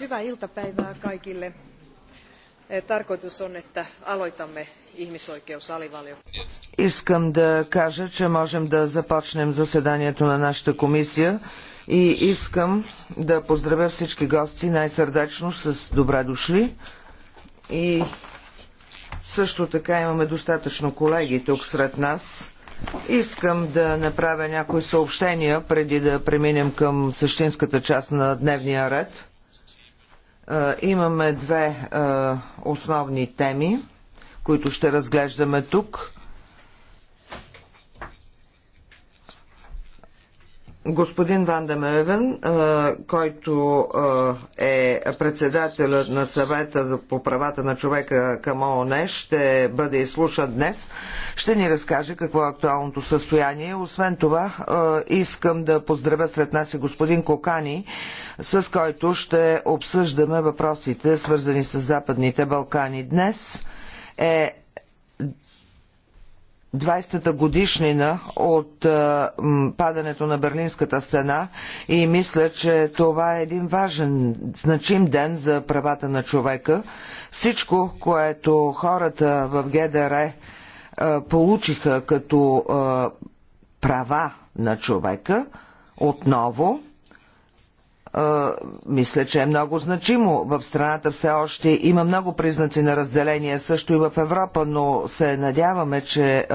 Hyvää iltapäivää kaikille. Eh, tarkoitus on, että aloitamme Искам да кажа, че можем да започнем заседанието на нашата комисия и искам да поздравя всички гости най-сърдечно с добре дошли и също така имаме достатъчно колеги тук сред нас. Искам да направя някои съобщения преди да преминем към същинската част на дневния ред. Е, имаме две е, основни теми, които ще разглеждаме тук. господин Ван Демевен, който е председател на съвета по правата на човека към ООН, ще бъде изслушан днес. Ще ни разкаже какво е актуалното състояние. Освен това, искам да поздравя сред нас и господин Кокани, с който ще обсъждаме въпросите, свързани с Западните Балкани. Днес е 20-та годишнина от е, падането на Берлинската стена и мисля, че това е един важен, значим ден за правата на човека. Всичко, което хората в ГДР е, получиха като е, права на човека, отново – мисля, че е много значимо. В страната все още има много признаци на разделение, също и в Европа, но се надяваме, че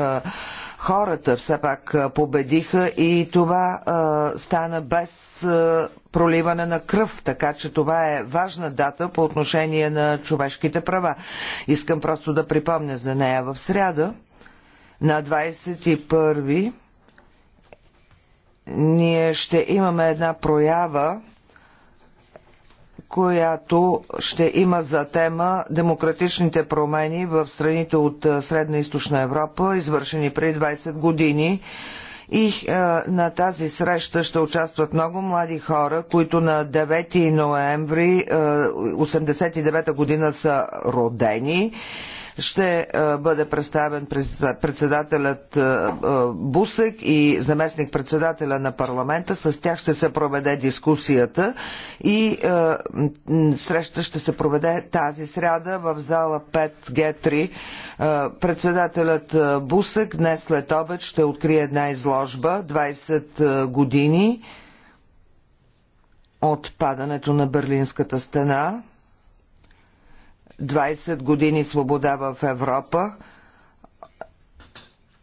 хората все пак победиха и това а, стана без а, проливане на кръв, така че това е важна дата по отношение на човешките права. Искам просто да припомня за нея в сряда на 21 ние ще имаме една проява която ще има за тема демократичните промени в страните от Средна и Източна Европа, извършени преди 20 години. И е, на тази среща ще участват много млади хора, които на 9 ноември 1989 година са родени ще е, бъде представен председателят е, е, Бусек и заместник председателя на парламента. С тях ще се проведе дискусията и среща ще се проведе тази сряда в зала 5G3. Председателят Бусек днес след обед ще открие една изложба 20 години от падането на Берлинската стена. 20 години свобода в Европа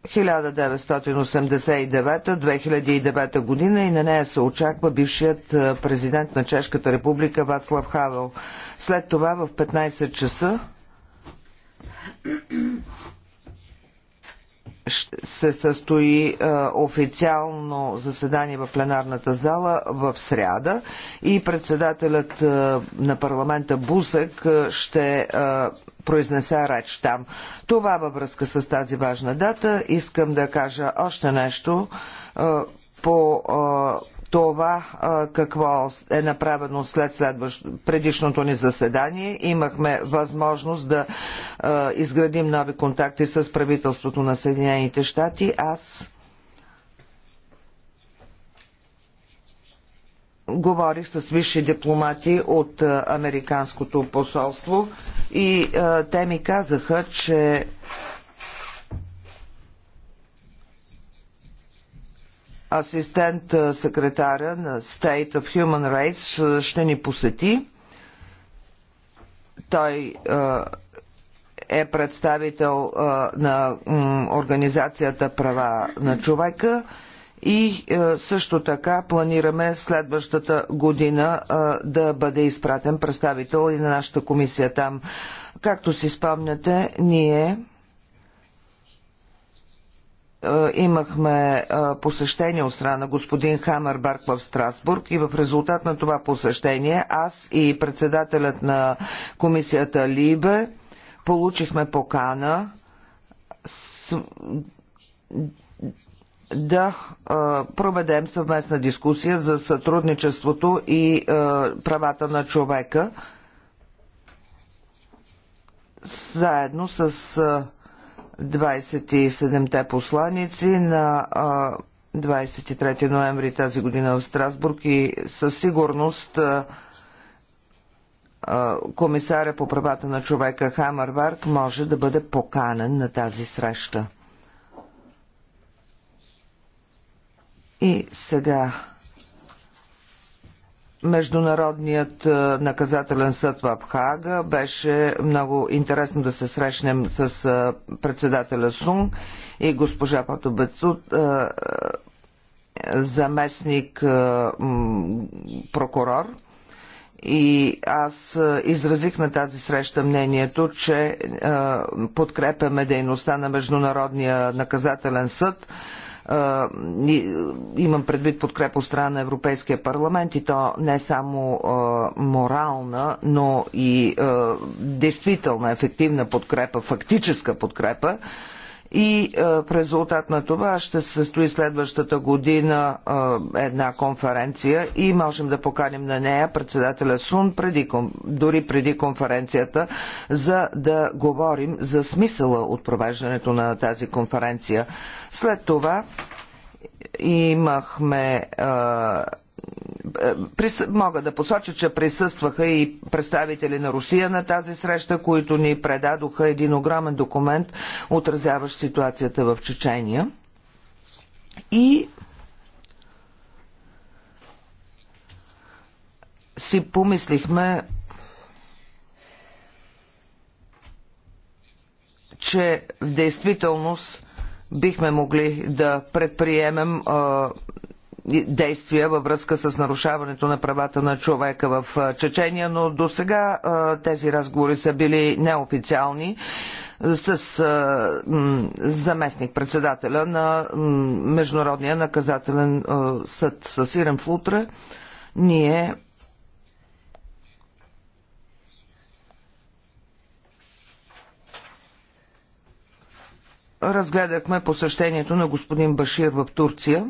1989-2009 година и на нея се очаква бившият президент на Чешката република Вацлав Хавел. След това в 15 часа се състои официално заседание в пленарната зала в сряда и председателят на парламента Бусък ще произнеса реч там. Това във връзка с тази важна дата. Искам да кажа още нещо по това какво е направено след следващ, предишното ни заседание. Имахме възможност да изградим нови контакти с правителството на Съединените щати. Аз говорих с висши дипломати от американското посолство и те ми казаха, че асистент секретаря на State of Human Rights ще ни посети. Той е представител на Организацията права на човека и също така планираме следващата година да бъде изпратен представител и на нашата комисия там. Както си спомняте, ние е, имахме е, посещение от страна на господин Хамерберг в Страсбург и в резултат на това посещение аз и председателят на комисията Либе получихме покана с... да е, проведем съвместна дискусия за сътрудничеството и правата на човека заедно с 27-те посланици на 23 ноември тази година в Страсбург и със сигурност комисаря по правата на човека Хамърварк може да бъде поканен на тази среща. И сега Международният е, наказателен съд в Хага. Беше много интересно да се срещнем с е, председателя Сун и госпожа Пато Бецут, е, заместник прокурор. И аз изразих на тази среща мнението, че подкрепяме дейността на Международния наказателен съд имам предвид подкрепа от страна на Европейския парламент и то не само морална, но и действителна, ефективна подкрепа, фактическа подкрепа, и е, в резултат на това ще се състои следващата година е, една конференция и можем да поканим на нея председателя Сун, преди, дори преди конференцията, за да говорим за смисъла от провеждането на тази конференция. След това имахме е, Мога да посоча, че присъстваха и представители на Русия на тази среща, които ни предадоха един огромен документ, отразяващ ситуацията в Чечения. И си помислихме, че в действителност бихме могли да предприемем действия във връзка с нарушаването на правата на човека в Чечения, но до сега тези разговори са били неофициални с заместник председателя на Международния наказателен съд с Ирен Флутре. Ние разгледахме посещението на господин Башир в Турция.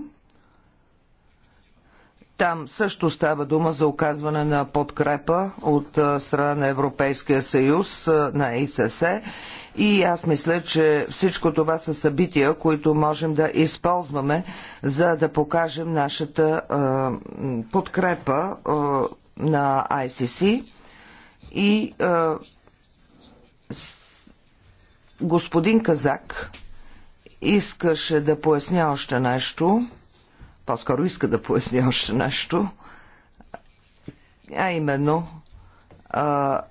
Там също става дума за оказване на подкрепа от страна на Европейския съюз, на ИЦС. И аз мисля, че всичко това са събития, които можем да използваме, за да покажем нашата е, подкрепа е, на ICC. И е, с, господин Казак искаше да поясня още нещо по-скоро иска да поясня още нещо, а именно а,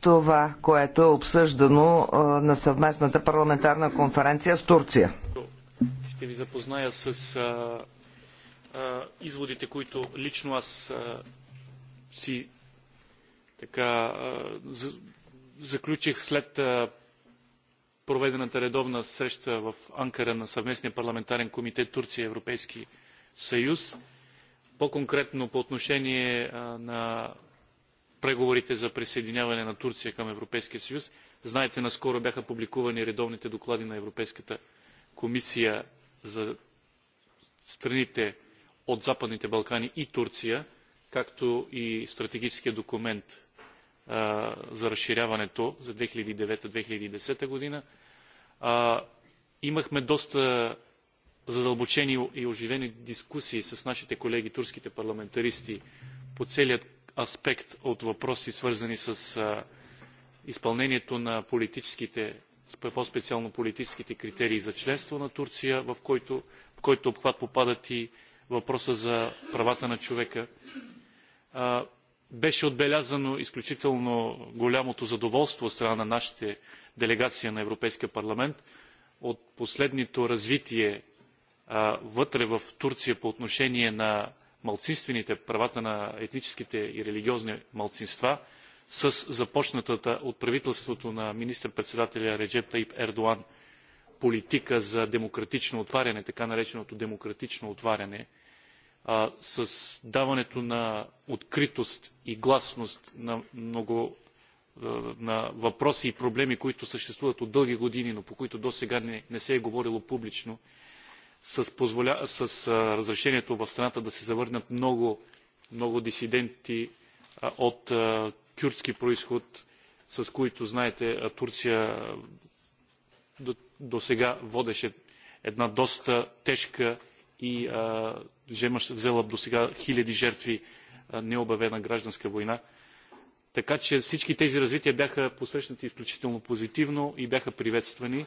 това, което е обсъждано а, на съвместната парламентарна конференция с Турция. Ще ви запозная с а, а, изводите, които лично аз а, си така а, за, заключих след а, проведената редовна среща в Анкара на съвместния парламентарен комитет Турция-Европейски съюз. По-конкретно по отношение на преговорите за присъединяване на Турция към Европейския съюз. Знаете, наскоро бяха публикувани редовните доклади на Европейската комисия за страните от Западните Балкани и Турция, както и стратегическия документ а, за разширяването за 2009-2010 година. А, имахме доста задълбочени и оживени дискусии с нашите колеги турските парламентаристи по целият аспект от въпроси, свързани с изпълнението на политическите, по-специално политическите критерии за членство на Турция, в който, в който обхват попадат и въпроса за правата на човека. Беше отбелязано изключително голямото задоволство от страна на нашите делегация на Европейския парламент от последното развитие вътре в Турция по отношение на малцинствените правата на етническите и религиозни малцинства с започнатата от правителството на министър-председателя Реджеп Таип Ердоан политика за демократично отваряне, така нареченото демократично отваряне, с даването на откритост и гласност на много на въпроси и проблеми, които съществуват от дълги години, но по които досега не, не се е говорило публично с, разрешението в страната да се завърнат много, много дисиденти от кюрдски происход, с които, знаете, Турция до, сега водеше една доста тежка и взела до сега хиляди жертви необявена гражданска война. Така че всички тези развития бяха посрещнати изключително позитивно и бяха приветствани.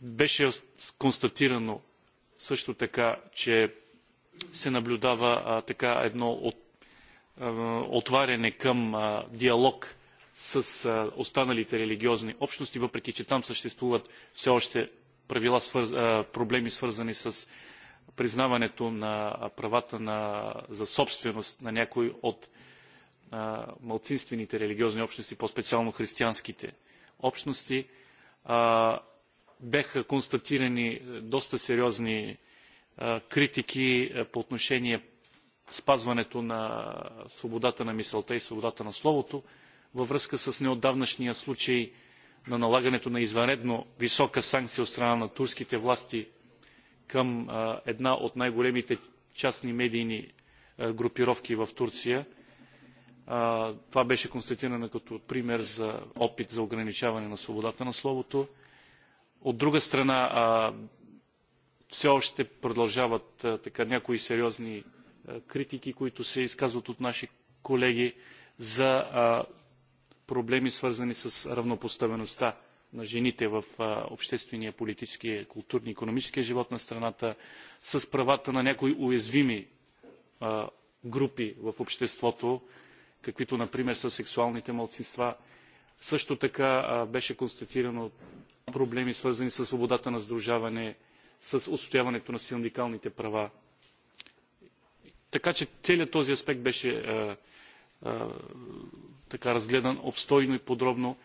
Беше констатирано също така, че се наблюдава а, така едно от, а, отваряне към а, диалог с а, останалите религиозни общности, въпреки че там съществуват все още правила, свърз, а, проблеми свързани с признаването на правата на, за собственост на някои от а, малцинствените религиозни общности, по-специално християнските общности. А, беха констатирани е, доста сериозни е, критики е, по отношение спазването на свободата на мисълта и свободата на словото във връзка с неотдавнашния случай на налагането на извънредно висока санкция от страна на турските власти към една от най-големите частни медийни групировки в Турция. Това беше констатирано като пример за опит за ограничаване на свободата на словото. От друга страна, все още продължават така някои сериозни критики, които се изказват от наши колеги за проблеми, свързани с равнопоставеността на жените в обществения, политически, културния, економически живот на страната, с правата на някои уязвими групи в обществото, каквито, например, са сексуалните младсинства. Също така беше констатирано проблеми, свързани с свободата на сдружаване, с отстояването на синдикалните права. Така че целият този аспект беше а, е, а, е, така разгледан обстойно и подробно.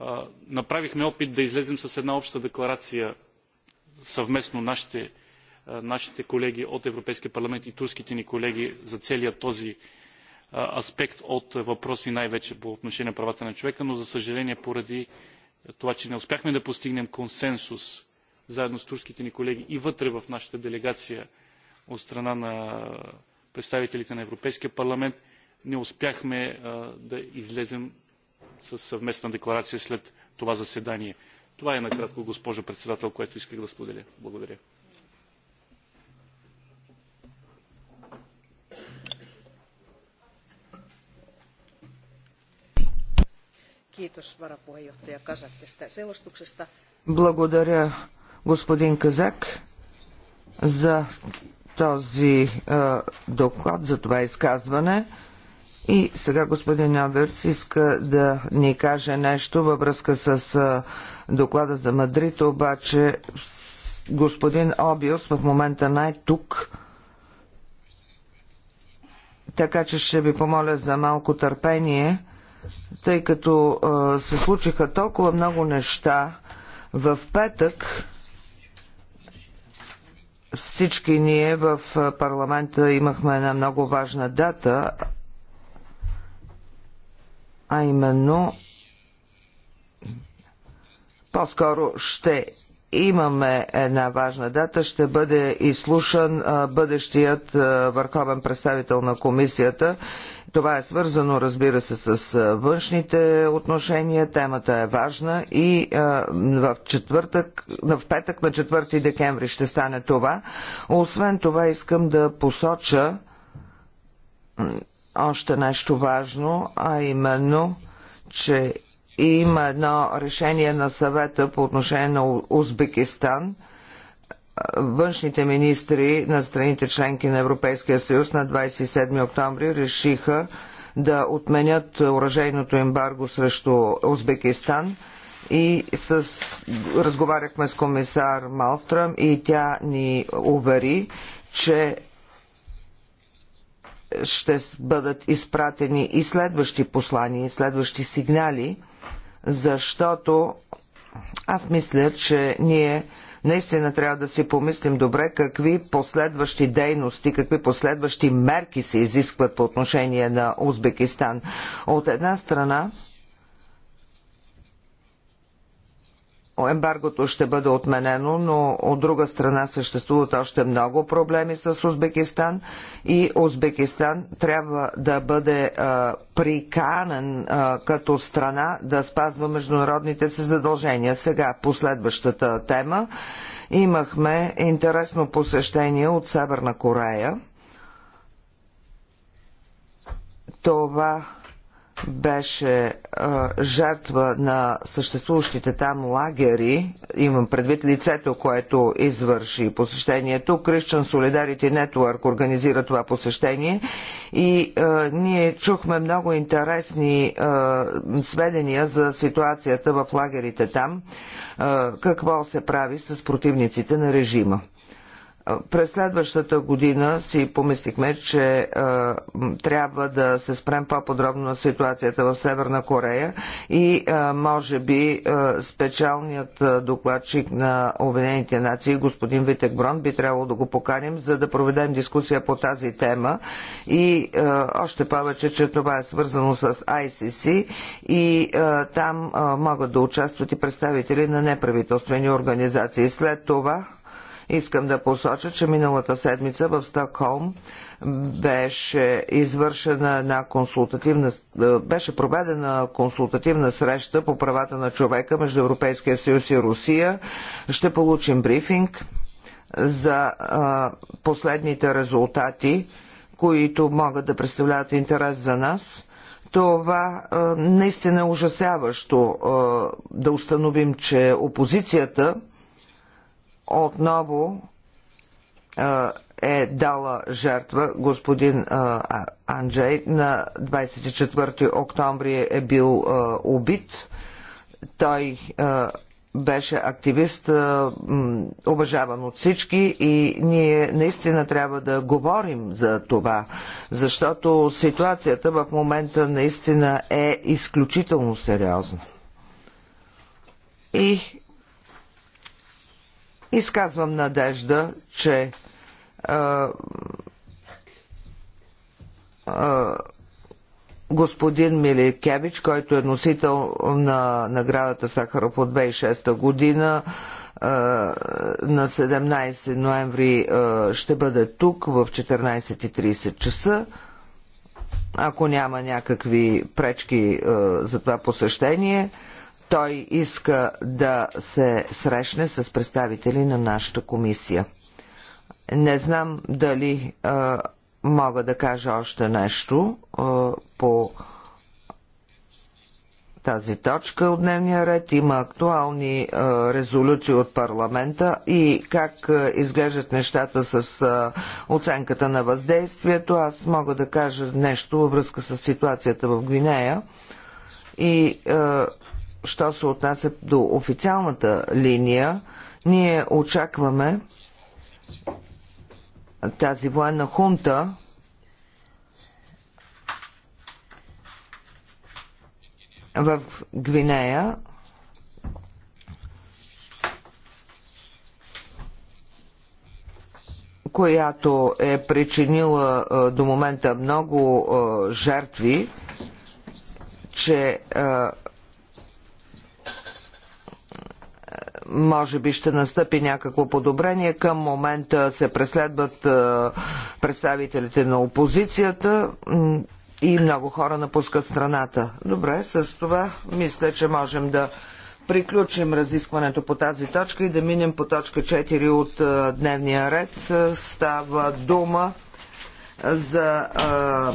А, е, направихме опит да излезем с една обща декларация съвместно нашите, нашите колеги от Европейския парламент и турските ни колеги за целият този аспект от въпроси най-вече по отношение на правата на човека, но за съжаление поради това, че не успяхме да постигнем консенсус заедно с турските ни колеги и вътре в нашата делегация от страна на представителите на Европейския парламент, не успяхме да излезем със съвместна декларация след това заседание. Това е накратко, госпожо председател, което исках да споделя. Благодаря. Благодаря, господин Казак, за този е, доклад, за това изказване. И сега господин Аберц иска да ни каже нещо във връзка с е, доклада за Мадрид, обаче господин Обиус в момента най-тук. Е така че ще ви помоля за малко търпение тъй като се случиха толкова много неща в петък. Всички ние в парламента имахме една много важна дата, а именно по-скоро ще имаме една важна дата. Ще бъде изслушан бъдещият върховен представител на комисията. Това е свързано, разбира се, с външните отношения. Темата е важна и в четвъртък, в петък на 4 декември ще стане това. Освен това искам да посоча още нещо важно, а именно, че и има едно решение на съвета по отношение на Узбекистан. Външните министри на страните членки на Европейския съюз на 27 октомври решиха да отменят оръжейното ембарго срещу Узбекистан и с... разговаряхме с комисар Малстрам и тя ни увери, че ще бъдат изпратени и следващи послания, и следващи сигнали – защото аз мисля, че ние наистина трябва да си помислим добре какви последващи дейности, какви последващи мерки се изискват по отношение на Узбекистан. От една страна, ембаргото ще бъде отменено, но от друга страна съществуват още много проблеми с Узбекистан и Узбекистан трябва да бъде а, приканен а, като страна да спазва международните си задължения. Сега последващата тема. Имахме интересно посещение от Северна Корея. Това беше а, жертва на съществуващите там лагери, имам предвид лицето, което извърши посещението. Christian Solidarity Network организира това посещение и а, ние чухме много интересни а, сведения за ситуацията в лагерите там, а, какво се прави с противниците на режима. През следващата година си помислихме, че е, трябва да се спрем по-подробно на ситуацията в Северна Корея и е, може би е, специалният докладчик на Обединените нации, господин Витек Брон, би трябвало да го поканим, за да проведем дискусия по тази тема и е, още повече, че това е свързано с ICC и е, там е, могат да участват и представители на неправителствени организации. След това Искам да посоча, че миналата седмица в Стокхолм беше извършена една консултативна, е, беше проведена консултативна среща по правата на човека между Европейския съюз и Русия. Ще получим брифинг за последните резултати, които могат да представляват интерес за нас. Това наистина е ужасяващо да установим, че опозицията отново е дала жертва господин Анджей. На 24 октомври е бил убит. Той беше активист, уважаван от всички и ние наистина трябва да говорим за това, защото ситуацията в момента наистина е изключително сериозна. И Изказвам надежда, че а, а, господин Миликевич, който е носител на наградата Сахаров от 2006 година, на 17 ноември ще бъде тук в 14.30 часа. Ако няма някакви пречки за това посещение, той иска да се срещне с представители на нашата комисия. Не знам дали а, мога да кажа още нещо а, по тази точка от дневния ред. Има актуални а, резолюции от парламента и как а, изглеждат нещата с а, оценката на въздействието. Аз мога да кажа нещо във връзка с ситуацията в Гвинея и а, що се отнася до официалната линия, ние очакваме тази военна хунта в Гвинея която е причинила до момента много жертви, че може би ще настъпи някакво подобрение. Към момента се преследват е, представителите на опозицията и много хора напускат страната. Добре, с това мисля, че можем да приключим разискването по тази точка и да минем по точка 4 от е, дневния ред. Е, става дума за а,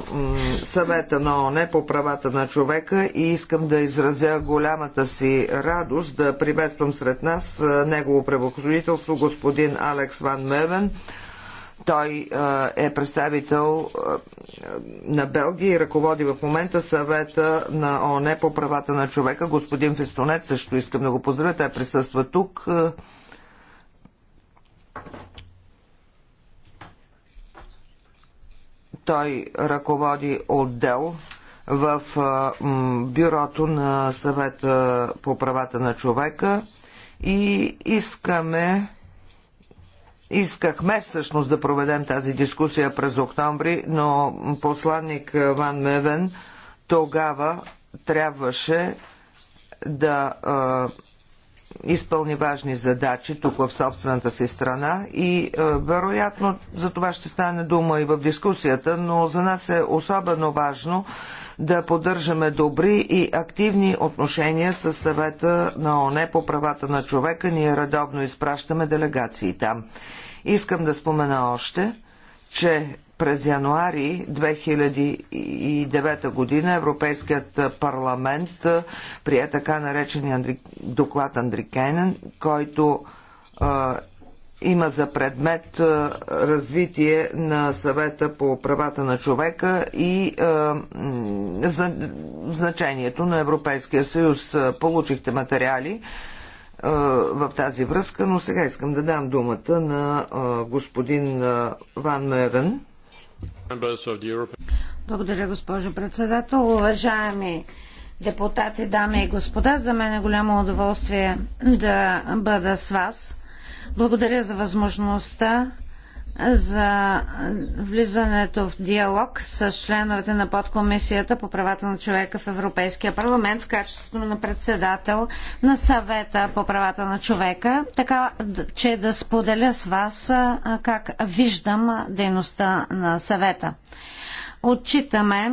съвета на ОНЕ по правата на човека и искам да изразя голямата си радост да приветствам сред нас негово превъзходителство господин Алекс Ван Мевен. Той а, е представител а, на Белгия и ръководи в момента съвета на ОНЕ по правата на човека. Господин Фестонет също искам да го поздравя. Той присъства тук. А, Той ръководи отдел в бюрото на съвета по правата на човека и искаме Искахме всъщност да проведем тази дискусия през октомври, но посланник Ван Мевен тогава трябваше да изпълни важни задачи тук в собствената си страна и е, вероятно за това ще стане дума и в дискусията, но за нас е особено важно да поддържаме добри и активни отношения с съвета на ОНЕ по правата на човека. Ние редовно изпращаме делегации там. Искам да спомена още, че през януари 2009 година Европейският парламент прие така наречения Андри... доклад Андрикенен, който а, има за предмет а, развитие на съвета по правата на човека и а, за, значението на Европейския съюз. Получихте материали в тази връзка, но сега искам да дам думата на господин Ван Мерен. Благодаря, госпожо председател. Уважаеми депутати, дами и господа, за мен е голямо удоволствие да бъда с вас. Благодаря за възможността за влизането в диалог с членовете на подкомисията по правата на човека в Европейския парламент в качеството на председател на съвета по правата на човека, така че да споделя с вас как виждам дейността на съвета. Отчитаме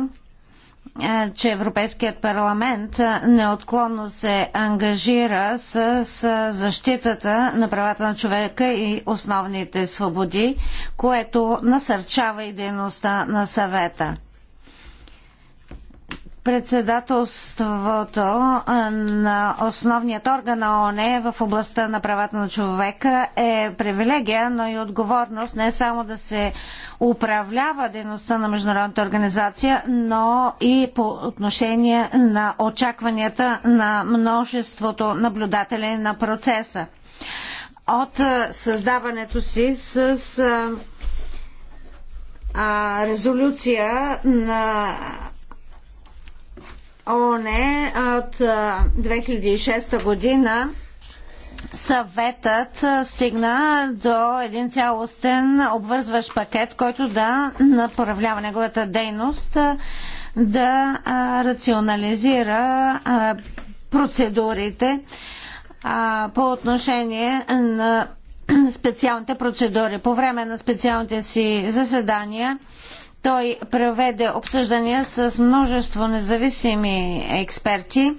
е, че Европейският парламент е, неотклонно се ангажира с, защитата на правата на човека и основните свободи, което насърчава и дейността на съвета председателството на основният орган на ООН е в областта на правата на човека е привилегия, но и отговорност не само да се управлява дейността на Международната организация, но и по отношение на очакванията на множеството наблюдатели на процеса. От създаването си с резолюция на ООН е, от 2006 година съветът стигна до един цялостен обвързващ пакет, който да направлява неговата дейност, да рационализира процедурите по отношение на специалните процедури. По време на специалните си заседания той проведе обсъждания с множество независими експерти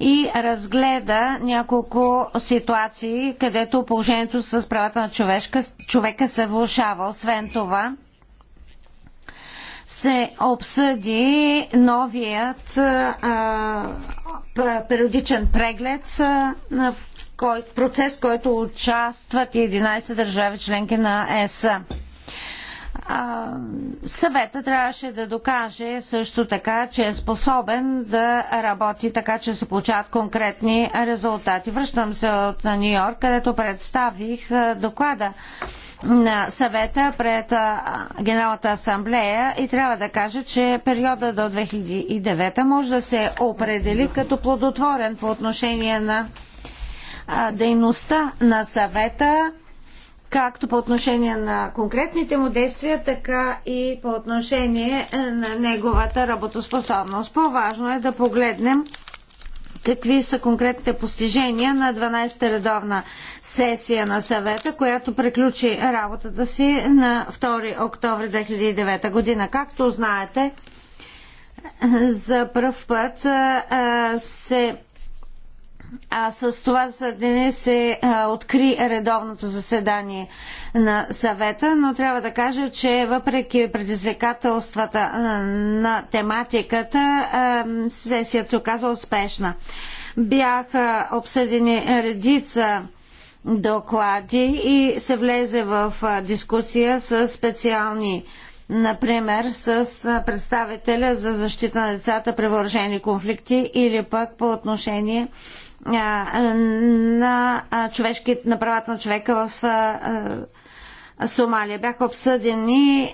и разгледа няколко ситуации, където положението с правата на човешка, човека се влушава. Освен това, се обсъди новият а, периодичен преглед на кой, процес, който участват 11 държави членки на ЕСА. А, съвета трябваше да докаже също така, че е способен да работи така, че се получават конкретни резултати. Връщам се от Нью Йорк, където представих доклада на съвета пред Генералната асамблея и трябва да кажа, че периода до 2009 може да се определи като плодотворен по отношение на дейността на съвета както по отношение на конкретните му действия, така и по отношение е, на неговата работоспособност. По-важно е да погледнем какви са конкретните постижения на 12-та редовна сесия на съвета, която приключи работата си на 2 октомври 2009 година. Както знаете, за първ път е, се а с това днес се а, откри редовното заседание на съвета, но трябва да кажа, че въпреки предизвикателствата а, на тематиката, а, сесията се оказа успешна. Бяха обсъдени редица доклади и се влезе в дискусия с специални например с представителя за защита на децата при въоръжени конфликти или пък по отношение на, човешки, на правата на човека в Сомалия. Бяха обсъдени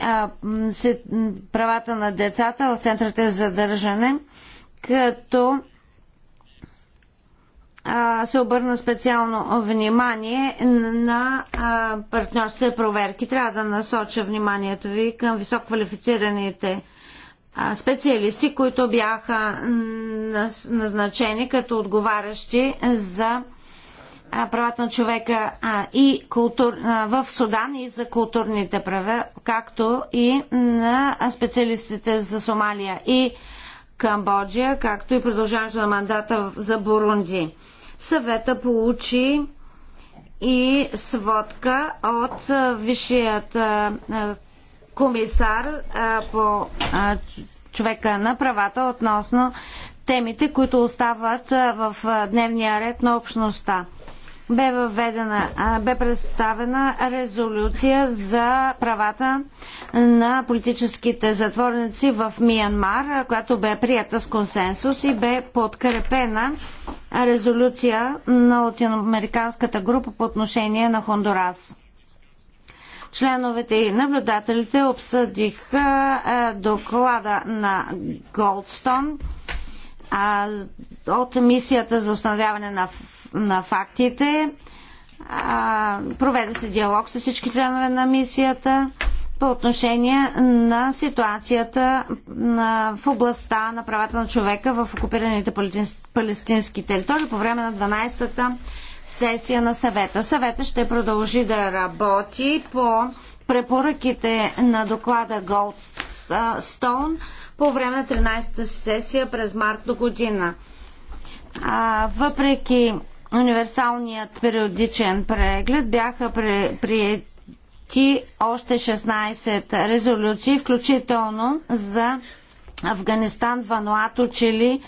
правата на децата в центрите за държане, като се обърна специално внимание на партньорските проверки. Трябва да насоча вниманието ви към висококвалифицираните квалифицираните специалисти, които бяха назначени като отговарящи за правата на човека и култур, в Судан и за културните права, както и на специалистите за Сомалия и Камбоджия, както и продължаването на мандата за Бурунди. Съвета получи и сводка от Висшият комисар а, по а, човека на правата относно темите, които остават а, в а, дневния ред на общността. Бе, въведена, а, бе представена резолюция за правата на политическите затворници в Миянмар, която бе прията с консенсус и бе подкрепена резолюция на латиноамериканската група по отношение на Хондурас. Членовете и наблюдателите обсъдиха доклада на Голдстон от мисията за установяване на, на фактите. Проведе се диалог с всички членове на мисията по отношение на ситуацията на, в областта на правата на човека в окупираните палестински територии по време на 12-та сесия на съвета. Съвета ще продължи да работи по препоръките на доклада Goldstone по време на 13-та сесия през март до година. А, въпреки универсалният периодичен преглед бяха приети още 16 резолюции, включително за Афганистан, Вануато, Чили,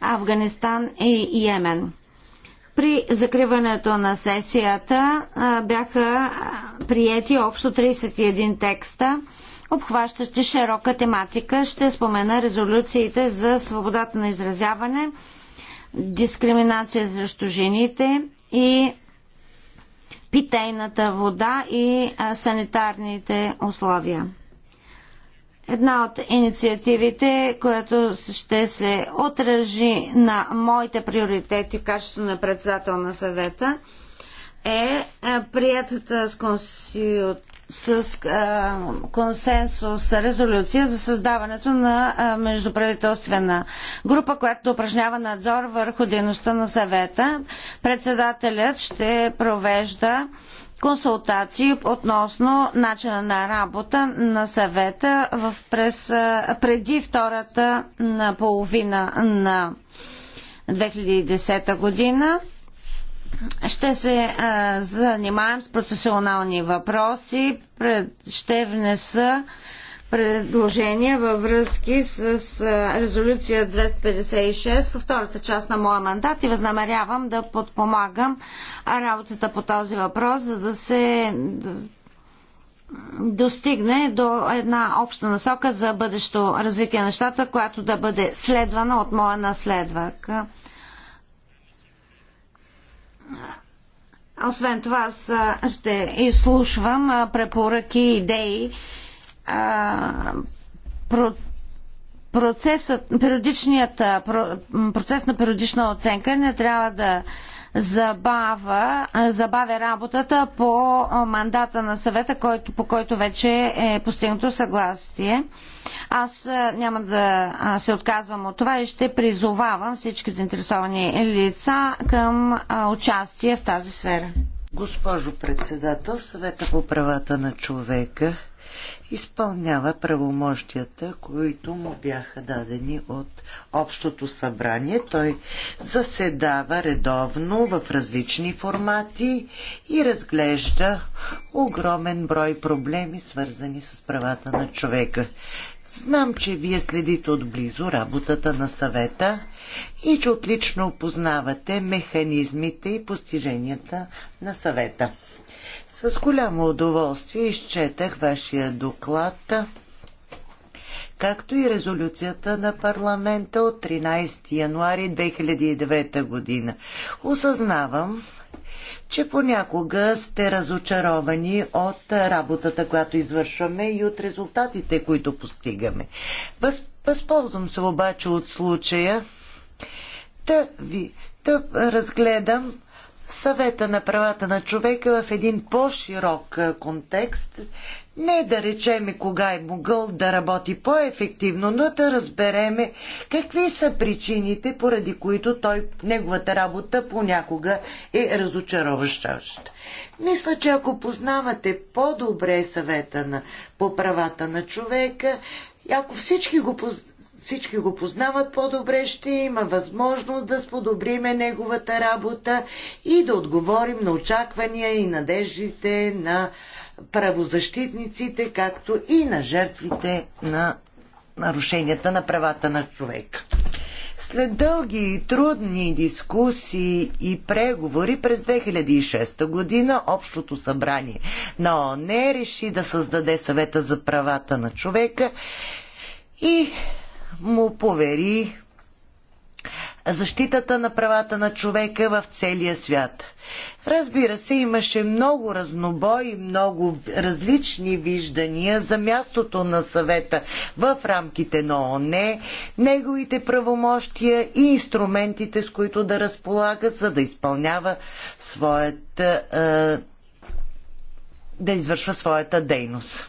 Афганистан и Йемен. При закриването на сесията бяха приети общо 31 текста, обхващащи широка тематика. Ще спомена резолюциите за свободата на изразяване, дискриминация срещу жените и питейната вода и санитарните условия. Една от инициативите, която ще се отражи на моите приоритети в качество на председател на съвета, е, е приятата с, конси... с а, е, консенсус резолюция за създаването на а, е, междуправителствена група, която упражнява надзор върху дейността на съвета. Председателят ще провежда консултации относно начина на работа на съвета в през, преди втората половина на 2010 година. Ще се а, занимаем с процесионални въпроси. Пред, ще внеса предложения във връзки с резолюция 256 във втората част на моя мандат и възнамерявам да подпомагам работата по този въпрос, за да се достигне до една обща насока за бъдещо развитие на нещата, която да бъде следвана от моя наследвак. Освен това, аз ще изслушвам препоръки, идеи а, про, процесът, периодичният, про, процес на периодична оценка не трябва да забава, забавя работата по мандата на съвета, който, по който вече е постигнато съгласие. Аз няма да се отказвам от това и ще призовавам всички заинтересовани лица към участие в тази сфера. Госпожо председател, съвета по правата на човека изпълнява правомощията, които му бяха дадени от Общото събрание. Той заседава редовно в различни формати и разглежда огромен брой проблеми, свързани с правата на човека. Знам, че вие следите отблизо работата на съвета и че отлично опознавате механизмите и постиженията на съвета. С голямо удоволствие изчетах вашия доклад, както и резолюцията на парламента от 13 януари 2009 година. Осъзнавам, че понякога сте разочаровани от работата, която извършваме и от резултатите, които постигаме. Въз, възползвам се обаче от случая да ви да разгледам съвета на правата на човека в един по-широк контекст. Не да речеме кога е могъл да работи по-ефективно, но да разбереме какви са причините, поради които той, неговата работа понякога е разочароващаща. Мисля, че ако познавате по-добре съвета на, по правата на човека, и ако всички го познавате, всички го познават по-добре, ще има възможност да сподобриме неговата работа и да отговорим на очаквания и надеждите на правозащитниците, както и на жертвите на нарушенията на правата на човека. След дълги и трудни дискусии и преговори през 2006 година Общото събрание на ОНЕ реши да създаде съвета за правата на човека и му повери защитата на правата на човека в целия свят. Разбира се, имаше много разнобой, много различни виждания за мястото на съвета в рамките на ООН, неговите правомощия и инструментите, с които да разполага, за да изпълнява своята. Е, да извършва своята дейност.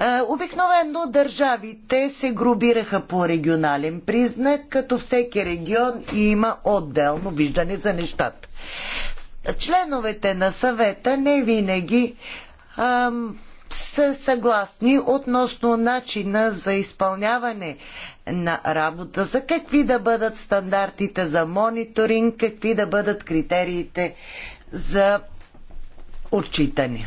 Е, обикновено държавите се групираха по регионален признак, като всеки регион има отделно виждане за нещата. Членовете на съвета не винаги ам, са съгласни относно начина за изпълняване на работа, за какви да бъдат стандартите за мониторинг, какви да бъдат критериите за отчитане.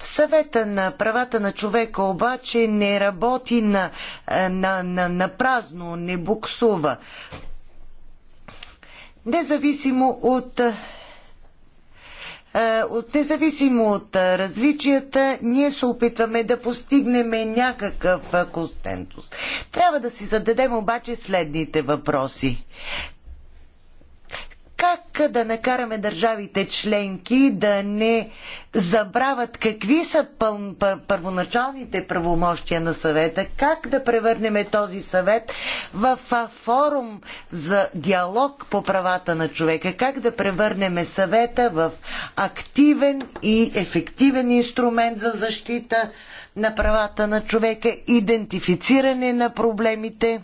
Съвета на правата на човека обаче не работи на, е, на, на, на празно, не буксува. Независимо от е, от, независимо от различията, ние се опитваме да постигнем някакъв е, консенсус. Трябва да си зададем обаче следните въпроси нека да накараме държавите членки да не забравят какви са пъл... първоначалните правомощия на съвета, как да превърнем този съвет в форум за диалог по правата на човека, как да превърнем съвета в активен и ефективен инструмент за защита на правата на човека, идентифициране на проблемите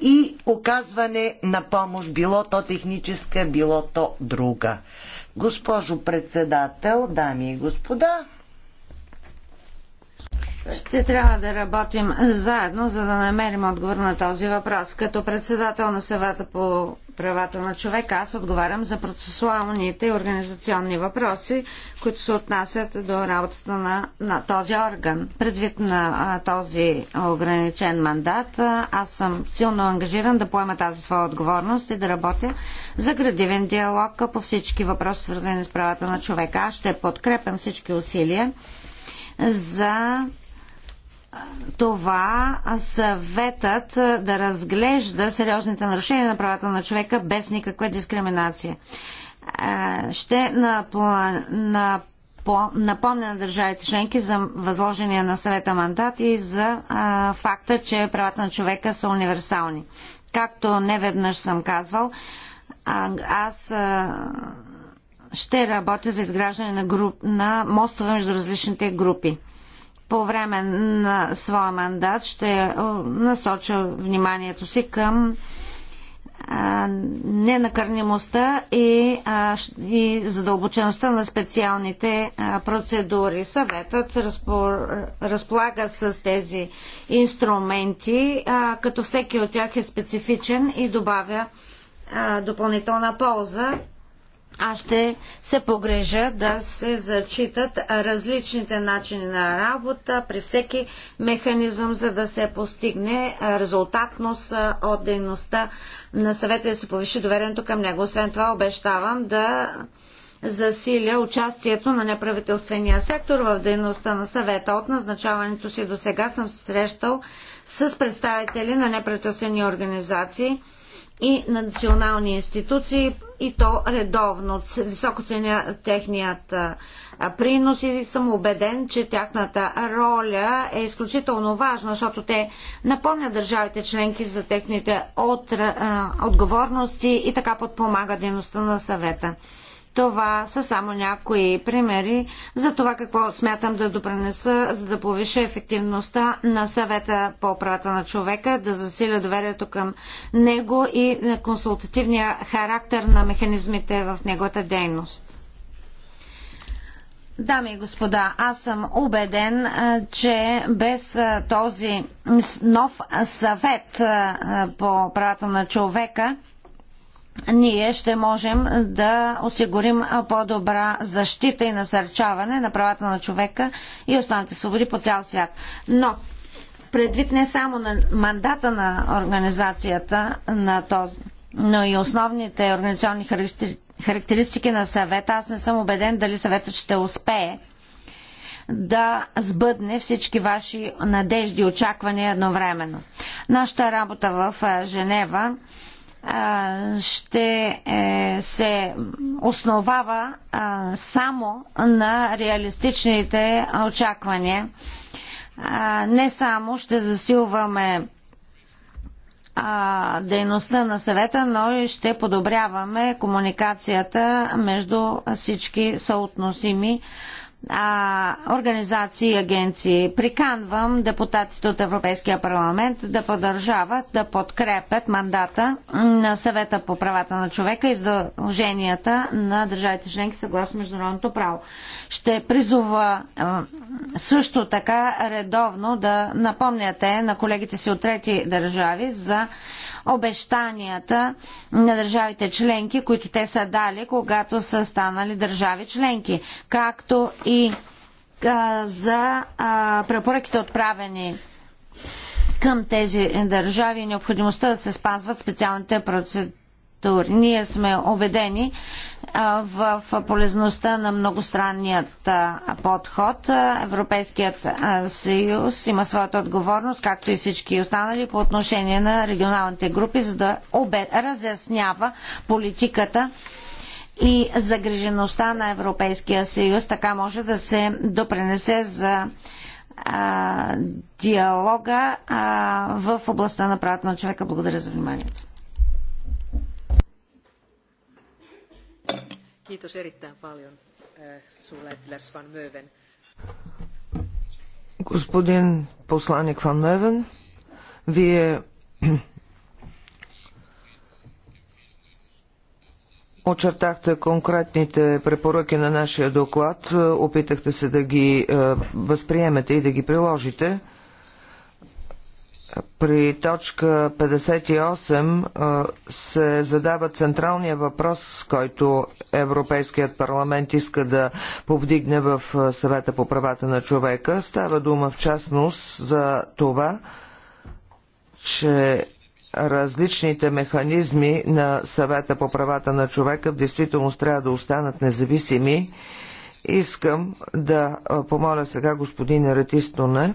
и оказване на помощ, било то техническа, било то друга. Госпожо председател, дами и господа, ще трябва да работим заедно, за да намерим отговор на този въпрос. Като председател на съвета по правата на човека, аз отговарям за процесуалните и организационни въпроси, които се отнасят до работата на, на този орган. Предвид на а, този ограничен мандат, а, аз съм силно ангажиран да поема тази своя отговорност и да работя за градивен диалог по всички въпроси, свързани с правата на човека. Аз ще подкрепям всички усилия за това съветът да разглежда сериозните нарушения на правата на човека без никаква дискриминация. Ще напомня на държавите членки за възложения на съвета мандат и за факта, че правата на човека са универсални. Както не веднъж съм казвал, аз ще работя за изграждане на, груп, на мостове между различните групи по време на своя мандат ще е, насоча вниманието си към ненакърнимостта и, и задълбочеността на специалните процедури. Съветът се разполага с тези инструменти, като всеки от тях е специфичен и добавя допълнителна полза аз ще се погрежа да се зачитат различните начини на работа при всеки механизъм, за да се постигне резултатност от дейността на съвета и да се повиши доверенето към него. Освен това обещавам да засиля участието на неправителствения сектор в дейността на съвета. От назначаването си до сега съм се срещал с представители на неправителствени организации – и национални институции и то редовно. Високо ценя техният принос и съм убеден, че тяхната роля е изключително важна, защото те напомнят държавите членки за техните от, отговорности и така подпомага дейността на съвета. Това са само някои примери за това какво смятам да допренеса, за да повиша ефективността на съвета по правата на човека, да засиля доверието към него и на консултативния характер на механизмите в неговата дейност. Дами и господа, аз съм убеден, че без този нов съвет по правата на човека ние ще можем да осигурим по-добра защита и насърчаване на правата на човека и основните свободи по цял свят. Но предвид не само на мандата на организацията на този, но и основните организационни характеристики на съвета, аз не съм убеден дали съветът ще успее да сбъдне всички ваши надежди и очаквания едновременно. Нашата работа в Женева ще е, се основава само на реалистичните очаквания. Не само ще засилваме дейността на съвета, но и ще подобряваме комуникацията между всички съотносими а, организации и агенции. Приканвам депутатите от Европейския парламент да поддържават да подкрепят мандата на съвета по правата на човека и задълженията на държавите членки съгласно международното право. Ще призова също така редовно да напомняте на колегите си от трети държави за обещанията на държавите членки, които те са дали, когато са станали държави членки, както и а, за а, препоръките отправени към тези държави и необходимостта да се спазват специалните процедури структури. Ние сме убедени в полезността на многостранният подход. Европейският съюз има своята отговорност, както и всички останали, по отношение на регионалните групи, за да разяснява политиката и загрижеността на Европейския съюз. Така може да се допренесе за диалога в областта на правата на човека. Благодаря за вниманието. Kiitos erittäin paljon eh, suurlähettiläs Van Möven. Господин посланик Ван Мевен, вие Очертахте конкретните препоръки на нашия доклад, опитахте се да ги е, възприемете и да ги приложите при точка 58 се задава централния въпрос, с който Европейският парламент иска да повдигне в съвета по правата на човека. Става дума в частност за това, че различните механизми на съвета по правата на човека в действителност трябва да останат независими. Искам да помоля сега господин Ретистоне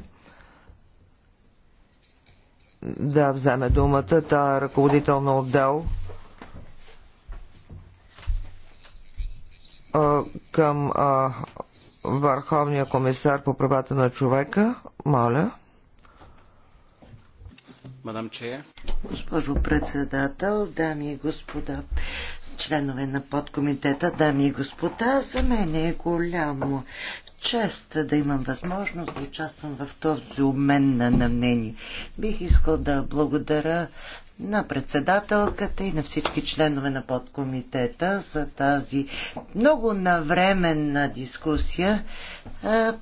да вземе думата. Та е ръководител на отдел към Върховния комисар по правата на човека. Моля. Мадам Че. Госпожо председател, дами и господа, членове на подкомитета, дами и господа, за мен е голямо чест да имам възможност да участвам в този обмен на, на мнение. Бих искал да благодаря на председателката и на всички членове на подкомитета за тази много навременна дискусия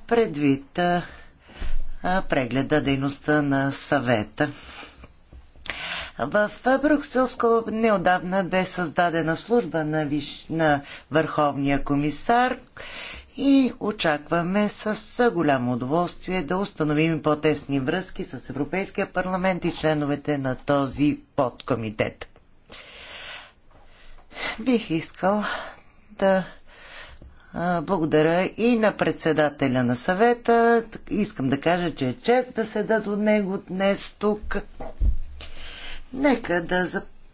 предвид прегледа дейността на съвета. В Брюкселско неодавна бе създадена служба на, виш... на Върховния комисар, и очакваме с голямо удоволствие да установим по-тесни връзки с Европейския парламент и членовете на този подкомитет. Бих искал да благодаря и на председателя на съвета. Искам да кажа, че е чест да седа до него днес тук. Нека да,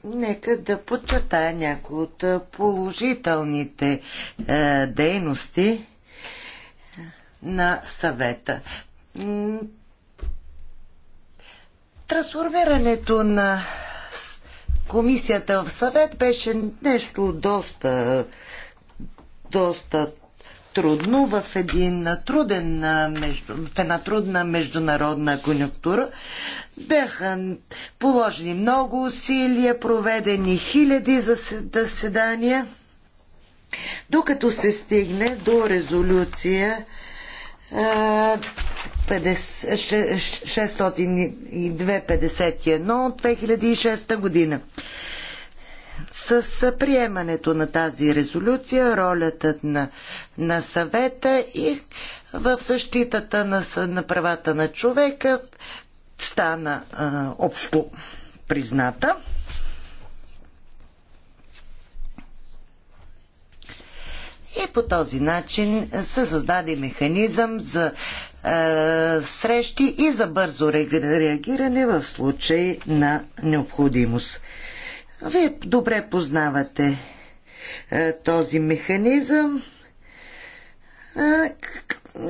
Нека да подчертая някои от положителните е, дейности на съвета. Трансформирането на комисията в съвет беше нещо доста, доста трудно в, един труден, в една трудна международна конюнктура. Бяха положени много усилия, проведени хиляди заседания, докато се стигне до резолюция 602-51 от 2006 година. С приемането на тази резолюция, ролята на, на съвета и в защитата на, на правата на човека стана а, общо призната. И по този начин се създаде механизъм за е, срещи и за бързо реагиране в случай на необходимост. Вие добре познавате а, е, този механизъм е,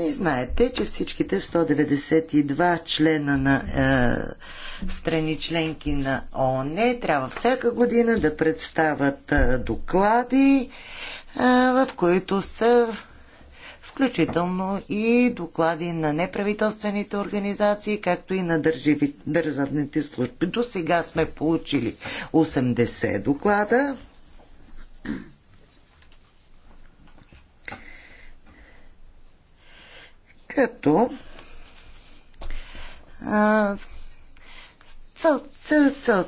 и знаете, че всичките 192 члена на е, страни членки на ООН трябва всяка година да представят е, доклади, е, в които са включително и доклади на неправителствените организации, както и на държавните служби. До сега сме получили 80 доклада. Като а, цел, цел, цел,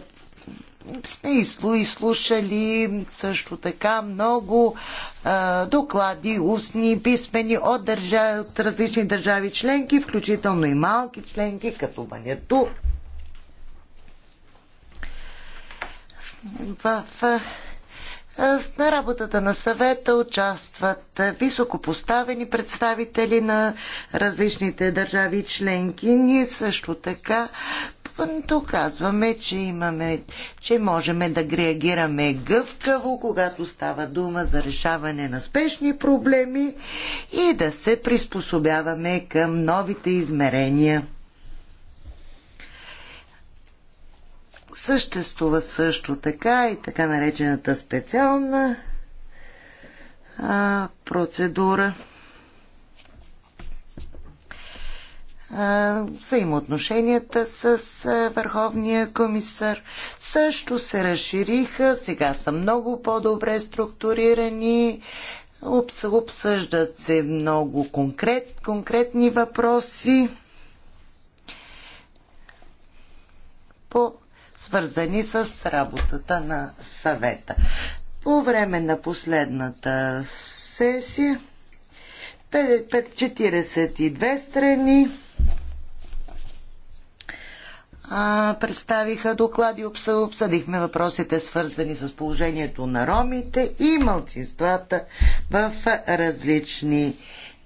сме и слушали също така много а, доклади, устни, писмени от, държа, от различни държави членки, включително и малки членки, като Маняту. В на работата на съвета участват високопоставени представители на различните държави членки. Ние също така доказваме, че имаме, че можем да реагираме гъвкаво, когато става дума за решаване на спешни проблеми и да се приспособяваме към новите измерения. Съществува също така и така наречената специална а, процедура – взаимоотношенията с Върховния комисар също се разшириха, сега са много по-добре структурирани, обсъждат се много конкрет, конкретни въпроси по свързани с работата на съвета. По време на последната сесия 42 страни а, представиха доклади, обсъдихме въпросите свързани с положението на ромите и мълцинствата в различни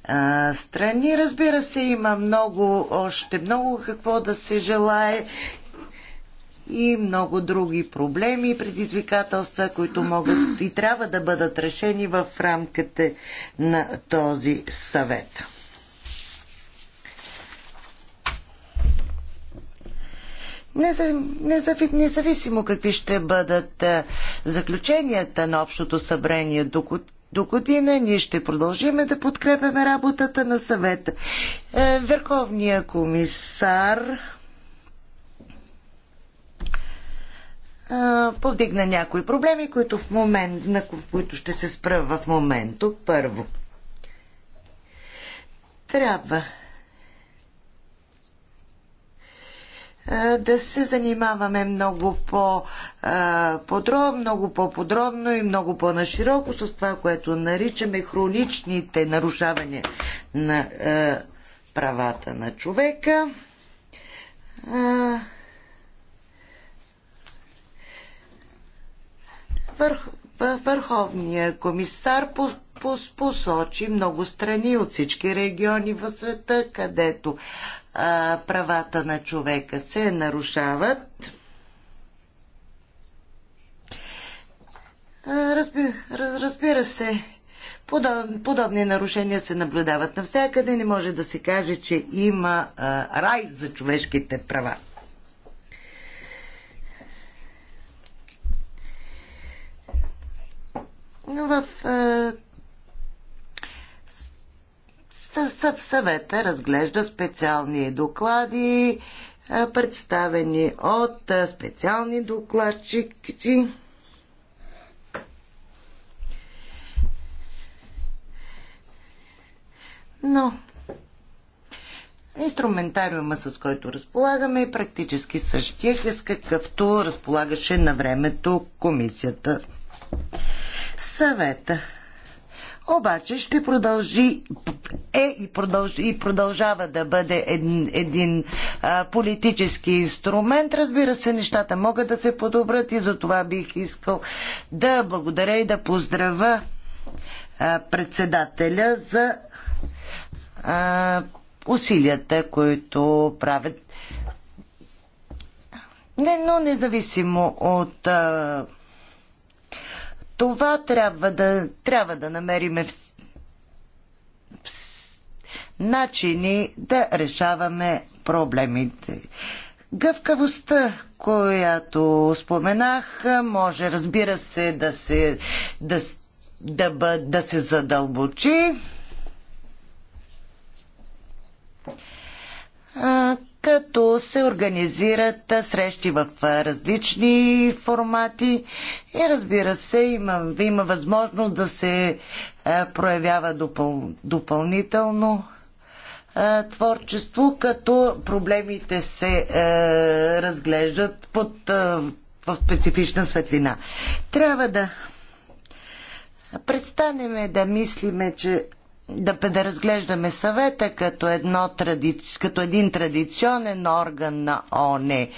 а, страни. Разбира се, има много, още много какво да се желае и много други проблеми и предизвикателства, които могат и трябва да бъдат решени в рамките на този съвет. независимо какви ще бъдат е, заключенията на общото събрание до, година, ние ще продължиме да подкрепяме работата на съвета. Е, Върховния комисар е, повдигна някои проблеми, които в момент, на които ще се спра в момента. Първо, трябва да се занимаваме много по-подробно, много по-подробно и много по-нашироко с това, което наричаме хроничните нарушавания на правата на човека. Върху, Върховния комисар посочи много страни от всички региони в света, където а, правата на човека се нарушават. разби, разбира се, подобни нарушения се наблюдават навсякъде. Не може да се каже, че има а, рай за човешките права. в е, съвета разглежда специални доклади, е, представени от е, специални докладчици. Но инструментариума, с който разполагаме, е практически същия, с какъвто разполагаше на времето комисията съвета. Обаче ще продължи е и, продълж, и продължава да бъде един, един а, политически инструмент. Разбира се, нещата могат да се подобрат и за това бих искал да благодаря и да поздравя а, председателя за а, усилията, които правят. Не, но независимо от а, това трябва да, трябва да намериме в... В... начини да решаваме проблемите. Гъвкавостта, която споменах, може, разбира се, да се, да, да, да, да се задълбочи като се организират срещи в различни формати и разбира се, има, има възможност да се проявява допъл, допълнително творчество, като проблемите се разглеждат под, в специфична светлина. Трябва да престанеме да мислиме, че да, да разглеждаме съвета като, едно, тради, като един традиционен орган на ОНЕ.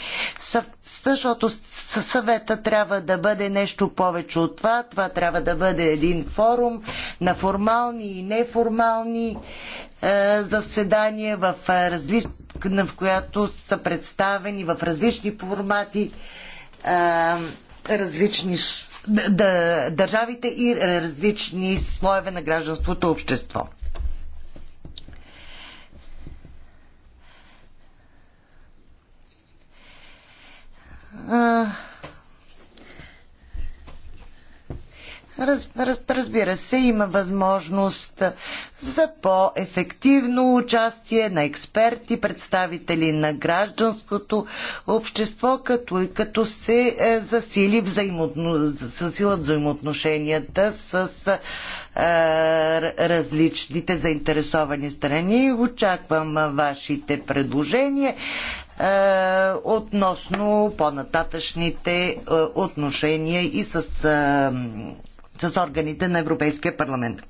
защото съвета трябва да бъде нещо повече от това. Това трябва да бъде един форум на формални и неформални е, заседания в, е, различ, в която са представени в различни формати е, различни държавите и различни слоеве на гражданското общество. А, Раз, раз, разбира се, има възможност за по-ефективно участие на експерти, представители на гражданското общество, като, като се е, засили взаимоотно, засилат взаимоотношенията с е, различните заинтересовани страни. Очаквам вашите предложения е, относно по-нататъчните е, отношения и с с органите на Европейския парламент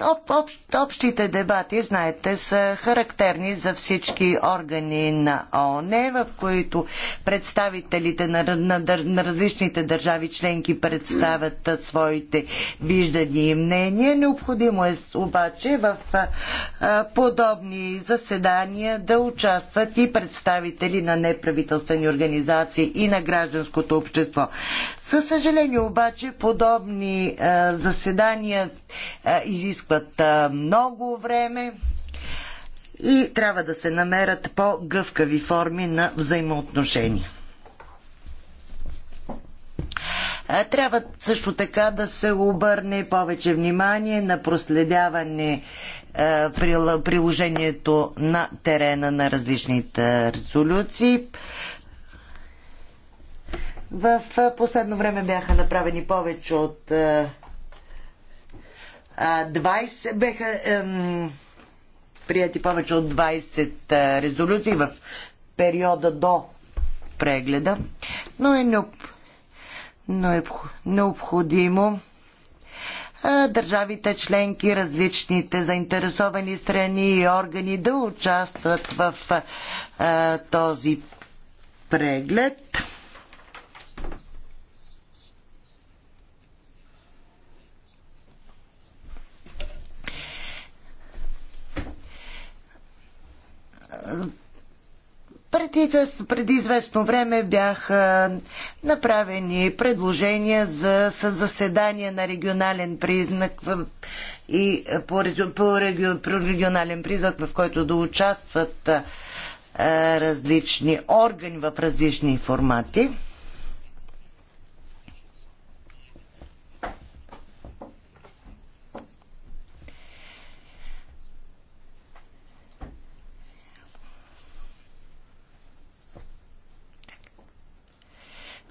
об, об, общите дебати, знаете, са характерни за всички органи на ООН, в които представителите на, на, на различните държави членки представят своите виждания и мнения. Необходимо е обаче в а, подобни заседания да участват и представители на неправителствени организации и на гражданското общество. Със съжаление обаче подобни а, заседания а, изискват а, много време и трябва да се намерят по-гъвкави форми на взаимоотношения. Трябва също така да се обърне повече внимание на проследяване приложението на терена на различните резолюции. В последно време бяха направени повече от 20 беха ем, прияти повече от 20 резолюции в периода до прегледа, но е, необ, но е необходимо държавите членки, различните заинтересовани страни и органи да участват в този преглед. преди, преди известно време бяха направени предложения за заседания на регионален признак в, и по, по, по регионален признак, в който да участват а, различни органи в различни формати.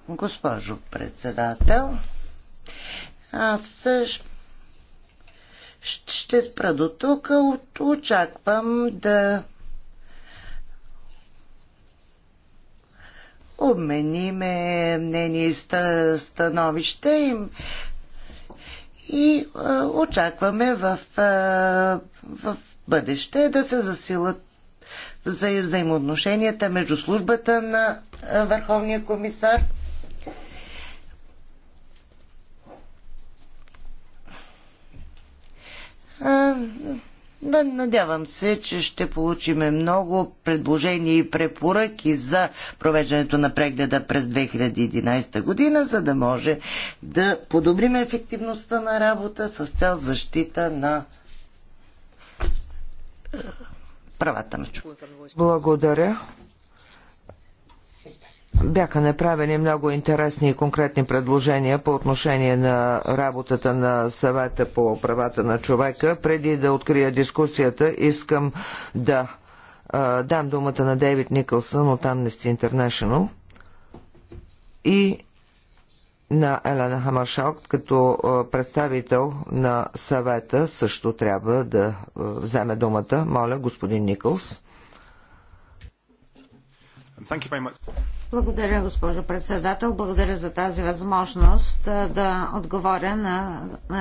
Госпожо председател, аз ще спра до тук. Очаквам да обмениме мнение и становище им и очакваме в, в бъдеще да се засилат взаимоотношенията между службата на Върховния комисар А, надявам се, че ще получиме много предложения и препоръки за провеждането на прегледа през 2011 година, за да може да подобрим ефективността на работа с цял защита на правата на човека. Благодаря бяха направени много интересни и конкретни предложения по отношение на работата на съвета по правата на човека. Преди да открия дискусията, искам да а, дам думата на Дейвид Никълсън от Amnesty International и на Елена Хамаршалк като представител на съвета също трябва да вземе думата. Моля, господин Никълс. Благодаря, госпожо председател. Благодаря за тази възможност да отговоря на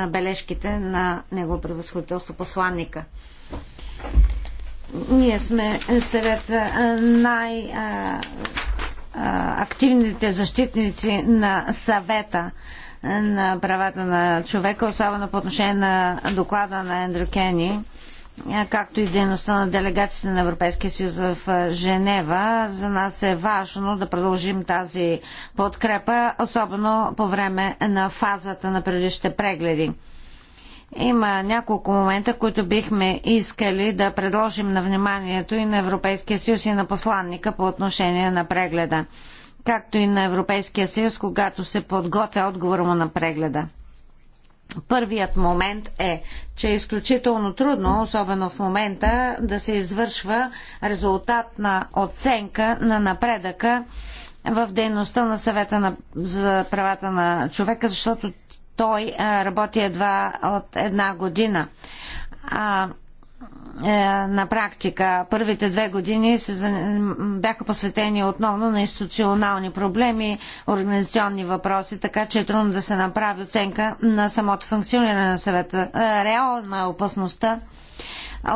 бележките на него превъзходителство посланника. Ние сме сред най- активните защитници на съвета на правата на човека, особено по отношение на доклада на Ендрю Кени както и дейността на делегацията на Европейския съюз в Женева. За нас е важно да продължим тази подкрепа, особено по време на фазата на предишните прегледи. Има няколко момента, които бихме искали да предложим на вниманието и на Европейския съюз и на посланника по отношение на прегледа, както и на Европейския съюз, когато се подготвя отговор му на прегледа. Първият момент е, че е изключително трудно, особено в момента, да се извършва резултатна оценка на напредъка в дейността на съвета на, за правата на човека, защото той а, работи едва от една година. А, е, на практика. Първите две години се, бяха посветени отново на институционални проблеми, организационни въпроси, така че е трудно да се направи оценка на самото функциониране на съвета. Е, реална е опасността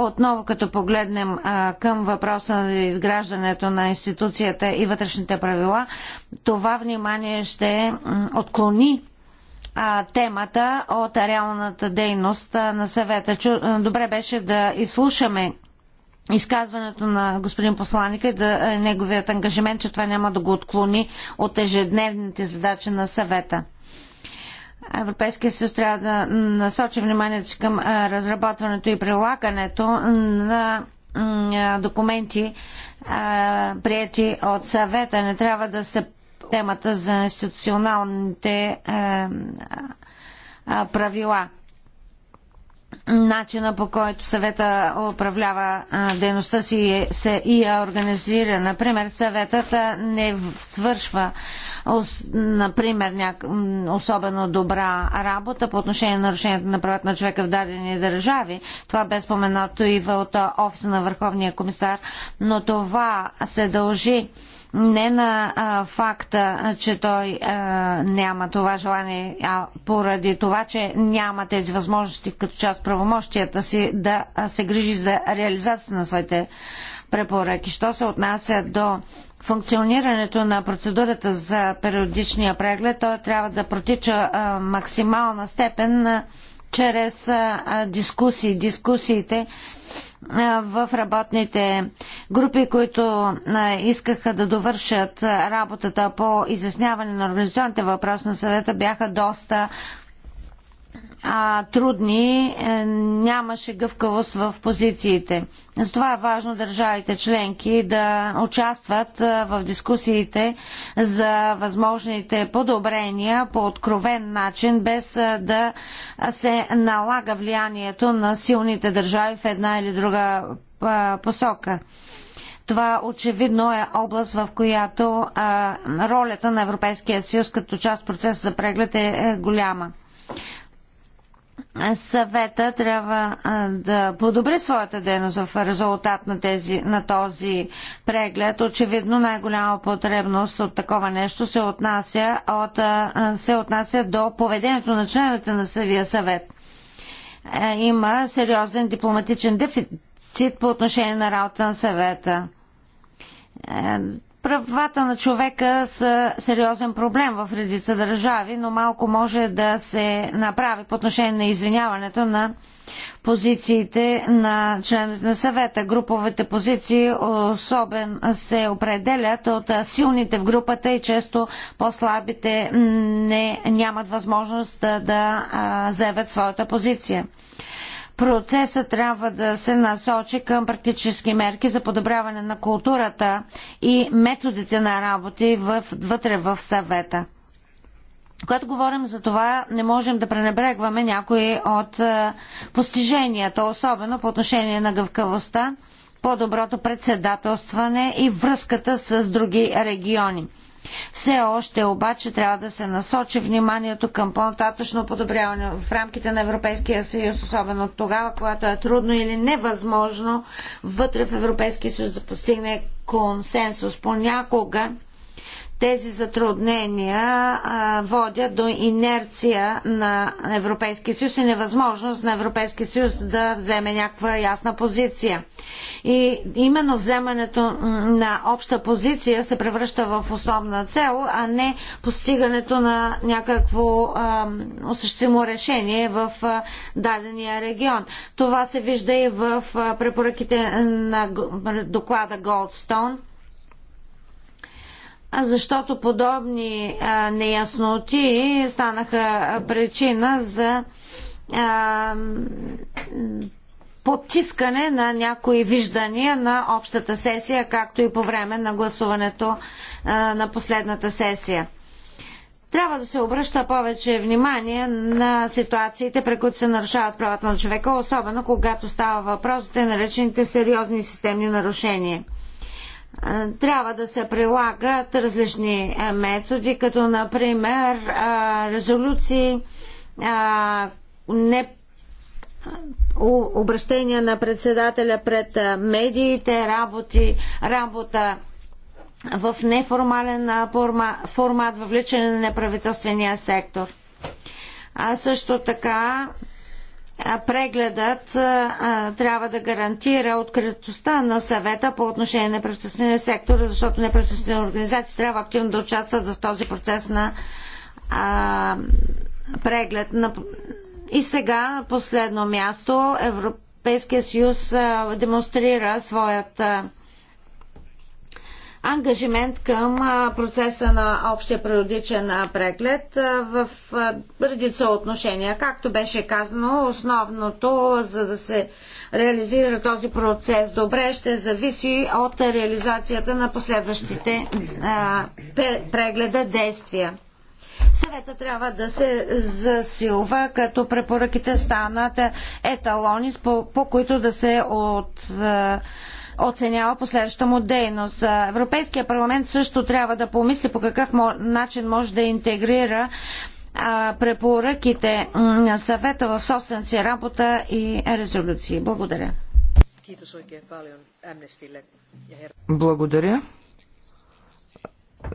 отново като погледнем а, е, към въпроса на изграждането на институцията и вътрешните правила, това внимание ще отклони а, темата от реалната дейност на съвета. Чу, добре беше да изслушаме изказването на господин посланика и да, неговият ангажимент, че това няма да го отклони от ежедневните задачи на съвета. Европейския съюз трябва да насочи вниманието си към разработването и прилагането на документи, прияти от съвета. Не трябва да се темата за институционалните правила. Начина по който съвета управлява дейността си се и я организира. Например, съветът не свършва например, няк... особено добра работа по отношение на нарушението на правата на човека в дадени държави. Това бе споменато и от офиса на Върховния комисар, но това се дължи не на а, факта, че той а, няма това желание, а поради това, че няма тези възможности като част правомощията си да се грижи за реализация на своите препоръки. Що се отнася до функционирането на процедурата за периодичния преглед, той трябва да протича а, максимална степен а, чрез а, дискусии. Дискусиите в работните групи, които искаха да довършат работата по изясняване на организационните въпроси на съвета, бяха доста а, трудни, е, нямаше гъвкавост в позициите. Затова е важно държавите членки да участват е, в дискусиите за възможните подобрения по откровен начин, без е, да се налага влиянието на силните държави в една или друга е, посока. Това очевидно е област, в която а, ролята на Европейския съюз като част от процеса за преглед е, е голяма съвета трябва да подобри своята дейност в резултат на, тези, на този преглед. Очевидно най-голяма потребност от такова нещо се отнася, от, се отнася до поведението на членовете на Съвия съвет. Е, има сериозен дипломатичен дефицит по отношение на работа на съвета е, Правата на човека са сериозен проблем в редица държави, но малко може да се направи по отношение на извиняването на позициите на членовете на съвета. Груповите позиции особен се определят от силните в групата и често по-слабите не, нямат възможност да, да заявят своята позиция. Процесът трябва да се насочи към практически мерки за подобряване на културата и методите на работи вътре в съвета. Когато говорим за това, не можем да пренебрегваме някои от е, постиженията, особено по отношение на гъвкавостта, по-доброто председателстване и връзката с други региони. Все още обаче трябва да се насочи вниманието към по-нататъчно подобряване в рамките на Европейския съюз, особено тогава, когато е трудно или невъзможно вътре в Европейския съюз да постигне консенсус. Понякога тези затруднения водят до инерция на Европейския съюз и невъзможност на Европейския съюз да вземе някаква ясна позиция. И именно вземането на обща позиция се превръща в основна цел, а не постигането на някакво осъществимо решение в а, дадения регион. Това се вижда и в а, препоръките на доклада Goldstone защото подобни неясноти станаха причина за потискане на някои виждания на общата сесия, както и по време на гласуването на последната сесия. Трябва да се обръща повече внимание на ситуациите, при които се нарушават правата на човека, особено когато става въпрос за наречените сериозни системни нарушения трябва да се прилагат различни методи, като например резолюции, не обращения на председателя пред медиите, работи, работа в неформален формат, въвличане на неправителствения сектор. А също така прегледът а, трябва да гарантира откритостта на съвета по отношение на правителствения сектор, защото неправителствените организации трябва активно да участват в този процес на а, преглед. И сега, на последно място, Европейския съюз а, демонстрира своята ангажимент към процеса на общия периодичен преглед в редица отношения. Както беше казано, основното, за да се реализира този процес добре, ще зависи от реализацията на последващите прегледа действия. Съвета трябва да се засилва, като препоръките станат еталони, по, по които да се от оценява последваща му дейност. Европейския парламент също трябва да помисли по какъв начин може да интегрира препоръките на съвета в собствената си работа и резолюции. Благодаря. Благодаря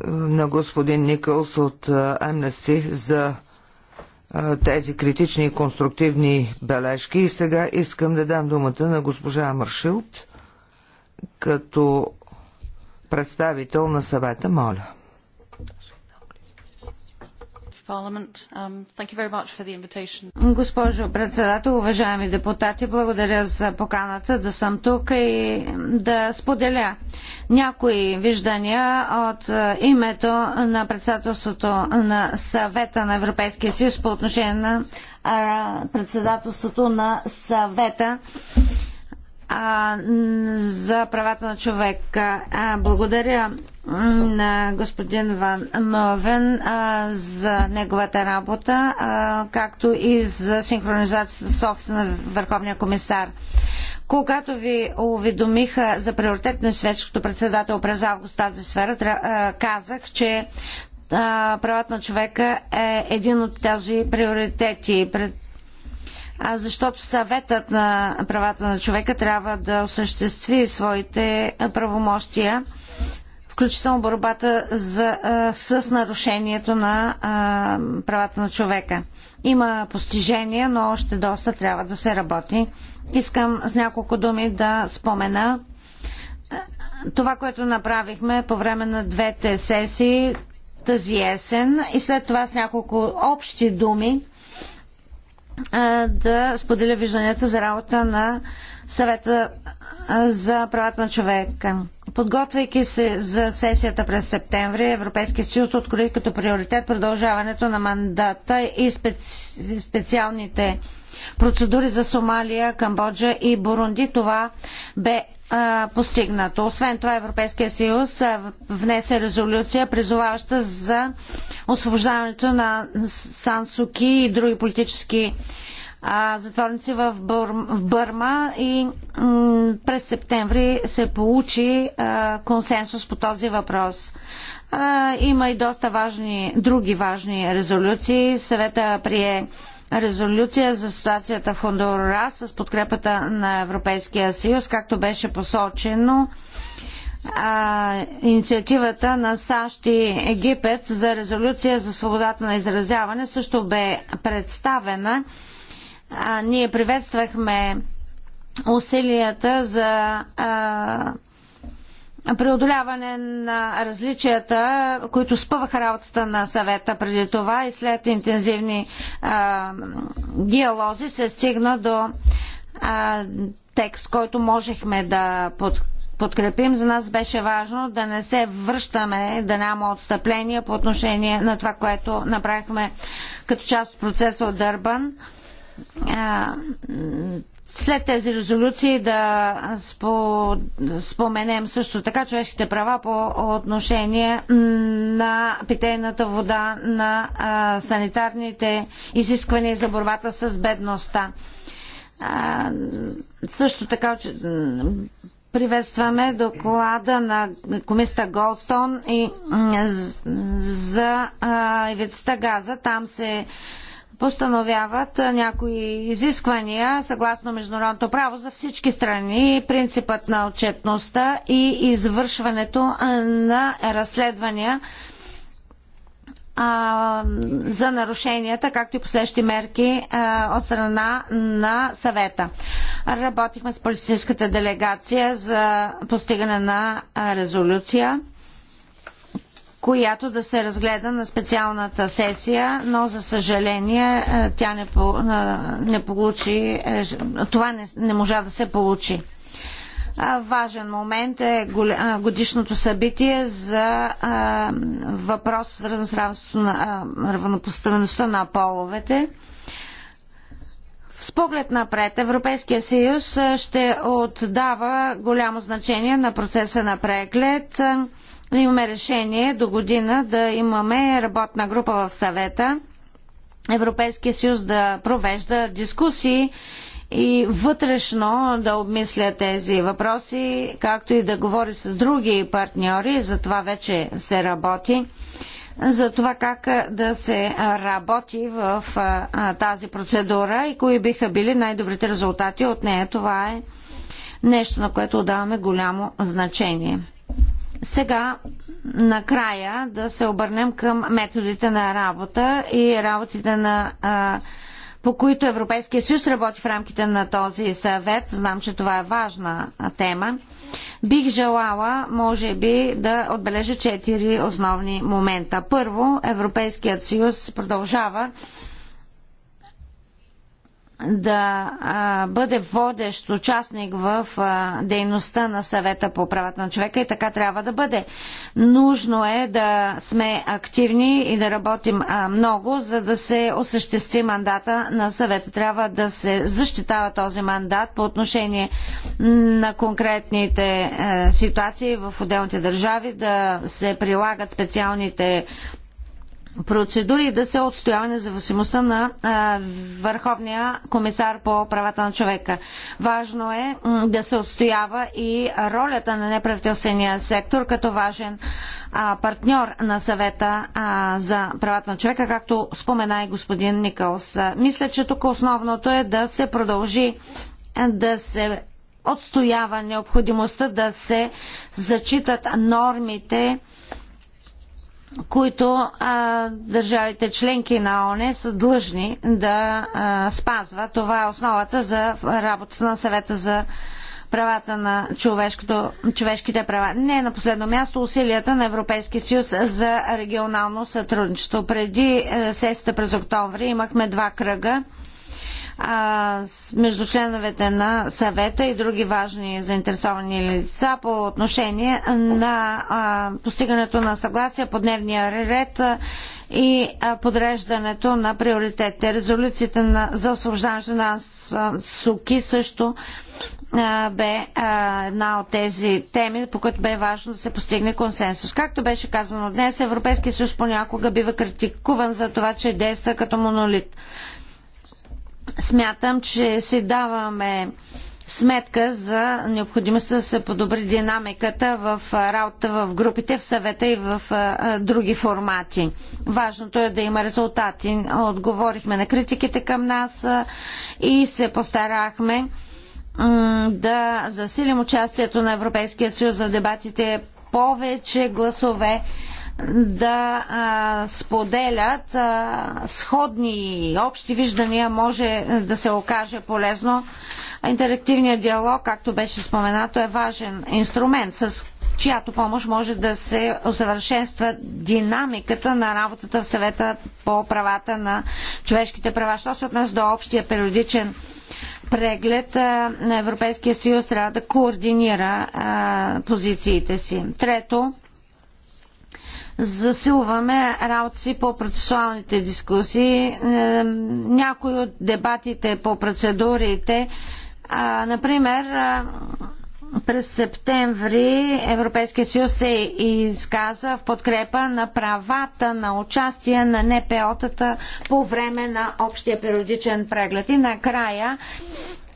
на господин Никълс от Амнести за тези критични и конструктивни бележки. И сега искам да дам думата на госпожа Маршилт като представител на съвета, моля. Um, Госпожо председател, уважаеми депутати, благодаря за поканата да съм тук и да споделя някои виждания от е, името на председателството на съвета на Европейския съюз по отношение на председателството на съвета а, за правата на човека. А, благодаря на господин Ван Мовен а, за неговата работа, а, както и за синхронизацията с офиса на Върховния комисар. Когато ви уведомиха за приоритет на светското председател през август тази сфера, казах, че правата на човека е един от тези приоритети. Пред защото съветът на правата на човека трябва да осъществи своите правомощия, включително борбата за, с нарушението на правата на човека. Има постижения, но още доста трябва да се работи. Искам с няколко думи да спомена това, което направихме по време на двете сесии тази есен и след това с няколко общи думи да споделя вижданията за работа на съвета за правата на човека. Подготвяйки се за сесията през септември, Европейския съюз открои като приоритет продължаването на мандата и специ... специалните процедури за Сомалия, Камбоджа и Бурунди. Това бе а, постигнато. Освен това Европейския съюз внесе резолюция, призоваваща за освобождаването на Сан и други политически а, затворници в, в Бърма и през септември се получи а, консенсус по този въпрос. А, има и доста важни, други важни резолюции. Съвета прие резолюция за ситуацията в Хондурас с подкрепата на Европейския съюз, както беше посочено а, инициативата на САЩ и Египет за резолюция за свободата на изразяване също бе представена. А, ние приветствахме усилията за а, преодоляване на различията, които спъваха работата на съвета преди това и след интензивни а, диалози се стигна до а, текст, който можехме да под, подкрепим. За нас беше важно да не се връщаме, да няма отстъпления по отношение на това, което направихме като част от процеса от Дърбан след тези резолюции да спо, споменем също така човешките права по отношение на питейната вода, на а, санитарните изисквания за борбата с бедността. А, също така приветстваме доклада на комиста Голдстон и за ивицата газа. Там се постановяват някои изисквания съгласно международното право за всички страни, принципът на отчетността и извършването на разследвания а, за нарушенията, както и последващи мерки а, от страна на съвета. Работихме с палестинската делегация за постигане на резолюция която да се разгледа на специалната сесия, но за съжаление е, тя не, по, е, не получи, е, това не, не можа да се получи. Важен момент е годишното събитие за въпрос, свързан с на равнопоставеността на половете. С поглед напред, Европейския съюз ще отдава голямо значение на процеса на преглед имаме решение до година да имаме работна група в съвета, Европейския съюз да провежда дискусии и вътрешно да обмисля тези въпроси, както и да говори с други партньори, за това вече се работи, за това как да се работи в тази процедура и кои биха били най-добрите резултати от нея. Това е нещо, на което даваме голямо значение. Сега, накрая, да се обърнем към методите на работа и работите на а, по които Европейския съюз работи в рамките на този съвет. Знам, че това е важна тема. Бих желала, може би, да отбележа четири основни момента. Първо, Европейският съюз продължава да а, бъде водещ участник в а, дейността на съвета по правата на човека и така трябва да бъде. Нужно е да сме активни и да работим а, много, за да се осъществи мандата на съвета. Трябва да се защитава този мандат по отношение на конкретните а, ситуации в отделните държави, да се прилагат специалните процедури да се отстоява независимостта на а, Върховния комисар по правата на човека. Важно е да се отстоява и ролята на неправителствения сектор като важен а, партньор на съвета а, за правата на човека, както спомена и господин Никълс. Мисля, че тук основното е да се продължи да се отстоява необходимостта да се зачитат нормите, които а, държавите членки на ОНЕ са длъжни да а, спазва. Това е основата за работата на съвета за правата на човешките права. Не на последно място усилията на Европейския съюз за регионално сътрудничество. Преди е, сесията през октомври имахме два кръга а, между членовете на съвета и други важни заинтересовани лица по отношение на а, постигането на съгласие по дневния ред а, и а, подреждането на приоритетите. Резолюцията на, за освобождаване на Суки също бе една от тези теми, по които бе важно да се постигне консенсус. Както беше казано днес, Европейския съюз понякога бива критикуван за това, че действа като монолит смятам, че си даваме сметка за необходимостта да се подобри динамиката в работа в групите, в съвета и в други формати. Важното е да има резултати. Отговорихме на критиките към нас и се постарахме да засилим участието на Европейския съюз за дебатите повече гласове да а, споделят а, сходни и общи виждания може да се окаже полезно. Интерактивният диалог, както беше споменато, е важен инструмент, с чиято помощ може да се усъвършенства динамиката на работата в съвета по правата на човешките права. Що се отнася до общия периодичен преглед а, на Европейския съюз трябва да координира а, позициите си. Трето, засилваме работи по процесуалните дискусии. Е, някои от дебатите по процедурите, например, през септември Европейския съюз се изказа в подкрепа на правата на участие на НПО-тата по време на общия периодичен преглед. И накрая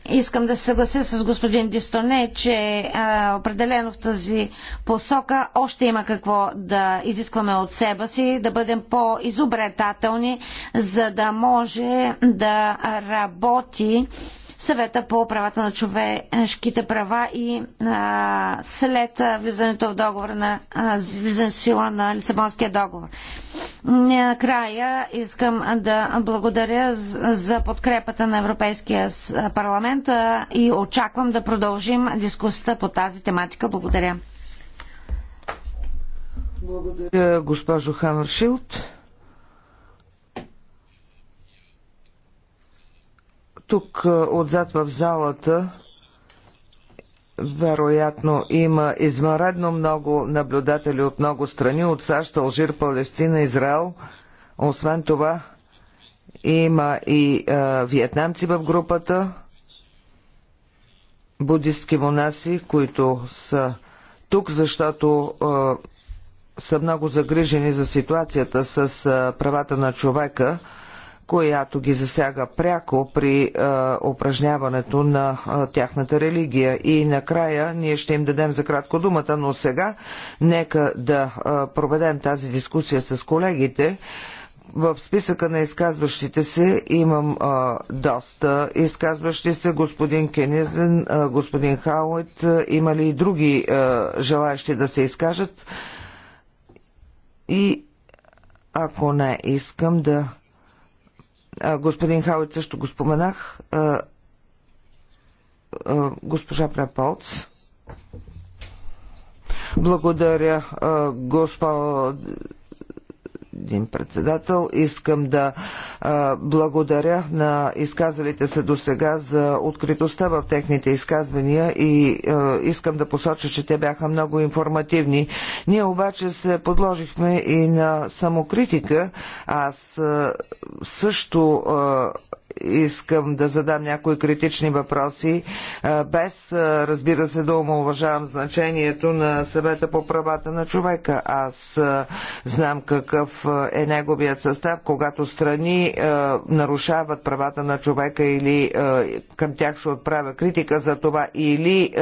Искам да се съглася с господин Дистоне, че а, определено в тази посока още има какво да изискваме от себе си, да бъдем по-изобретателни, за да може да работи съвета по правата на човешките права и а, след влизането в договора на влизане в сила на Лисабонския договор. Накрая искам да благодаря за подкрепата на Европейския парламент и очаквам да продължим дискусията по тази тематика. Благодаря. Благодаря, госпожо Хамършилд. Тук отзад в залата вероятно има измаредно много наблюдатели от много страни, от САЩ, Алжир, Палестина, Израел. Освен това има и а, виетнамци в групата, будистки монаси, които са тук, защото а, са много загрижени за ситуацията с а, правата на човека – която ги засяга пряко при а, е, упражняването на а, е, тяхната религия. И накрая ние ще им дадем за кратко думата, но сега нека да а, е, проведем тази дискусия с колегите. В списъка на изказващите се имам а, доста изказващи се. Господин Кенезен, а, господин Хаует, а, има ли и други а, желаящи да се изкажат? И ако не, искам да господин Хауит също го споменах, госпожа Преполц. Благодаря, господ господин председател. Искам да а, благодаря на изказалите се до сега за откритостта в техните изказвания и а, искам да посоча, че те бяха много информативни. Ние обаче се подложихме и на самокритика. Аз а, също искам да задам някои критични въпроси, без, разбира се, да омалважавам значението на съвета по правата на човека. Аз знам какъв е неговият състав, когато страни нарушават правата на човека или към тях се отправя критика за това или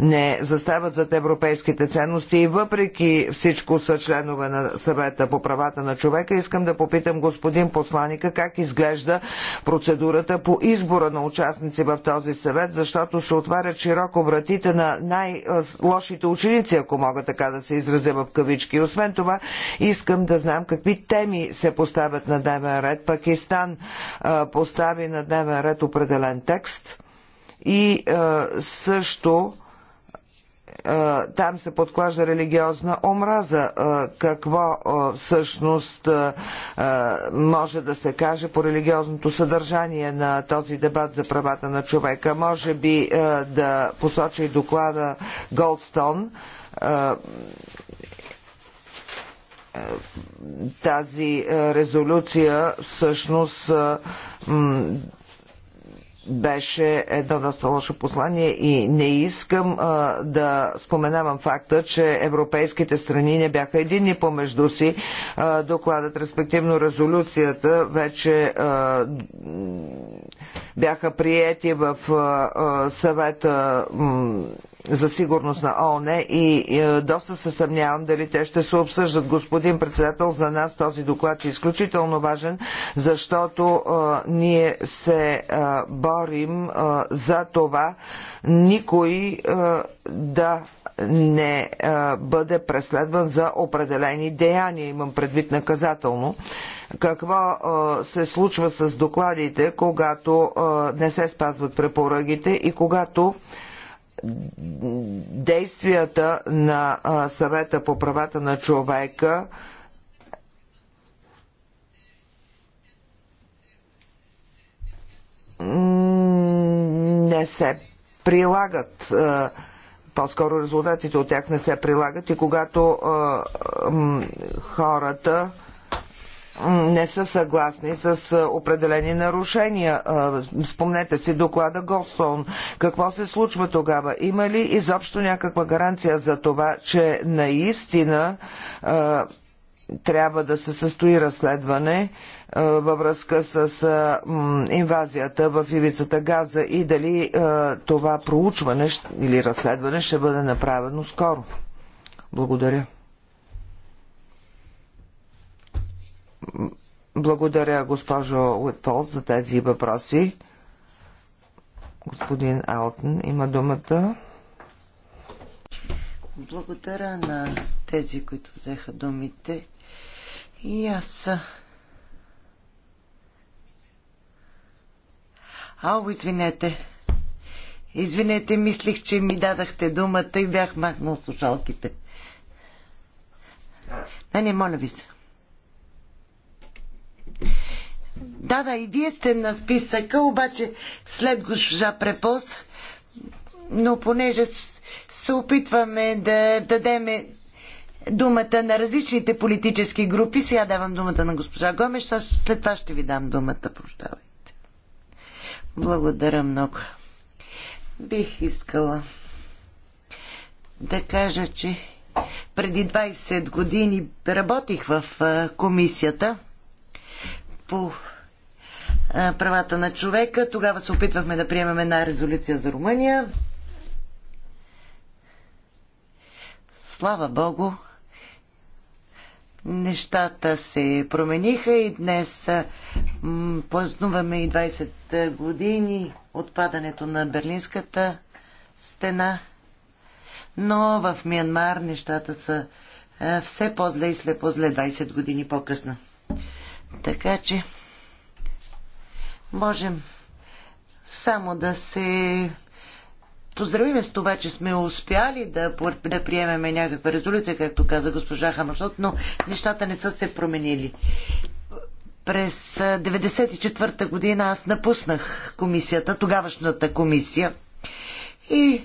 не застават зад европейските ценности и въпреки всичко са членове на съвета по правата на човека, искам да попитам господин посланика как изглежда процедурата по избора на участници в този съвет, защото се отварят широко вратите на най-лошите ученици, ако мога така да се изразя в кавички. Освен това, искам да знам какви теми се поставят на дневен ред. Пакистан постави на дневен ред определен текст и също там се подклажда религиозна омраза. Какво всъщност може да се каже по религиозното съдържание на този дебат за правата на човека? Може би да посочи и доклада Голдстон тази резолюция всъщност беше едно доста лошо послание и не искам а, да споменавам факта, че европейските страни не бяха единни помежду си. А, докладът, респективно резолюцията, вече а, бяха приети в а, съвета. А, за сигурност на ООН и е, доста се съмнявам дали те ще се обсъждат. Господин председател, за нас този доклад е изключително важен, защото е, ние се е, борим за това никой да не бъде преследван за определени деяния, имам предвид наказателно какво се случва с докладите, когато не се спазват препоръгите и когато действията на съвета по правата на човека не се прилагат. По-скоро резултатите от тях не се прилагат и когато хората не са съгласни с определени нарушения. Спомнете си доклада Голстон. Какво се случва тогава? Има ли изобщо някаква гаранция за това, че наистина трябва да се състои разследване във връзка с инвазията в ивицата Газа и дали това проучване или разследване ще бъде направено скоро? Благодаря. Благодаря, госпожо Уитпол, за тези въпроси. Господин Алтен има думата. Благодаря на тези, които взеха думите. И аз. Ау, извинете. Извинете, мислих, че ми дадахте думата и бях махнал слушалките. Не, не, моля ви се. Да, да, и вие сте на списъка, обаче след госпожа Препос, но понеже се опитваме да дадеме думата на различните политически групи, сега давам думата на госпожа Гомеш, а след това ще ви дам думата, прощавайте. Благодаря много. Бих искала да кажа, че преди 20 години работих в комисията – по правата на човека. Тогава се опитвахме да приемем една резолюция за Румъния. Слава Богу, нещата се промениха и днес плъзнуваме и 20 години от падането на Берлинската стена. Но в Миянмар нещата са все по-зле и по зле 20 години по-късно. Така че можем само да се поздравиме с това, че сме успяли да, да приемеме някаква резолюция, както каза госпожа Хамашот, но нещата не са се променили. През 1994 година аз напуснах комисията, тогавашната комисия. И,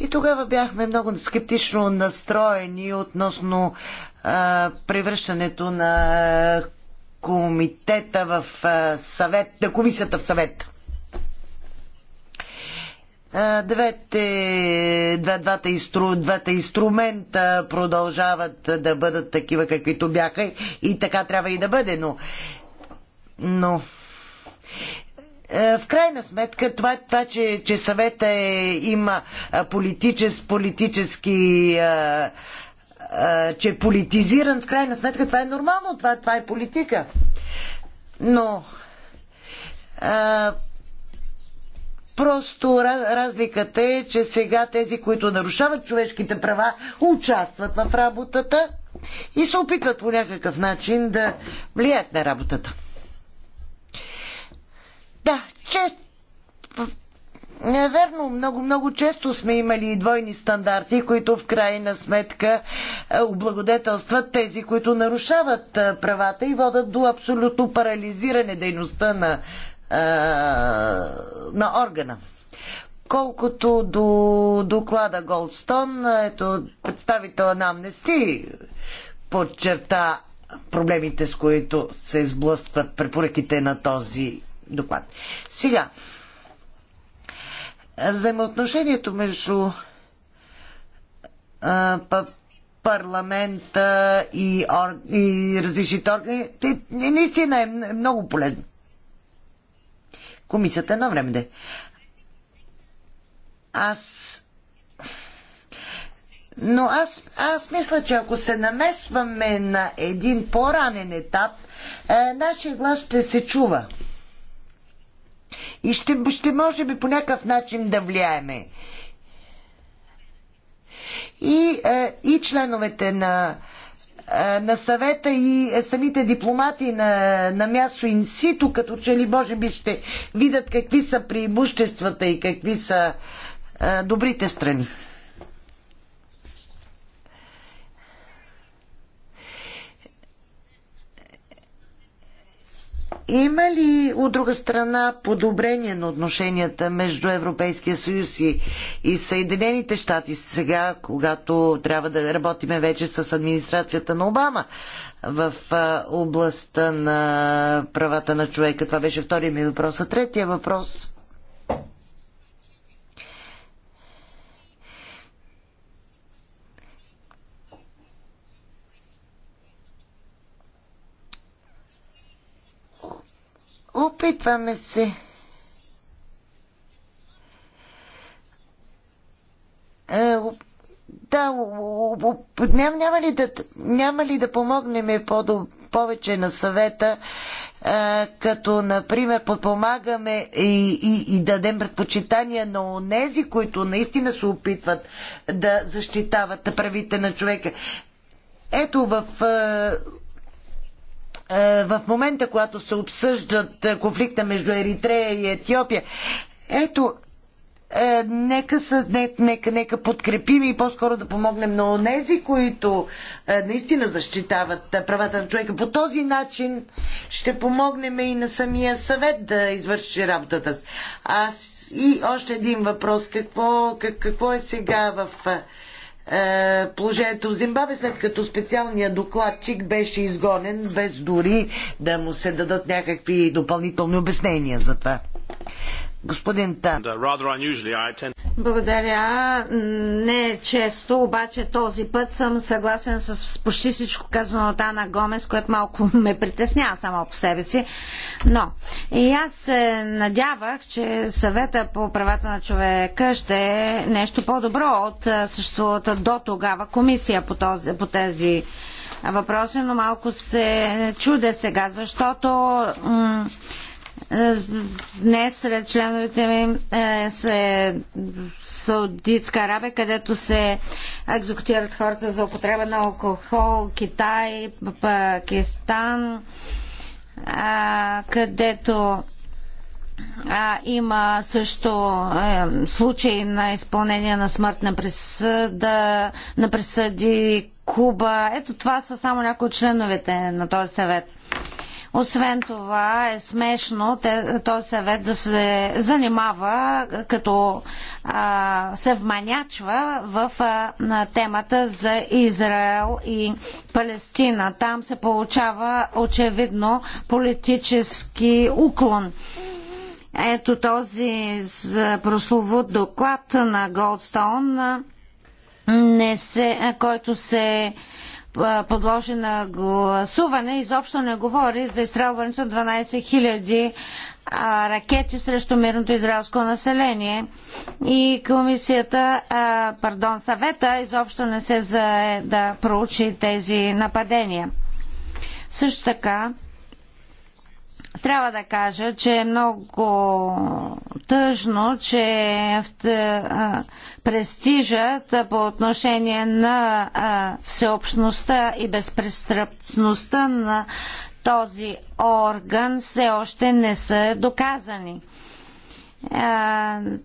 и тогава бяхме много скептично настроени относно а, превръщането на комитета в съвет, на комисията в съвет. Двете, двата, инстру, двата инструмента продължават да бъдат такива, каквито бяха и така трябва и да бъде, но, но е, в крайна сметка това, това че, че съвета е, има политичес, политически а, че е политизиран, в крайна сметка това е нормално, това, това е политика. Но а, просто разликата е, че сега тези, които нарушават човешките права, участват в работата и се опитват по някакъв начин да влияят на работата. Да, често е верно, много, много често сме имали и двойни стандарти, които в крайна сметка е, облагодетелстват тези, които нарушават е, правата и водат до абсолютно парализиране дейността на, е, на органа. Колкото до доклада Голдстон, ето представител на Амнести подчерта проблемите, с които се сблъскват препоръките на този доклад. Сега, Взаимоотношението между парламента и, ор... и различните органи наистина е много полезно. Комисията едно време де. Аз но аз, аз мисля, че ако се намесваме на един по-ранен етап, е, нашия глас ще се чува. И ще, ще можем по някакъв начин да влияеме. И, е, и членовете на, е, на съвета и самите дипломати на, на място инсито, като че ли може би ще видят какви са преимуществата и какви са е, добрите страни. Има ли от друга страна подобрение на отношенията между Европейския съюз и, и Съединените щати сега, когато трябва да работиме вече с администрацията на Обама в а, областта на правата на човека? Това беше втория ми въпрос. А третия въпрос Опитваме се е, да, ням, няма, ли да, няма ли да помогнем по повече на съвета, е, като, например, подпомагаме и, и, и дадем предпочитания на онези, които наистина се опитват да защитават правите на човека. Ето в е, е, в момента, когато се обсъждат е, конфликта между Еритрея и Етиопия. Ето, е, нека, са, не, нека, нека подкрепим и по-скоро да помогнем на онези, които е, наистина защитават е, правата на човека. По този начин ще помогнем и на самия съвет да извърши работата си. Аз и още един въпрос. Какво, как, какво е сега в. Е, е, положението в Зимбабве, след като специалният докладчик беше изгонен, без дори да му се дадат някакви допълнителни обяснения за това. Господин Тан. Uh, Благодаря. Не е често, обаче този път съм съгласен с почти всичко казано от Ана Гомес, което малко ме притеснява само по себе си. Но и аз се надявах, че съвета по правата на човека ще е нещо по-добро от съществувата до тогава комисия по, този, по тези въпроси, но малко се чуде сега, защото е, днес сред членовете ми е, се Саудитска Арабия, където се екзекутират хората за употреба на алкохол, Китай, Пакистан, където а, има също е, случаи на изпълнение на смъртна присъда, на присъди Куба. Ето това са само някои от членовете на този съвет. Освен това е смешно този съвет да се занимава като а, се вманячва в а, на темата за Израел и Палестина. Там се получава очевидно политически уклон. Ето този прословут доклад на Голдстоун, не се, който се подложи на гласуване, изобщо не говори за изстрелването на 12 000 ракети срещу мирното израелско население. И комисията, а, пардон, съвета изобщо не се за да проучи тези нападения. Също така, трябва да кажа, че е много тъжно, че престижът по отношение на всеобщността и безпрестъпността на този орган все още не са доказани. Е,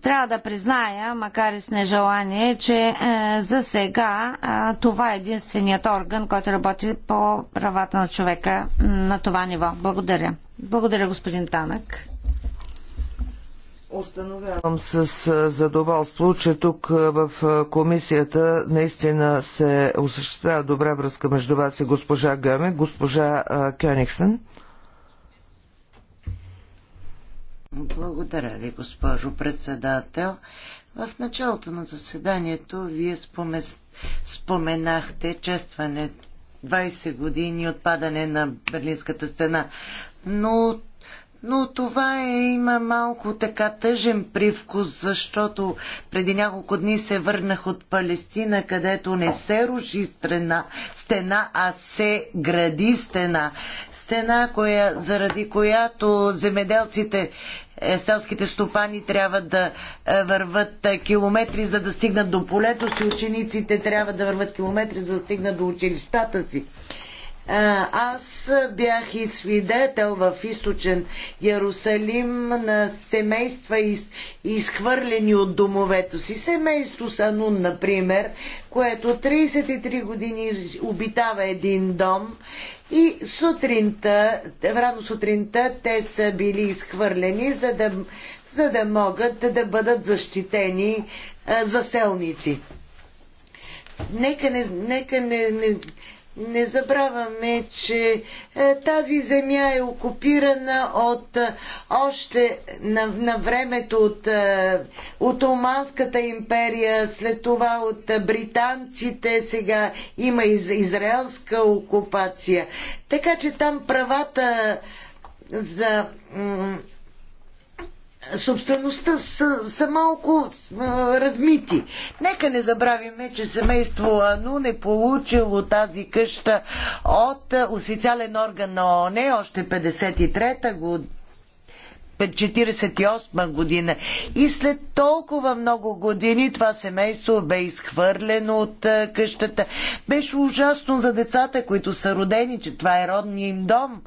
трябва да призная, макар и с нежелание, че е, за сега е, това е единственият орган, който работи по правата на човека на това ниво. Благодаря. Благодаря, господин Танък. Установявам с задоволство, че тук в комисията наистина се осъществява добра връзка между вас и госпожа Гъме, госпожа Кёнигсен. Благодаря ви, госпожо председател. В началото на заседанието вие споменахте честване 20 години от падане на Берлинската стена, но но това е, има малко така тъжен привкус, защото преди няколко дни се върнах от Палестина, където не се руши стена а се гради стена стена, коя, заради която земеделците, е, селските стопани трябва да е, върват е, километри, за да стигнат до полето си, учениците трябва да върват километри, за да стигнат до училищата си. Аз бях и свидетел в източен Ярусалим на семейства из, изхвърлени от домовето си. Семейство Санун, например, което 33 години обитава един дом и сутринта, рано сутринта те са били изхвърлени, за да, за да могат да бъдат защитени а, заселници. Нека не, нека не, не не забравяме, че е, тази земя е окупирана от е, още на, на времето от, е, от Оманската империя, след това от британците, сега има из, израелска окупация. Така че там правата за собствеността са, са малко а, размити. Нека не забравиме, че семейство Ану не получило тази къща от официален орган на ОНЕ още 53-та година. 48 година. И след толкова много години това семейство бе изхвърлено от къщата. Беше ужасно за децата, които са родени, че това е родния им дом.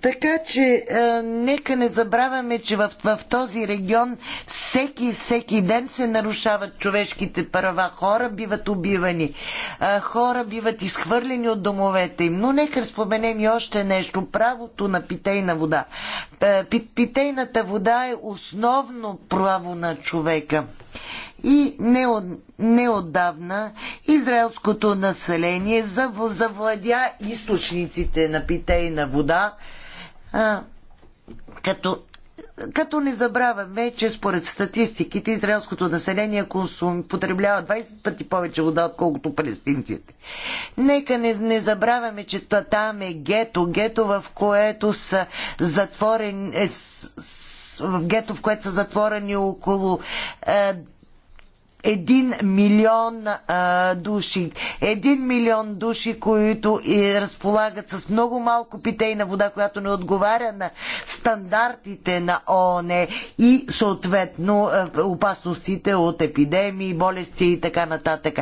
Така че е, нека не забравяме, че в, в този регион всеки, всеки ден се нарушават човешките права. Хора биват убивани, е, хора биват изхвърлени от домовете им. Но нека споменем и още нещо. Правото на питейна вода. Е, питейната вода е основно право на човека и неотдавна израелското население завладя източниците на питейна вода, а, като, като не забравяме, че според статистиките израелското население консум, потребява 20 пъти повече вода, отколкото палестинците. Нека не, не забравяме, че там е гето, гето в което са затворени. Е, в гето, в което са затворени около е, 1 милион а, души. 1 милион души, които и е, разполагат с много малко питейна вода, която не отговаря на стандартите на ООН и съответно е, опасностите от епидемии, болести и така нататък.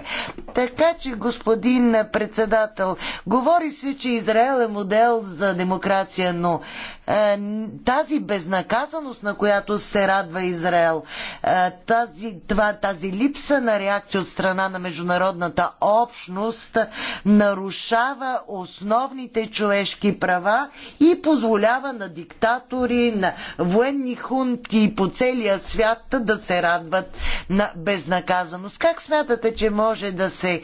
Така че, господин председател, говори се, че Израел е модел за демокрация, но е, тази безнаказаност, на която се радва Израел, тази, това, тази липса липса на реакция от страна на международната общност нарушава основните човешки права и позволява на диктатори, на военни хунти по целия свят да се радват на безнаказаност. Как смятате, че може да се е,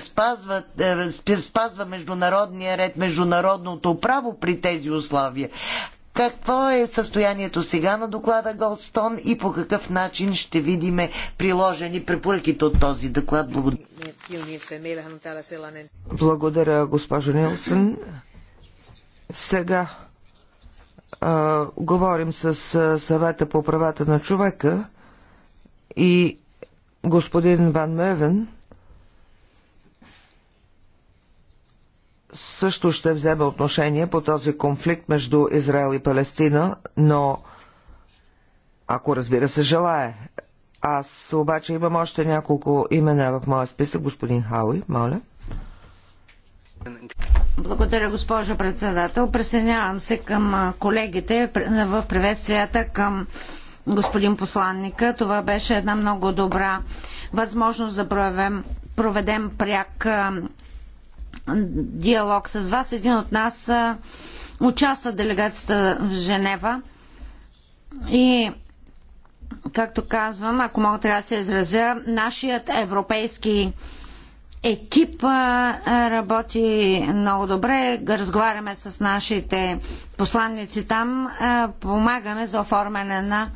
спазва, е, спазва международния ред, международното право при тези условия? Какво е състоянието сега на доклада Голдстон и по какъв начин ще видим приложени препоръките от този доклад? Благодаря. Благодаря, госпожо Нилсън. Сега а, говорим с а, съвета по правата на човека и господин Ван Мевен. също ще вземе отношение по този конфликт между Израел и Палестина, но ако разбира се желая. Аз обаче имам още няколко имена в моя списък. Господин Хауи, моля. Благодаря, госпожо председател. Присъединявам се към колегите в приветствията към господин посланника. Това беше една много добра възможност да проведем, проведем пряк диалог с вас. Един от нас участва в делегацията в Женева и както казвам, ако мога така да се изразя, нашият европейски екип работи много добре. Разговаряме с нашите посланници там, помагаме за оформяне на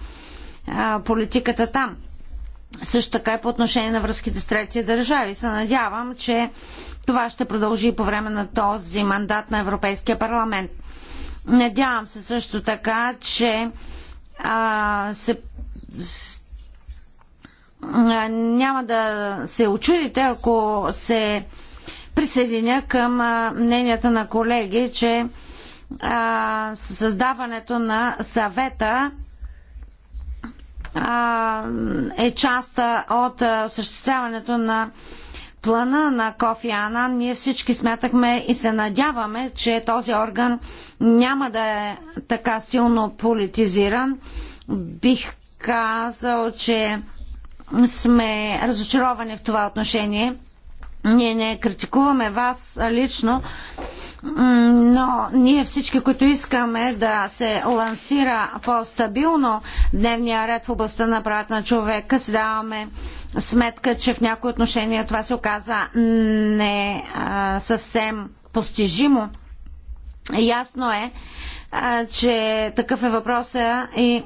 политиката там. Също така и по отношение на връзките с трети държави. Се надявам, че това ще продължи по време на този мандат на Европейския парламент. Надявам се също така, че а, се а, няма да се очудите, ако се присъединя към а, мненията на колеги, че а, създаването на съвета а, е част от осъществяването на плана на Кофи Анан, ние всички смятахме и се надяваме, че този орган няма да е така силно политизиран. Бих казал, че сме разочаровани в това отношение. Ние не критикуваме вас лично, но ние всички, които искаме да се лансира по-стабилно дневния ред в областта на правата на човека, си даваме сметка, че в някои отношения това се оказа не а, съвсем постижимо. Ясно е, а, че такъв е въпросът и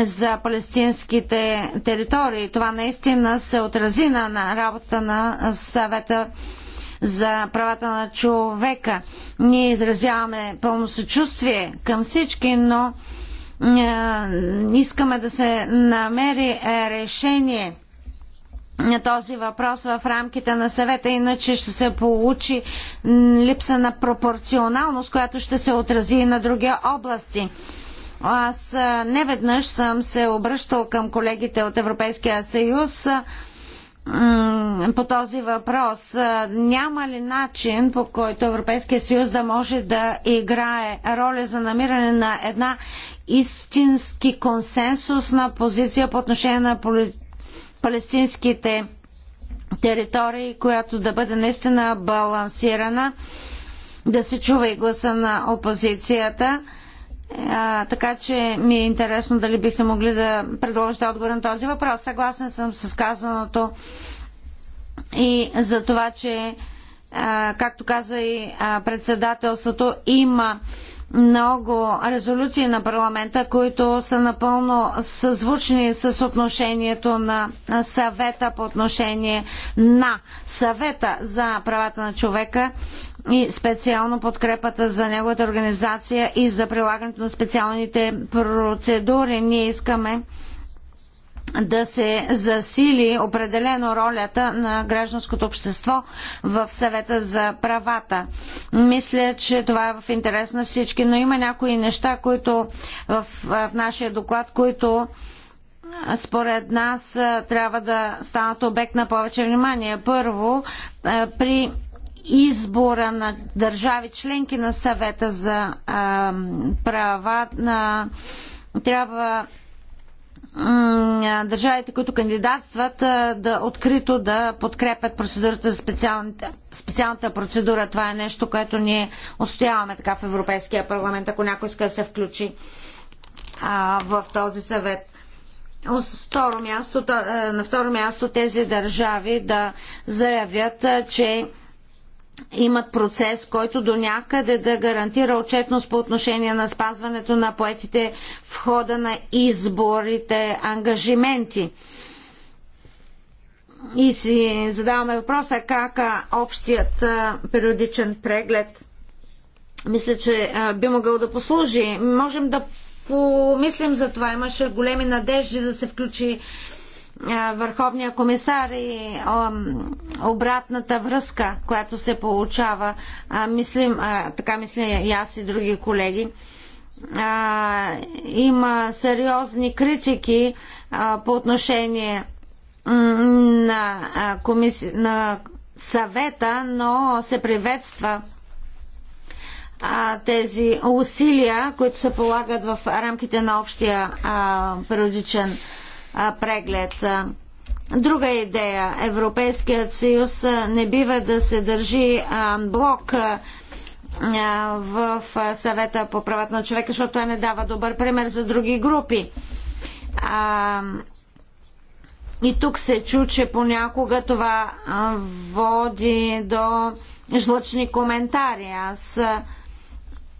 за палестинските територии. Това наистина се отрази на, на работата на съвета за правата на човека. Ние изразяваме пълно съчувствие към всички, но е, искаме да се намери е, решение на този въпрос в рамките на съвета, иначе ще се получи липса на пропорционалност, която ще се отрази и на други области. Аз е, неведнъж съм се обръщал към колегите от Европейския съюз по този въпрос. Няма ли начин, по който Европейския съюз да може да играе роля за намиране на една истински консенсусна позиция по отношение на палестинските територии, която да бъде наистина балансирана, да се чува и гласа на опозицията? А, така че ми е интересно дали бихте могли да предложите отговор на този въпрос. Съгласен съм с казаното и за това, че а, както каза и а, председателството, има много резолюции на парламента, които са напълно съзвучни с отношението на съвета по отношение на съвета за правата на човека и специално подкрепата за неговата организация и за прилагането на специалните процедури. Ние искаме да се засили определено ролята на гражданското общество в съвета за правата. Мисля, че това е в интерес на всички, но има някои неща, които в, в нашия доклад, които според нас трябва да станат обект на повече внимание. Първо, при избора на държави членки на съвета за а, права на трябва държавите, които кандидатстват, да открито да подкрепят процедурата за специалната, специалната процедура. Това е нещо, което ние отстояваме така в Европейския парламент, ако някой иска да се включи а, в този съвет. Второ място, е, на второ място тези държави да заявят, че имат процес, който до някъде да гарантира отчетност по отношение на спазването на поетите в хода на изборите ангажименти. И си задаваме въпроса как общият периодичен преглед мисля, че би могъл да послужи. Можем да помислим за това. Имаше големи надежди да се включи Върховния комисар и обратната връзка, която се получава, мислим, така мисля и аз и други колеги, има сериозни критики по отношение на, комиси... на съвета, но се приветства а, тези усилия, които се полагат в рамките на общия а, периодичен преглед. Друга идея. Европейският съюз не бива да се държи блок в съвета по правата на човека, защото той не дава добър пример за други групи. И тук се чу, че понякога това води до жлъчни коментари. Аз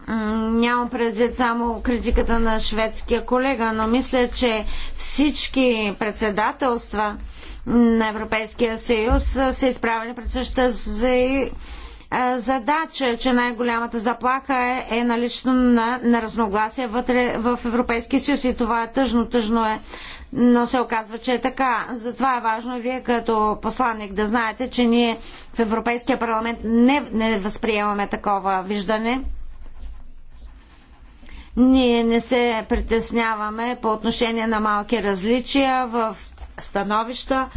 Нямам предвид само критиката на шведския колега, но мисля, че всички председателства на Европейския съюз са изправени пред същата задача, че най-голямата заплаха е, е налично на, на разногласие вътре в Европейския съюз и това е тъжно, тъжно е, но се оказва, че е така. Затова е важно вие като посланник да знаете, че ние в Европейския парламент не, не възприемаме такова виждане ние не се притесняваме по отношение на малки различия в становища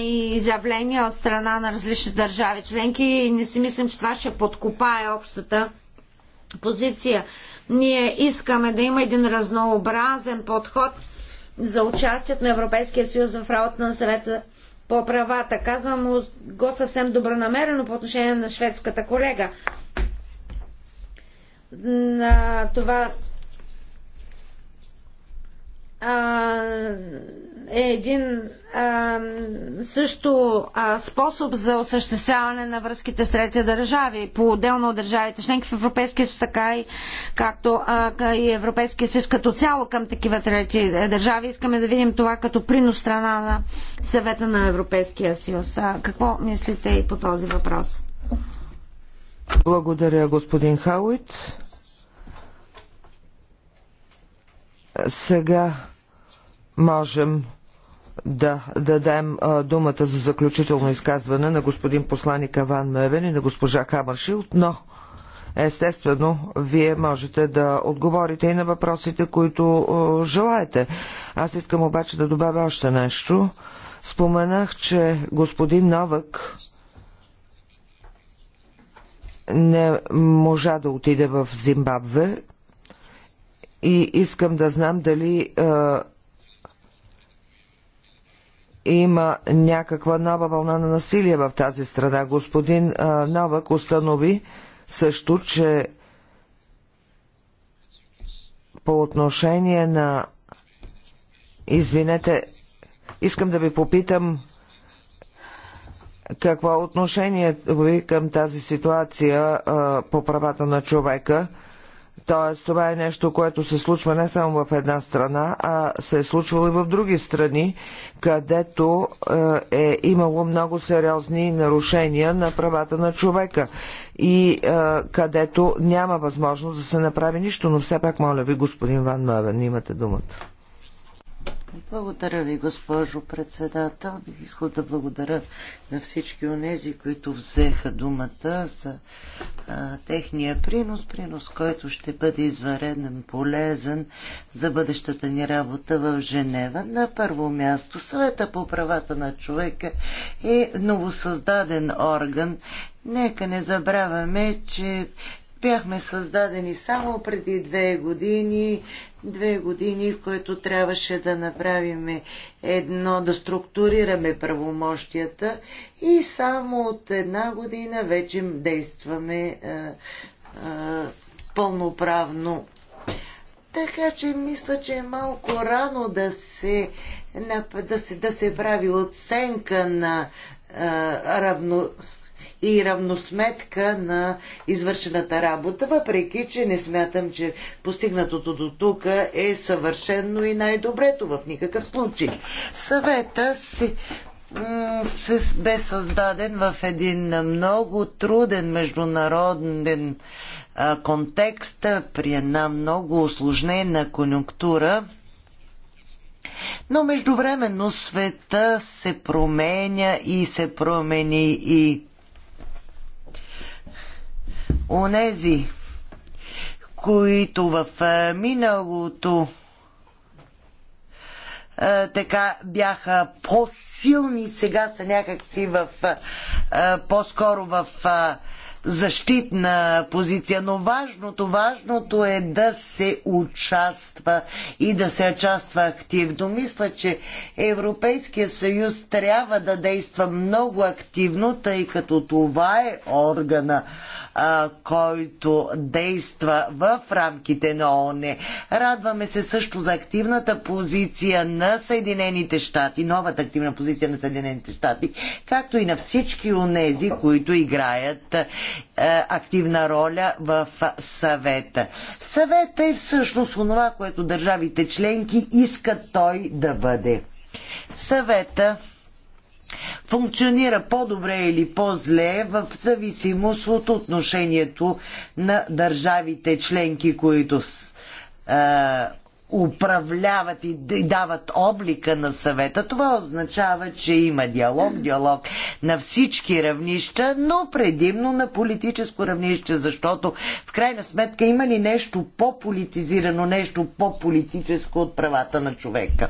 и изявления от страна на различни държави членки и не си мислим, че това ще подкопае общата позиция. Ние искаме да има един разнообразен подход за участието на Европейския съюз в работа на съвета по правата. Казвам го съвсем добронамерено по отношение на шведската колега на това а, е един а, също а, способ за осъществяване на връзките с трети държави, по-отделно от държавите членки в Европейския съюз, така и както а, и Европейския съюз като цяло към такива трети държави. Искаме да видим това като принос страна на съвета на Европейския съюз. А, какво мислите и по този въпрос? Благодаря, господин Хауит. Сега можем да дадем думата за заключително изказване на господин посланик Аван Мевен и на госпожа Хамършилд, но естествено вие можете да отговорите и на въпросите, които желаете. Аз искам обаче да добавя още нещо. Споменах, че господин Новък не можа да отиде в Зимбабве и искам да знам дали е, има някаква нова вълна на насилие в тази страна. Господин е, Навък установи също, че по отношение на. Извинете, искам да ви попитам какво е отношението ви към тази ситуация а, по правата на човека? Тоест, това е нещо, което се случва не само в една страна, а се е случвало и в други страни, където е имало много сериозни нарушения на правата на човека и а, където няма възможност да се направи нищо. Но все пак, моля ви, господин Ван Мавен, имате думата. Благодаря ви, госпожо председател. Бих искал да благодаря на всички онези, които взеха думата за а, техния принос, принос, който ще бъде извареден, полезен за бъдещата ни работа в Женева. На първо място съвета по правата на човека е новосъздаден орган. Нека не забравяме, че бяхме създадени само преди две години, две години, в които трябваше да направим едно, да структурираме правомощията и само от една година вече действаме е, е, пълноправно. Така че мисля, че е малко рано да се, да се, да се прави оценка на е, равно и равносметка на извършената работа, въпреки че не смятам, че постигнатото до тук е съвършено и най-добрето в никакъв случай. Съвета си се бе създаден в един много труден международен контекст при една много осложнена конюнктура. Но междувременно света се променя и се промени и онези, които в миналото така бяха по-силни, сега са някакси в по-скоро в защитна позиция, но важното, важното е да се участва и да се участва активно. Мисля, че Европейския съюз трябва да действа много активно, тъй като това е органа, а, който действа в рамките на ООН. Радваме се също за активната позиция на Съединените щати, новата активна позиция на Съединените щати, както и на всички онези, които играят е, активна роля в съвета. Съвета е всъщност това, което държавите членки искат той да бъде. Съвета функционира по-добре или по-зле в зависимост от отношението на държавите членки, които е, управляват и дават облика на съвета. Това означава, че има диалог, диалог на всички равнища, но предимно на политическо равнище, защото в крайна сметка има ли нещо по-политизирано, нещо по-политическо от правата на човека.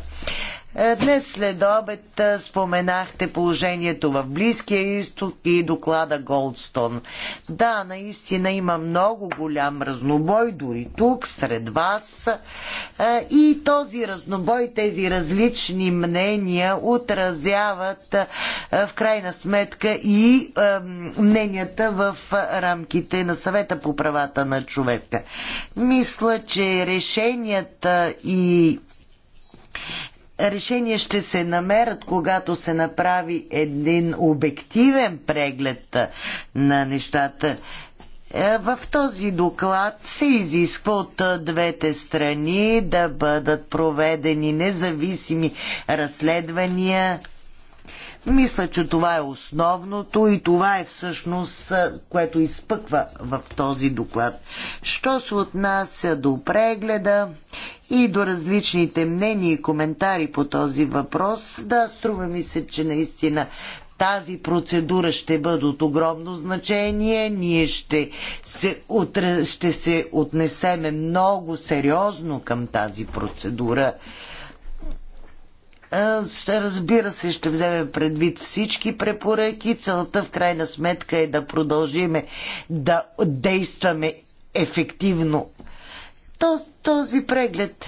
Е, днес след обед е, споменахте положението в Близкия изток и доклада Голдстон. Да, наистина има много голям разнобой, дори тук, сред вас. Е, и този разнобой, тези различни мнения отразяват в крайна сметка и мненията в рамките на съвета по правата на човека. Мисля, че решенията и решения ще се намерят, когато се направи един обективен преглед на нещата. Е, в този доклад се изисква от е, двете страни да бъдат проведени независими разследвания мисля, че това е основното и това е всъщност, което изпъква в този доклад. Що се отнася до прегледа и до различните мнения и коментари по този въпрос, да, струва ми се, че наистина тази процедура ще бъде от огромно значение. Ние ще се, отре... ще се отнесеме много сериозно към тази процедура. Разбира се, ще вземе предвид всички препоръки. Целта в крайна сметка е да продължиме да действаме ефективно. Този преглед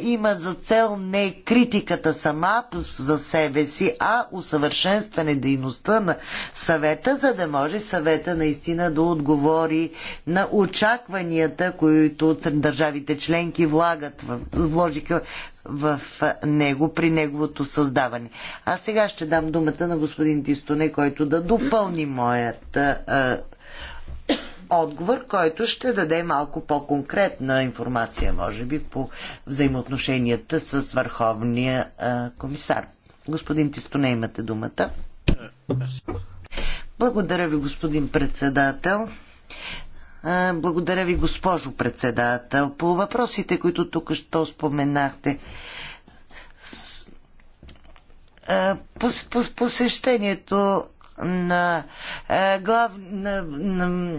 има за цел не критиката сама за себе си, а усъвършенстване дейността на съвета, за да може съвета наистина да отговори на очакванията, които държавите членки влагат в, вложиха в него при неговото създаване. А сега ще дам думата на господин Тистоне, който да допълни моят а, отговор, който ще даде малко по-конкретна информация, може би, по взаимоотношенията с Върховния а, комисар. Господин Тистоне, имате думата. Е, е, е. Благодаря ви, господин председател. Благодаря ви, госпожо председател. По въпросите, които тук що споменахте, посещението на, глав... на, на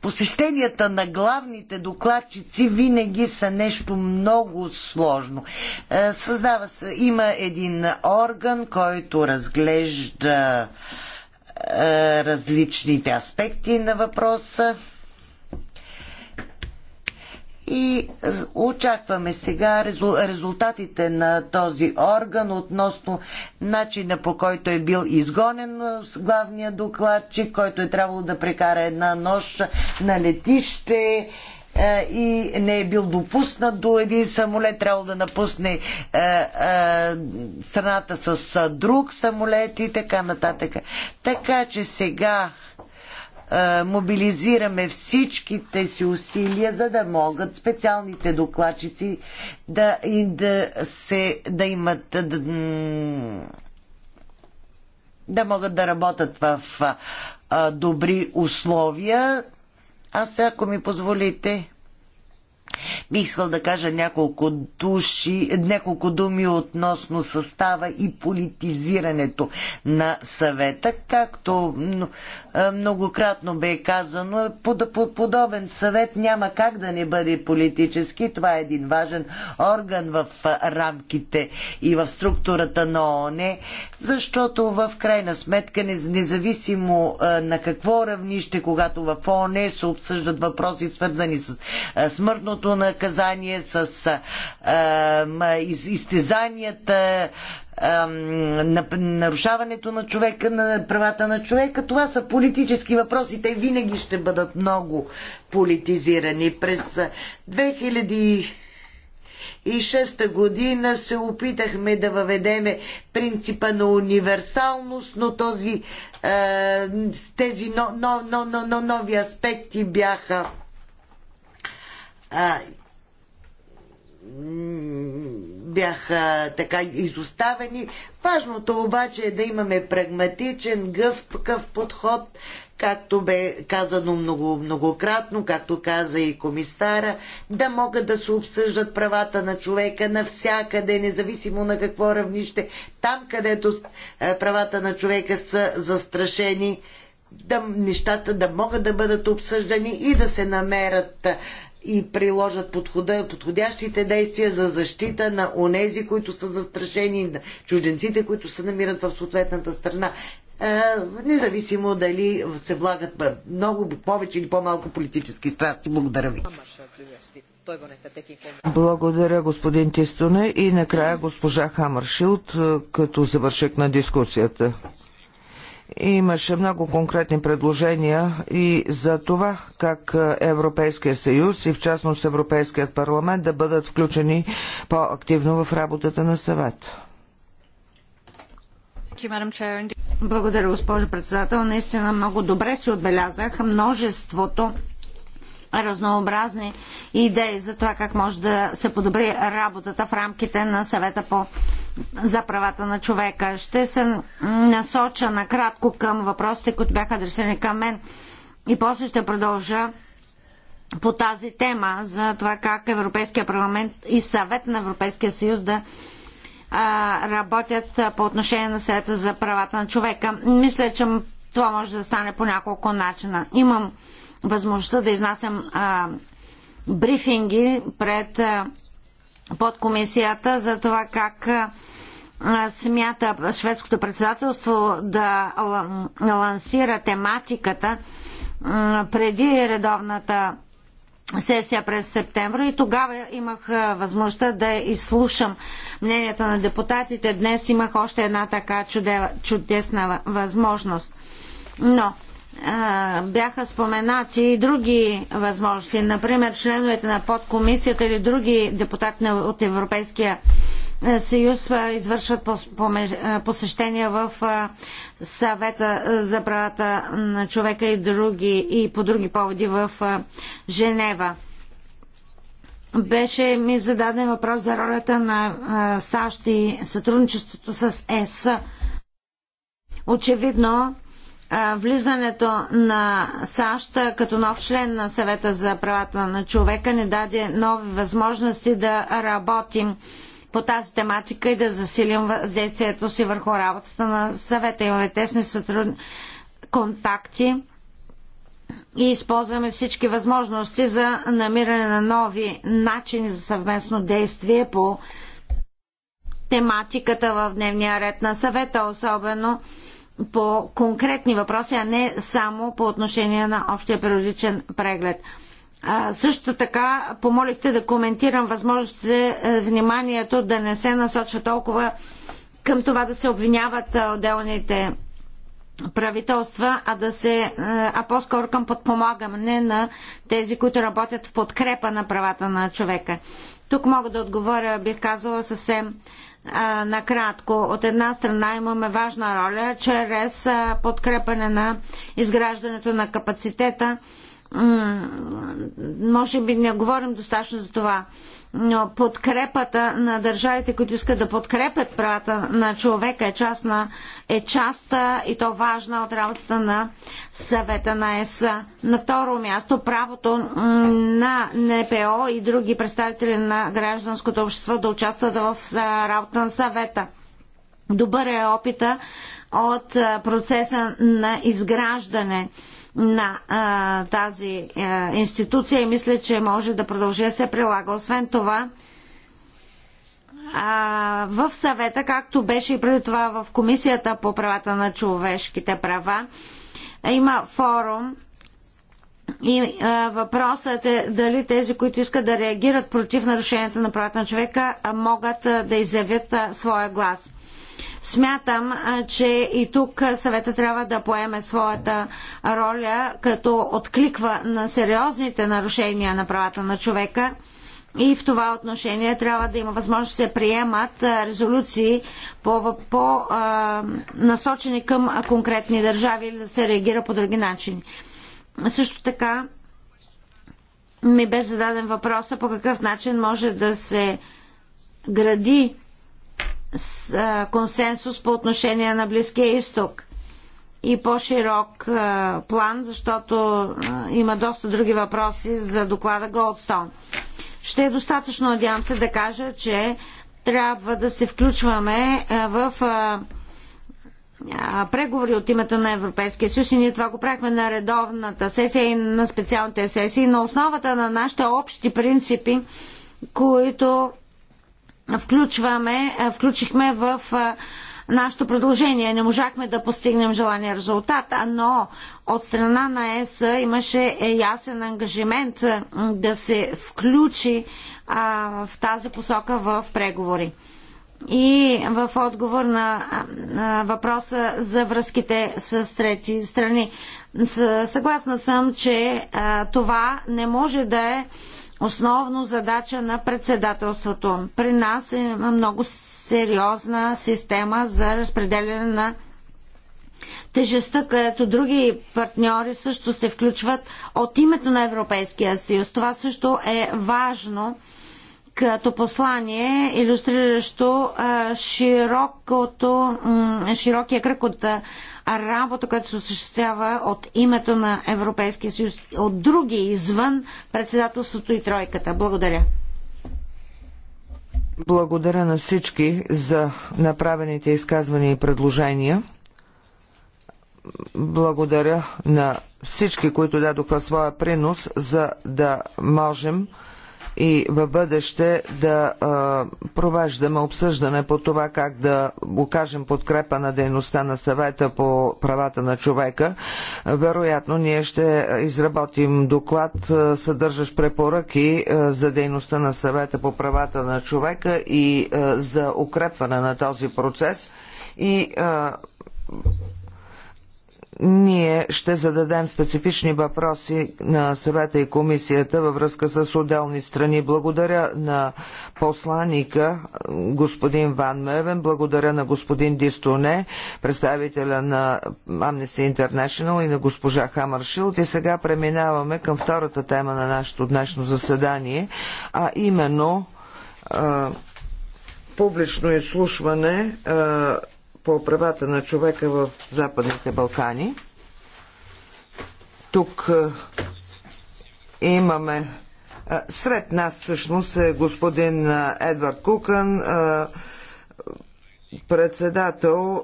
посещенията на главните докладчици винаги са нещо много сложно. Създава се, има един орган, който разглежда е, различните аспекти на въпроса. И очакваме сега резултатите на този орган относно начина по който е бил изгонен с главния докладчик, който е трябвало да прекара една нощ на летище, е, и не е бил допуснат до един самолет, трябва да напусне е, е, страната с друг самолет и така нататък. Така че сега мобилизираме всичките си усилия, за да могат специалните докладчици да, и да, се, да имат да, да могат да работят в добри условия аз, ако ми позволите, Бих искал да кажа няколко, души, няколко думи относно състава и политизирането на съвета. Както многократно бе казано, подобен съвет няма как да не бъде политически. Това е един важен орган в рамките и в структурата на ООН, защото в крайна сметка, независимо на какво равнище, когато в ООН се обсъждат въпроси свързани с смъртното смъртното наказание, с а, из, изтезанията, а, нарушаването на човека, на правата на човека. Това са политически въпроси. Те винаги ще бъдат много политизирани. През 2000 и шеста година се опитахме да въведеме принципа на универсалност, но този, е, тези но, но, но, но, нови аспекти бяха а, бяха така изоставени. Важното обаче е да имаме прагматичен, гъвкав подход, както бе казано много, многократно, както каза и комисара, да могат да се обсъждат правата на човека навсякъде, независимо на какво равнище, там където е, правата на човека са застрашени да, нещата да могат да бъдат обсъждани и да се намерят е, и приложат подхода, подходящите действия за защита на онези, които са застрашени, на чужденците, които се намират в съответната страна. Е, независимо дали се влагат много повече или по-малко политически страсти. Благодаря ви. Благодаря, господин Тистоне. И накрая госпожа Хамършилд, е, като завършек на дискусията. Имаше много конкретни предложения и за това как Европейския съюз и в частност Европейският парламент да бъдат включени по-активно в работата на съвет. Благодаря, госпожо председател. Наистина много добре си отбелязах множеството разнообразни идеи за това как може да се подобри работата в рамките на съвета по за правата на човека. Ще се насоча накратко към въпросите, които бяха адресирани към мен и после ще продължа по тази тема за това как Европейския парламент и съвет на Европейския съюз да а, работят по отношение на съвета за правата на човека. Мисля, че това може да стане по няколко начина. Имам възможността да изнасям а, брифинги пред а, под комисията за това как смята шведското председателство да лансира тематиката преди редовната сесия през септември и тогава имах възможността да изслушам мненията на депутатите. Днес имах още една така чудесна възможност. Но бяха споменати и други възможности, например членовете на подкомисията или други депутати от Европейския е, съюз извършват посещения в съвета за правата на човека и, други, и по други поводи в Женева. Беше ми зададен въпрос за ролята на САЩ и сътрудничеството с ЕС. Очевидно, влизането на САЩ като нов член на съвета за правата на човека ни даде нови възможности да работим по тази тематика и да засилим въздействието си върху работата на съвета. Имаме тесни сътруд... контакти и използваме всички възможности за намиране на нови начини за съвместно действие по тематиката в дневния ред на съвета, особено по конкретни въпроси, а не само по отношение на общия периодичен преглед. А, също така помолихте да коментирам възможностите е, вниманието да не се насочва толкова към това да се обвиняват е, отделните правителства, а да се, е, а по-скоро към подпомагане на тези, които работят в подкрепа на правата на човека. Тук мога да отговоря, бих казала съвсем накратко. От една страна имаме важна роля чрез подкрепане на изграждането на капацитета може би не говорим достатъчно за това, но подкрепата на държавите, които искат да подкрепят правата на човека е част, на, е част и то важна от работата на съвета на ЕС. На второ място правото на НПО и други представители на гражданското общество да участват в работа на съвета. Добър е опита от процеса на изграждане на а, тази а, институция и мисля, че може да продължи да се прилага. Освен това, а, в съвета, както беше и преди това в Комисията по правата на човешките права, има форум и а, въпросът е дали тези, които искат да реагират против нарушенията на правата на човека, а, могат а, да изявят а, своя глас. Смятам, че и тук съвета трябва да поеме своята роля, като откликва на сериозните нарушения на правата на човека. И в това отношение трябва да има възможност да се приемат резолюции по, по а, насочени към конкретни държави или да се реагира по други начини. Също така ми бе зададен въпроса по какъв начин може да се гради консенсус по отношение на Близкия изток и по-широк план, защото има доста други въпроси за доклада Голдстон. Ще е достатъчно, надявам се, да кажа, че трябва да се включваме в преговори от името на Европейския съюз и ние това го правихме на редовната сесия и на специалните сесии, на основата на нашите общи принципи, които включваме, е, включихме в е, нашето предложение. Не можахме да постигнем желания резултат, но от страна на ЕС имаше е, ясен ангажимент да се включи в тази посока в преговори. И в отговор на, въпроса за връзките с трети страни. Съгласна съм, че това не може да е основно задача на председателството. При нас има е много сериозна система за разпределяне на тежестта, където други партньори също се включват от името на Европейския съюз. Това също е важно като послание, иллюстриращо широкото, широкия кръг от работа, която се осъществява от името на Европейския съюз, от други извън председателството и тройката. Благодаря. Благодаря на всички за направените изказвания и предложения. Благодаря на всички, които дадоха своя принос, за да можем и в бъдеще да провеждаме обсъждане по това как да окажем подкрепа на дейността на съвета по правата на човека. Вероятно ние ще изработим доклад, съдържащ препоръки за дейността на съвета по правата на човека и за укрепване на този процес и ние ще зададем специфични въпроси на съвета и комисията във връзка с отделни страни. Благодаря на посланика господин Ван Мевен, благодаря на господин Дистоне, представителя на Amnesty International и на госпожа Хамършилд. И сега преминаваме към втората тема на нашето днешно заседание, а именно а, публично изслушване а, по правата на човека в Западните Балкани. Тук е, имаме е, сред нас всъщност е господин е, Едвард Кукън, председател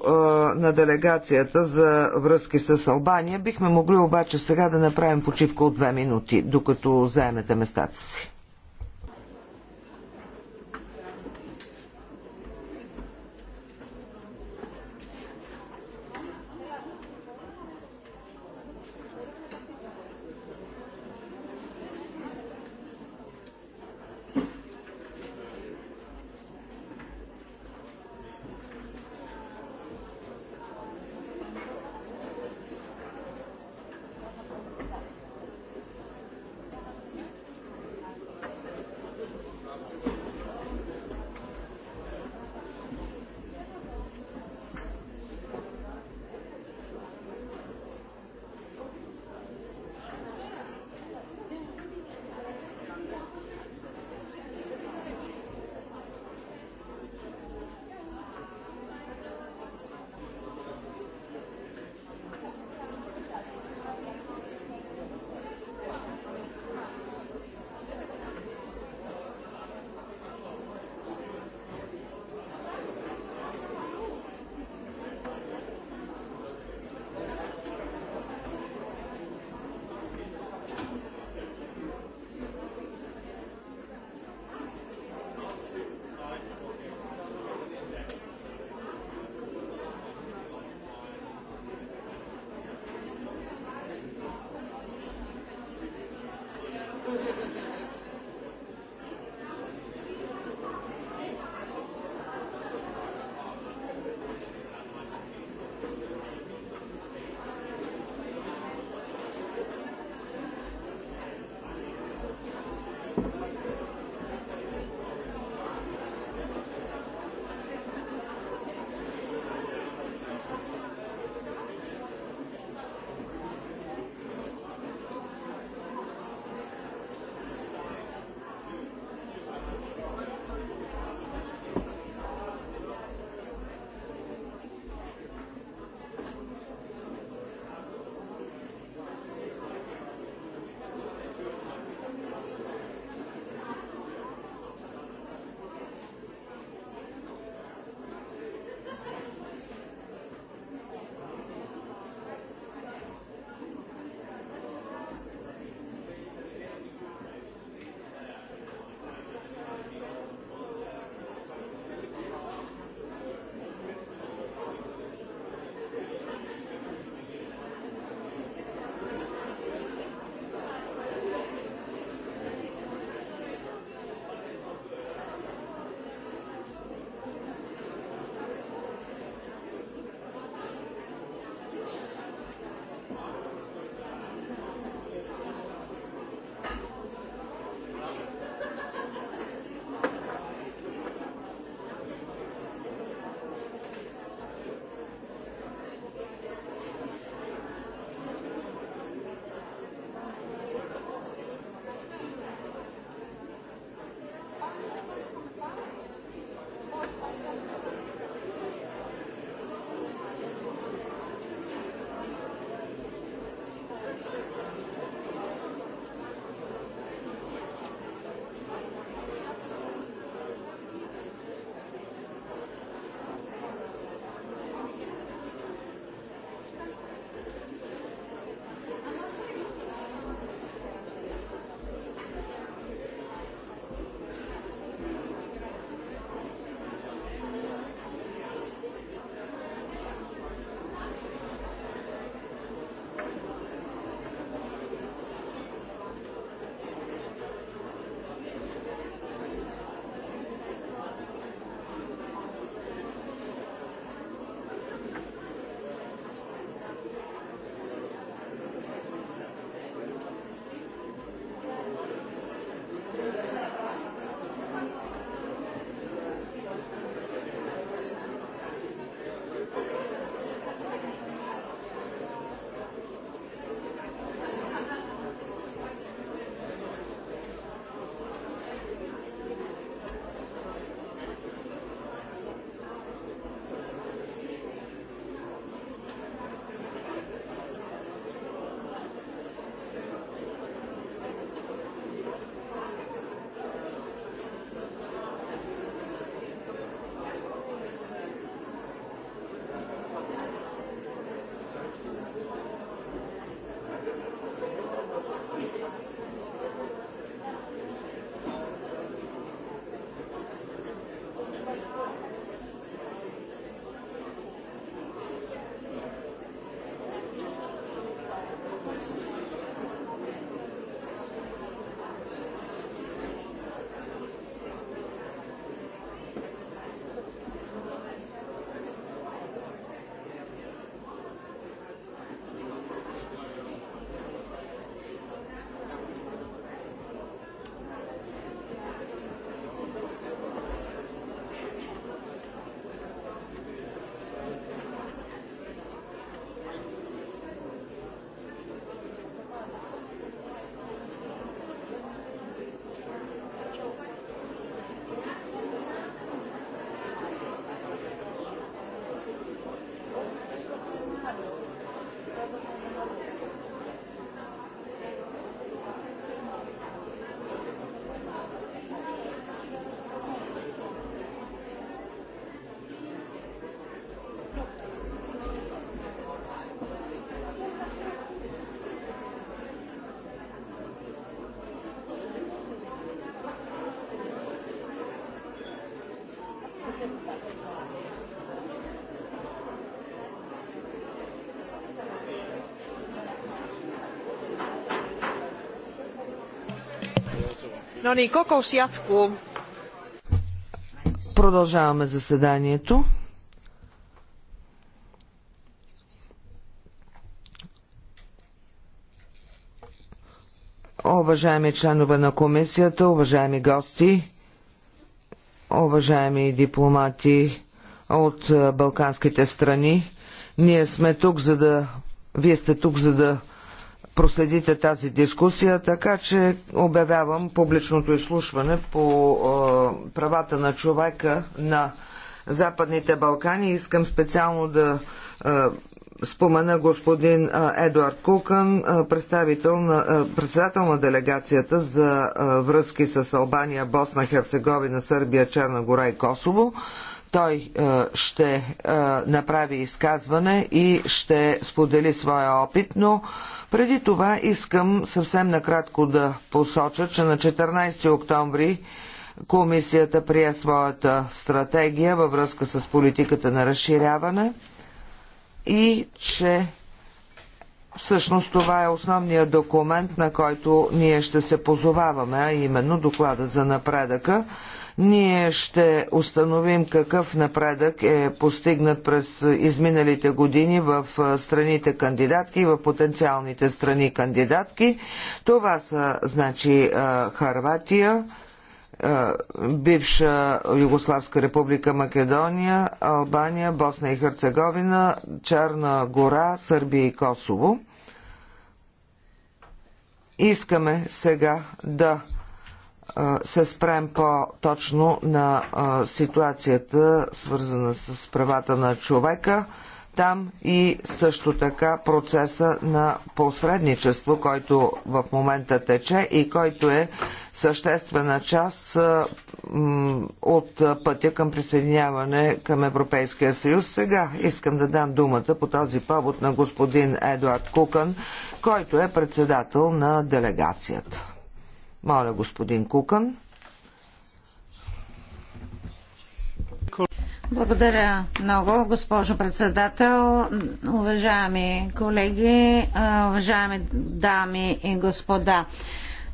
на делегацията за връзки с Албания. Бихме могли обаче сега да направим почивка от две минути, докато заемете местата си. No niin, kokous jatkuu. Продължаваме заседанието. Уважаеми членове на комисията, уважаеми гости, уважаеми дипломати от балканските страни, ние сме тук, за да. Вие сте тук, за да проследите тази дискусия, така че обявявам публичното изслушване по а, е, правата на човека на Западните Балкани. Искам специално да а, е, спомена господин е, Едуард Кукън, представител на, председател на делегацията за връзки с Албания, Босна, Херцеговина, Сърбия, Черна гора и Косово. Той ще направи изказване и ще сподели своя опит, но преди това искам съвсем накратко да посоча, че на 14 октомври комисията прие своята стратегия във връзка с политиката на разширяване и че Всъщност това е основният документ, на който ние ще се позоваваме, а именно доклада за напредъка. Ние ще установим какъв напредък е постигнат през изминалите години в страните кандидатки и в потенциалните страни кандидатки. Това са значи Харватия, е, бивша Югославска република Македония, Албания, Босна и Херцеговина, Черна гора, Сърбия и Косово. Искаме сега да е, се спрем по-точно на е, ситуацията, свързана с правата на човека. Там и също така процеса на посредничество, който в момента тече и който е съществена част от пътя към присъединяване към Европейския съюз. Сега искам да дам думата по този повод на господин Едуард Кукън, който е председател на делегацията. Моля, господин Кукън. Благодаря много, госпожо председател, уважаеми колеги, уважаеми дами и господа.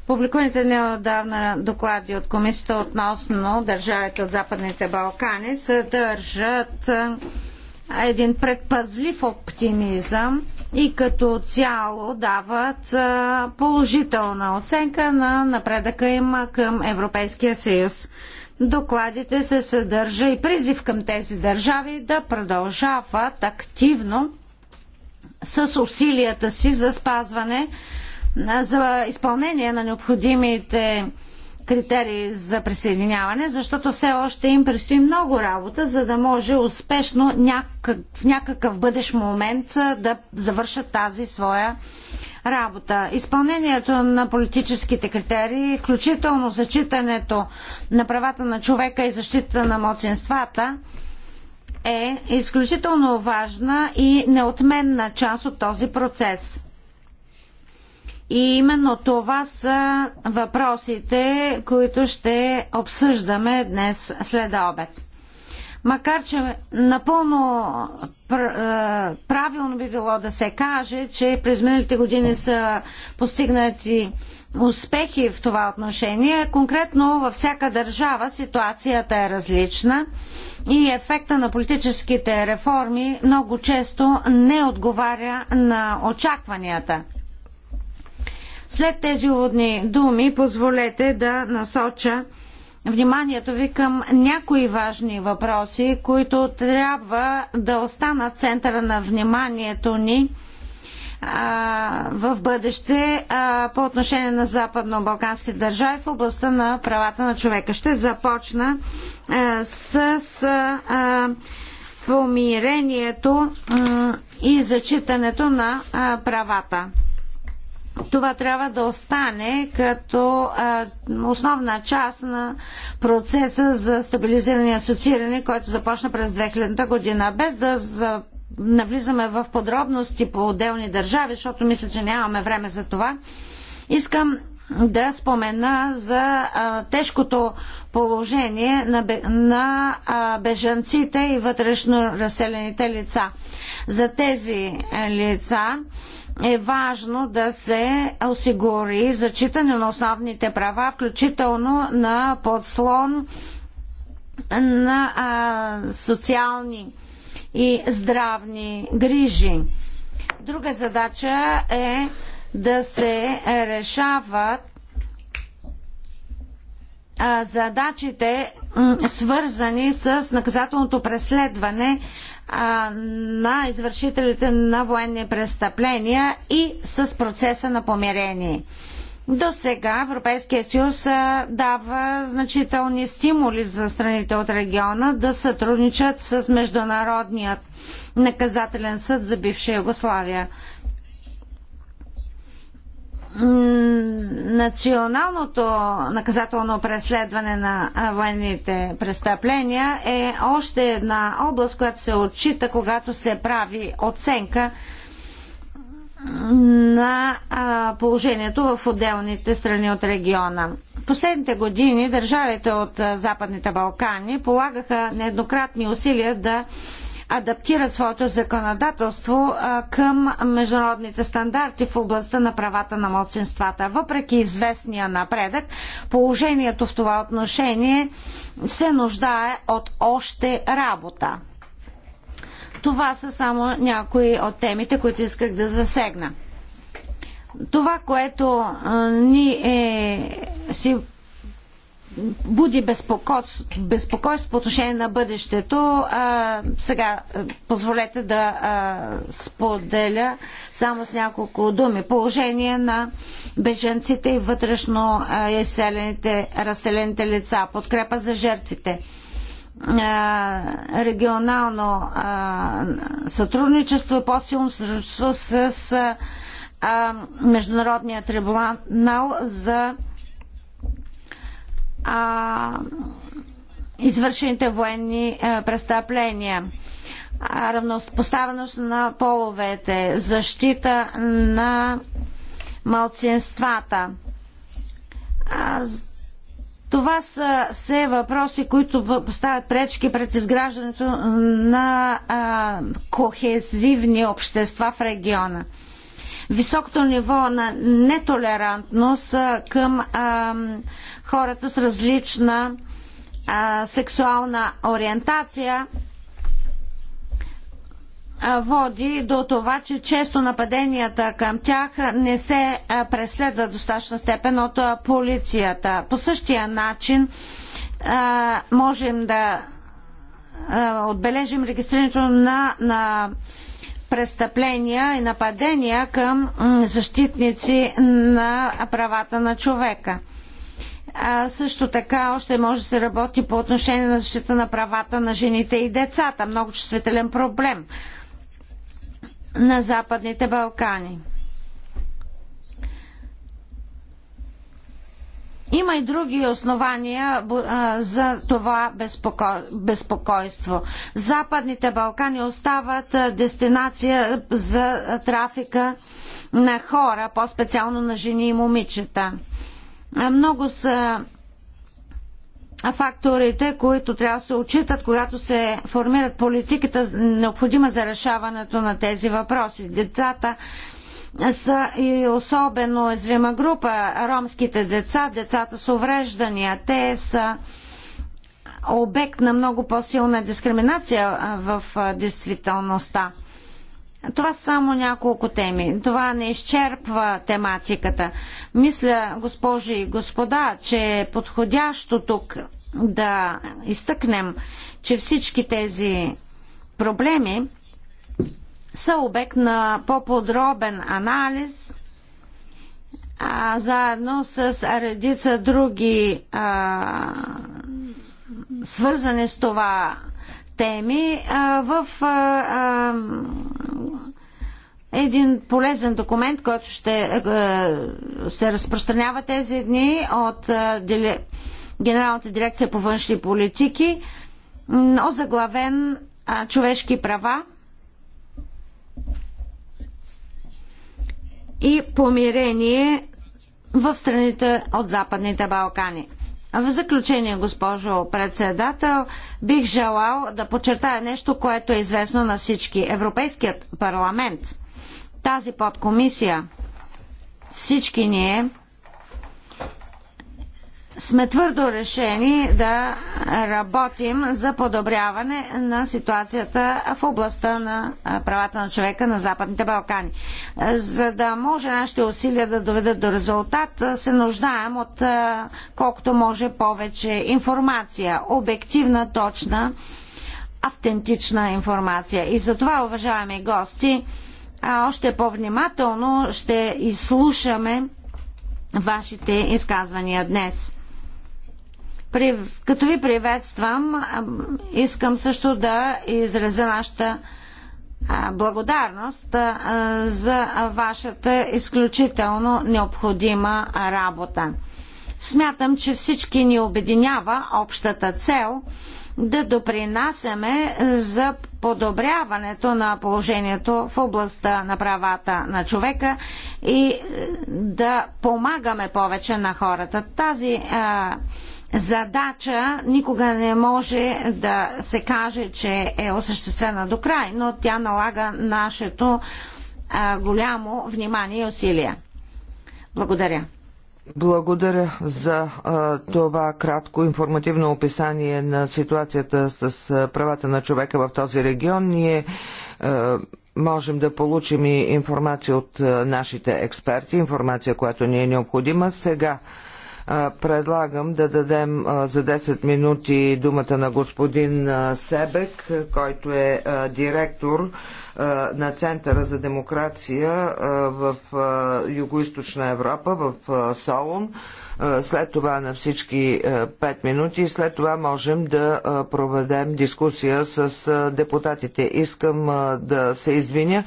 Публикуваните неодавна доклади от комисията относно държавите от Западните Балкани съдържат един предпазлив оптимизъм и като цяло дават положителна оценка на напредъка им към Европейския съюз. Докладите се съдържа и призив към тези държави да продължават активно с усилията си за спазване за изпълнение на необходимите критерии за присъединяване, защото все още им предстои много работа, за да може успешно някак, в някакъв бъдещ момент да завършат тази своя работа. Изпълнението на политическите критерии, включително зачитането на правата на човека и защита на младсинствата, е изключително важна и неотменна част от този процес. И именно това са въпросите, които ще обсъждаме днес след обед. Макар, че напълно е, правилно би било да се каже, че през миналите години са постигнати успехи в това отношение. Конкретно във всяка държава ситуацията е различна и ефекта на политическите реформи много често не отговаря на очакванията. След тези уводни думи, позволете да насоча вниманието ви към някои важни въпроси, които трябва да останат центъра на вниманието ни а, в бъдеще а, по отношение на западно-балканските държави в областта на правата на човека. Ще започна а, с помирението и зачитането на правата това трябва да остане като а, основна част на процеса за стабилизиране и асоцииране, който започна през 2000 година. Без да за... навлизаме в подробности по отделни държави, защото мисля, че нямаме време за това, искам да спомена за а, тежкото положение на, на а, бежанците и вътрешно разселените лица. За тези лица е важно да се осигури зачитане на основните права, включително на подслон на а, социални и здравни грижи. Друга задача е да се решават задачите, свързани с наказателното преследване а, на извършителите на военни престъпления и с процеса на помирение. До сега Европейския съюз дава значителни стимули за страните от региона да сътрудничат с Международният наказателен съд за бивша Югославия националното наказателно преследване на военните престъпления е още една област, която се отчита, когато се прави оценка на положението в отделните страни от региона. Последните години държавите от Западните Балкани полагаха нееднократни усилия да адаптират своето законодателство към международните стандарти в областта на правата на младсинствата. Въпреки известния напредък, положението в това отношение се нуждае от още работа. Това са само някои от темите, които исках да засегна. Това, което ни е, си буди безпокойство, безпокойство по отношение на бъдещето. А, сега позволете да а, споделя само с няколко думи. Положение на беженците и вътрешно изселените, разселените лица. Подкрепа за жертвите регионално а, сътрудничество и по-силно сътрудничество с а, Международния трибунал за а, извършените военни а, е, престъпления, а, равнопоставеност на половете, защита на малцинствата. А, това са все въпроси, които поставят пречки пред изграждането на а, кохезивни общества в региона високото ниво на нетолерантност към а, хората с различна а, сексуална ориентация води до това, че често нападенията към тях не се преследват достатъчна степен от полицията. По същия начин можем да отбележим регистрирането на, на престъпления и нападения към защитници на правата на човека. А също така още може да се работи по отношение на защита на правата на жените и децата. Много чувствителен проблем на Западните Балкани. Има и други основания за това безпоко... безпокойство. Западните Балкани остават дестинация за трафика на хора, по-специално на жени и момичета. Много са факторите, които трябва да се отчитат, когато се формират политиката, необходима за решаването на тези въпроси. Децата са и особено уязвима група ромските деца, децата с увреждания. Те са обект на много по-силна дискриминация в действителността. Това са само няколко теми. Това не изчерпва тематиката. Мисля, госпожи и господа, че е подходящо тук да изтъкнем, че всички тези проблеми са обект на по-подробен анализ а, заедно с редица други а, свързани с това теми а, в а, а, един полезен документ, който ще а, се разпространява тези дни от а, Генералната дирекция по външни политики, озаглавен а, човешки права и помирение в страните от Западните Балкани. В заключение, госпожо председател, бих желал да подчертая нещо, което е известно на всички. Европейският парламент, тази подкомисия, всички ние сме твърдо решени да работим за подобряване на ситуацията в областта на правата на човека на Западните Балкани. За да може нашите усилия да доведат до резултат, се нуждаем от колкото може повече информация, обективна, точна, автентична информация. И за това, уважаеми гости, още по-внимателно ще изслушаме вашите изказвания днес. При, като ви приветствам, искам също да изразя нашата благодарност за вашата изключително необходима работа. Смятам, че всички ни обединява общата цел да допринасяме за подобряването на положението в областта на правата на човека и е, да помагаме повече на хората. Тази а, задача никога не може да се каже, че е осъществена до край, но тя налага нашето а, голямо внимание и усилия. Благодаря. Благодаря за а, това кратко информативно описание на ситуацията с а, правата на човека в този регион. Ние а, можем да получим и информация от а, нашите експерти, информация, която ни е необходима. Сега Предлагам да дадем за 10 минути думата на господин Себек, който е директор на Центъра за демокрация в Юго-Источна Европа, в Солун. След това на всички 5 минути. След това можем да проведем дискусия с депутатите. Искам да се извиня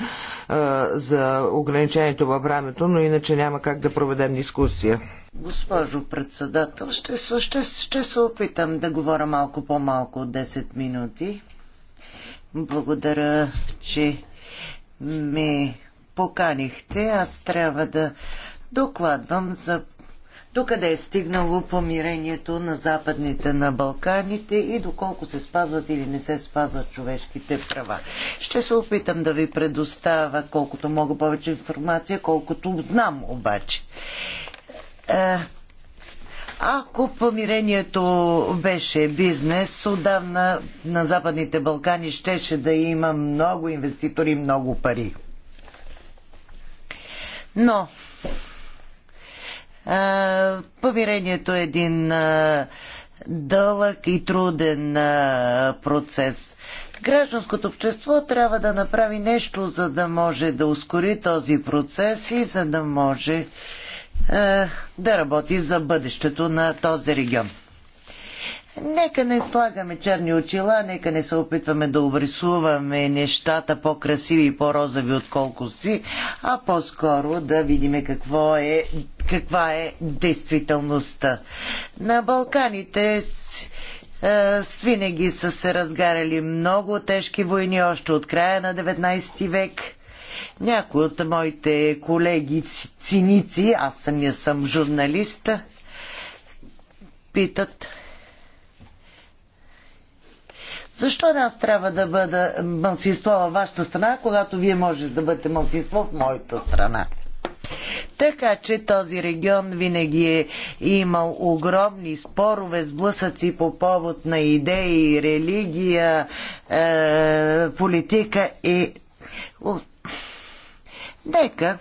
за ограничението във времето, но иначе няма как да проведем дискусия. Госпожо председател, ще, ще, ще се опитам да говоря малко по-малко от 10 минути. Благодаря, че ме поканихте. Аз трябва да докладвам за докъде е стигнало помирението на западните на Балканите и доколко се спазват или не се спазват човешките права. Ще се опитам да ви предоставя колкото мога повече информация, колкото знам обаче. Е, ако помирението беше бизнес, отдавна на Западните Балкани щеше да има много инвеститори, много пари. Но е, помирението е един е, дълъг и труден процес. Гражданското общество трябва да направи нещо, за да може да ускори този процес и за да може е, да работи за бъдещето на този регион. Нека не слагаме черни очила, нека не се опитваме да обрисуваме нещата по-красиви и по-розови, отколко си, а по-скоро да видим какво е, каква е действителността. На Балканите с е, винаги са се разгаряли много тежки войни още от края на 19 век. Някои от моите колеги циници, аз самия съм журналист, питат защо аз трябва да бъда мълцинство във вашата страна, когато вие можете да бъдете мълцинство в моята страна? Така че този регион винаги е имал огромни спорове, сблъсъци по повод на идеи, религия, е, политика и Нека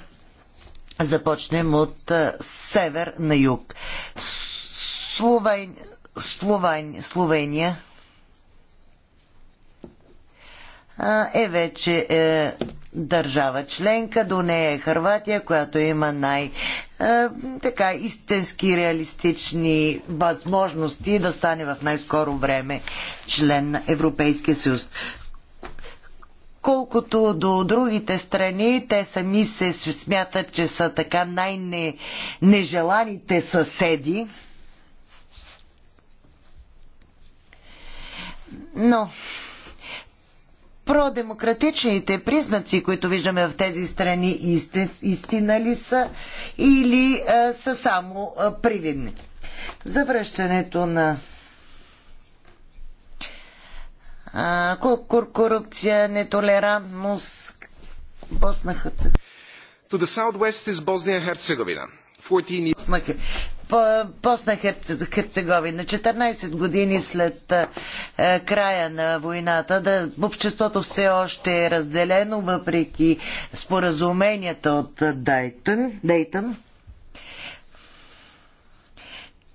започнем от север на юг. Словен... Словен... Словения е вече е, държава членка, до нея е Харватия, която има най- е, така истински реалистични възможности да стане в най-скоро време член на Европейския съюз. Колкото до другите страни, те сами се смятат, че са така най-нежеланите съседи. Но продемократичните признаци, които виждаме в тези страни, истина ли са или а, са само а, привидни? Завръщането на корупция, нетолерантност. Босна Херцеговина. To the southwest is Bosnia and Herzegovina. 14 Босна Херцеговина. 14 години след края на войната да, обществото все още е разделено, въпреки споразуменията от Дейтън. Дейтън.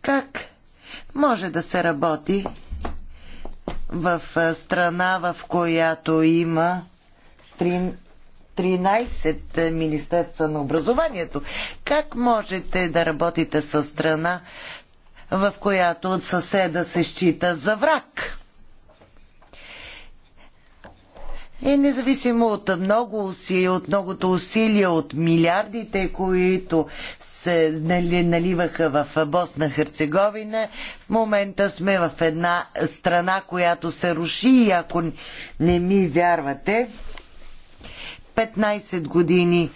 Как може да се работи в страна, в която има 13 Министерства на образованието. Как можете да работите с страна, в която от съседа се счита за враг? е независимо от много усилия, от многото усилия, от милиардите, които се нали, наливаха в Босна Херцеговина, в момента сме в една страна, която се руши и ако не ми вярвате, 15 години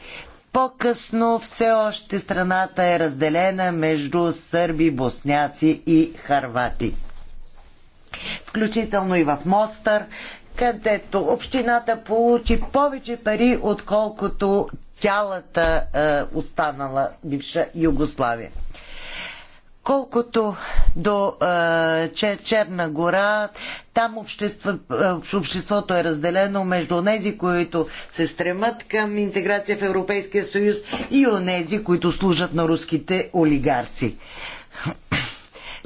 по-късно все още страната е разделена между сърби, босняци и харвати. Включително и в Мостър където общината получи повече пари, отколкото цялата е, останала бивша Югославия. Колкото до е, Черна гора, там общество, е, обществото е разделено между тези, които се стремат към интеграция в Европейския съюз и онези, които служат на руските олигарси.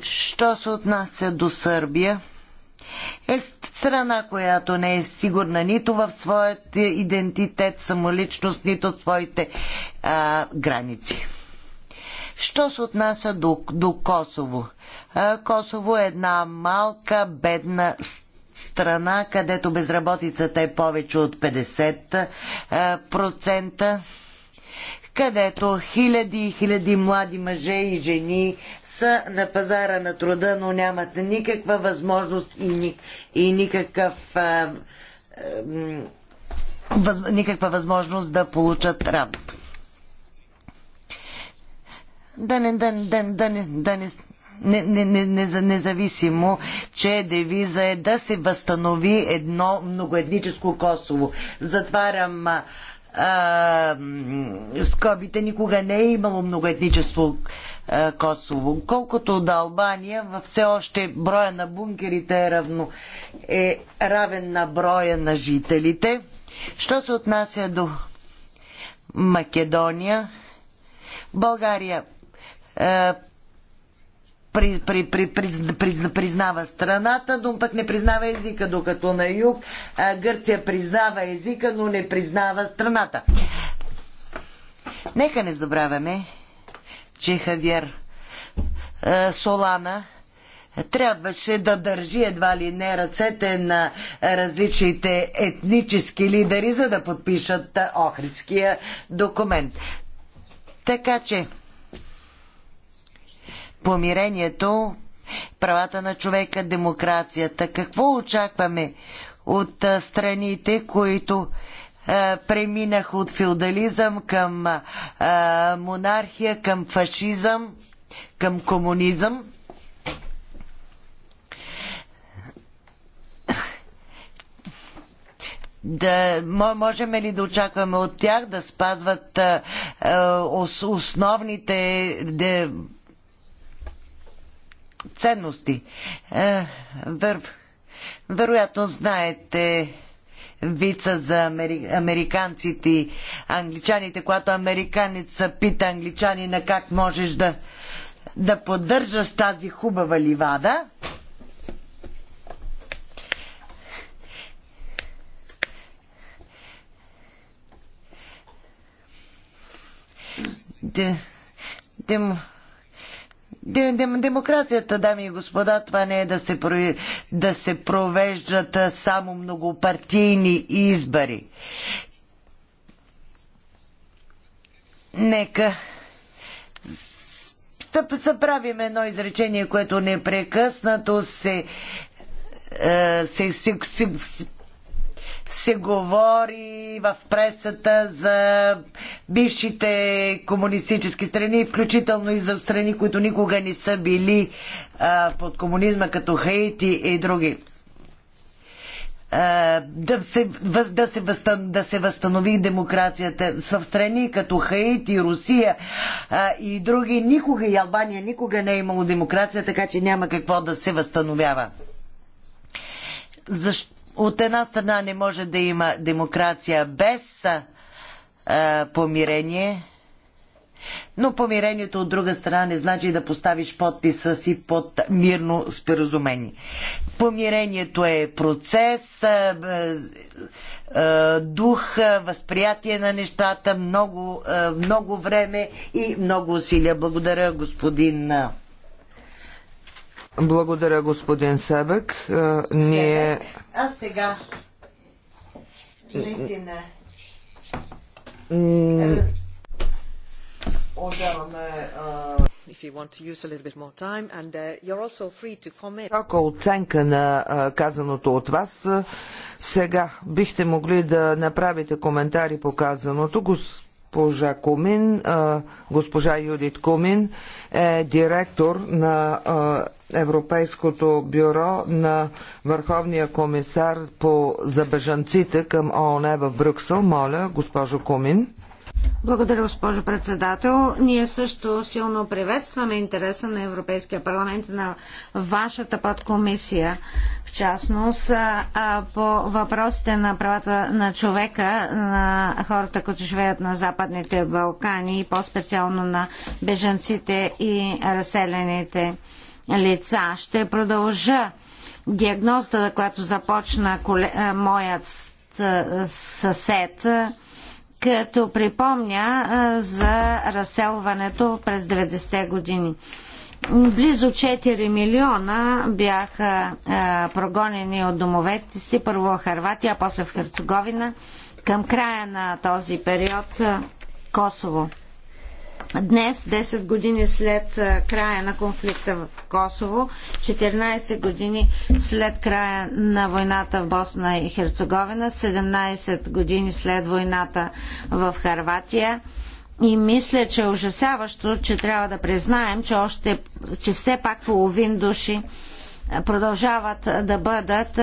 Що се отнася до Сърбия? е страна, която не е сигурна нито в своят идентитет, самоличност, нито в своите а, граници. Що се отнася до, до Косово? А, Косово е една малка, бедна страна, където безработицата е повече от 50%, където хиляди и хиляди млади мъже и жени са на пазара на труда, но нямат никаква възможност и, ни, и никакъв, а, а, въз, никаква възможност да получат работа. Да не, да, да, да, не, да не, не, не, не, независимо, че девиза е да се възстанови едно многоетническо Косово. Затварям скобите никога не е имало многоетническо а, Косово. Колкото до Албания, все още броя на бункерите е, равно, е равен на броя на жителите. Що се отнася до Македония, България при, при, при, призна, призна, признава страната, но пък не признава езика, докато на юг а, Гърция признава езика, но не признава страната. Нека не забравяме, че Хавиер а, Солана трябваше да държи едва ли не ръцете на различните етнически лидери, за да подпишат Охридския документ. Така че помирението, правата на човека, демокрацията. Какво очакваме от страните, които преминах от феодализъм към а, монархия, към фашизъм, към комунизъм. Да, можем ли да очакваме от тях да спазват а, основните ценности. Е, вър... Вероятно знаете вица за амери... американците и англичаните, когато американец пита англичанина как можеш да, да поддържаш тази хубава ливада. Дем... Дем... Демокрацията, дами и господа, това не е да се, да се провеждат само многопартийни избори. Нека съправим едно изречение, което непрекъснато се, е, се, се, се, се се говори в пресата за бившите комунистически страни, включително и за страни, които никога не са били а, под комунизма, като Хаити и други. да се, да, се възстан, да се възстанови демокрацията в страни като Хаити, Русия а, и други. Никога и Албания никога не е имало демокрация, така че няма какво да се възстановява. Защо? от една страна не може да има демокрация без а, помирение, но помирението от друга страна не значи да поставиш подписа си под мирно споразумение. Помирението е процес, а, а, дух, възприятие на нещата, много, много време и много усилия. Благодаря, господин благодаря, господин Себек. Е, ние... А сега... Наистина. Ако е, uh, оценка на е, казаното от вас, сега бихте могли да направите коментари по казаното. Госпожа Комин, госпожа Юдит Комин е директор на Европейското бюро на Върховния комисар по за бежанците към ООН в Брюксел. Моля, госпожо Комин. Благодаря, госпожо председател. Ние също силно приветстваме интереса на Европейския парламент и на вашата подкомисия, в частност по въпросите на правата на човека, на хората, които живеят на Западните Балкани и по-специално на бежанците и разселените лица. Ще продължа диагнозата, която започна коле... моят съсед, като припомня за разселването през 90-те години. Близо 4 милиона бяха прогонени от домовете си, първо в Харватия, а после в Херцеговина. Към края на този период Косово. Днес, 10 години след края на конфликта в Косово, 14 години след края на войната в Босна и Херцеговина, 17 години след войната в Харватия, и мисля, че е ужасяващо, че трябва да признаем, че, още, че все пак половин души продължават да бъдат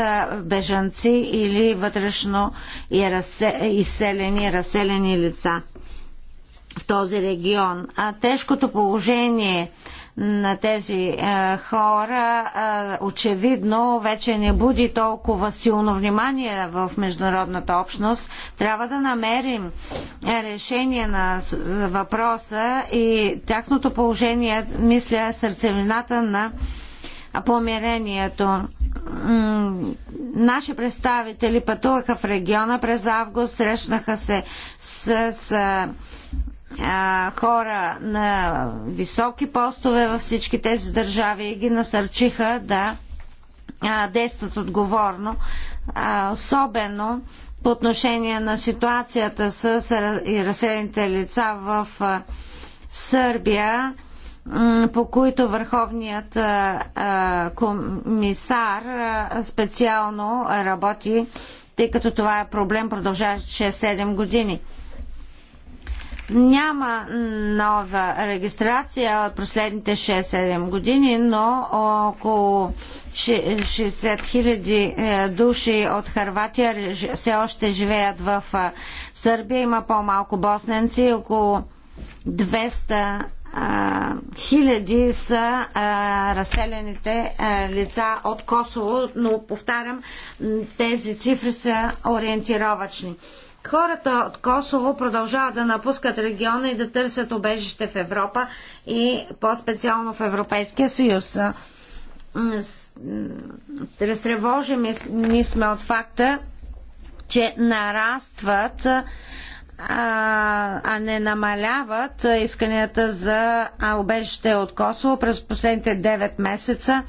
бежанци или вътрешно и разсе, изселени, разселени лица в този регион. А тежкото положение на тези е, хора е, очевидно вече не буди толкова силно внимание в международната общност. Трябва да намерим е, решение на въпроса и тяхното положение, мисля, е сърцевината на помирението. Наши представители пътуваха в региона през август, срещнаха се с, с а, хора на високи постове във всички тези държави и ги насърчиха да а, действат отговорно, а, особено по отношение на ситуацията с и разселените лица в а, Сърбия по които върховният комисар специално работи, тъй като това е проблем продължава 6-7 години. Няма нова регистрация от последните 6-7 години, но около 60 хиляди е, души от Харватия все още живеят в е, Сърбия. Има по-малко босненци, около 200 хиляди са разселените лица от Косово, но повтарям, тези цифри са ориентировачни. Хората от Косово продължават да напускат региона и да търсят обежище в Европа и по-специално в Европейския съюз. Разтревожени сме от факта, че нарастват а не намаляват исканията за обежище от Косово през последните 9 месеца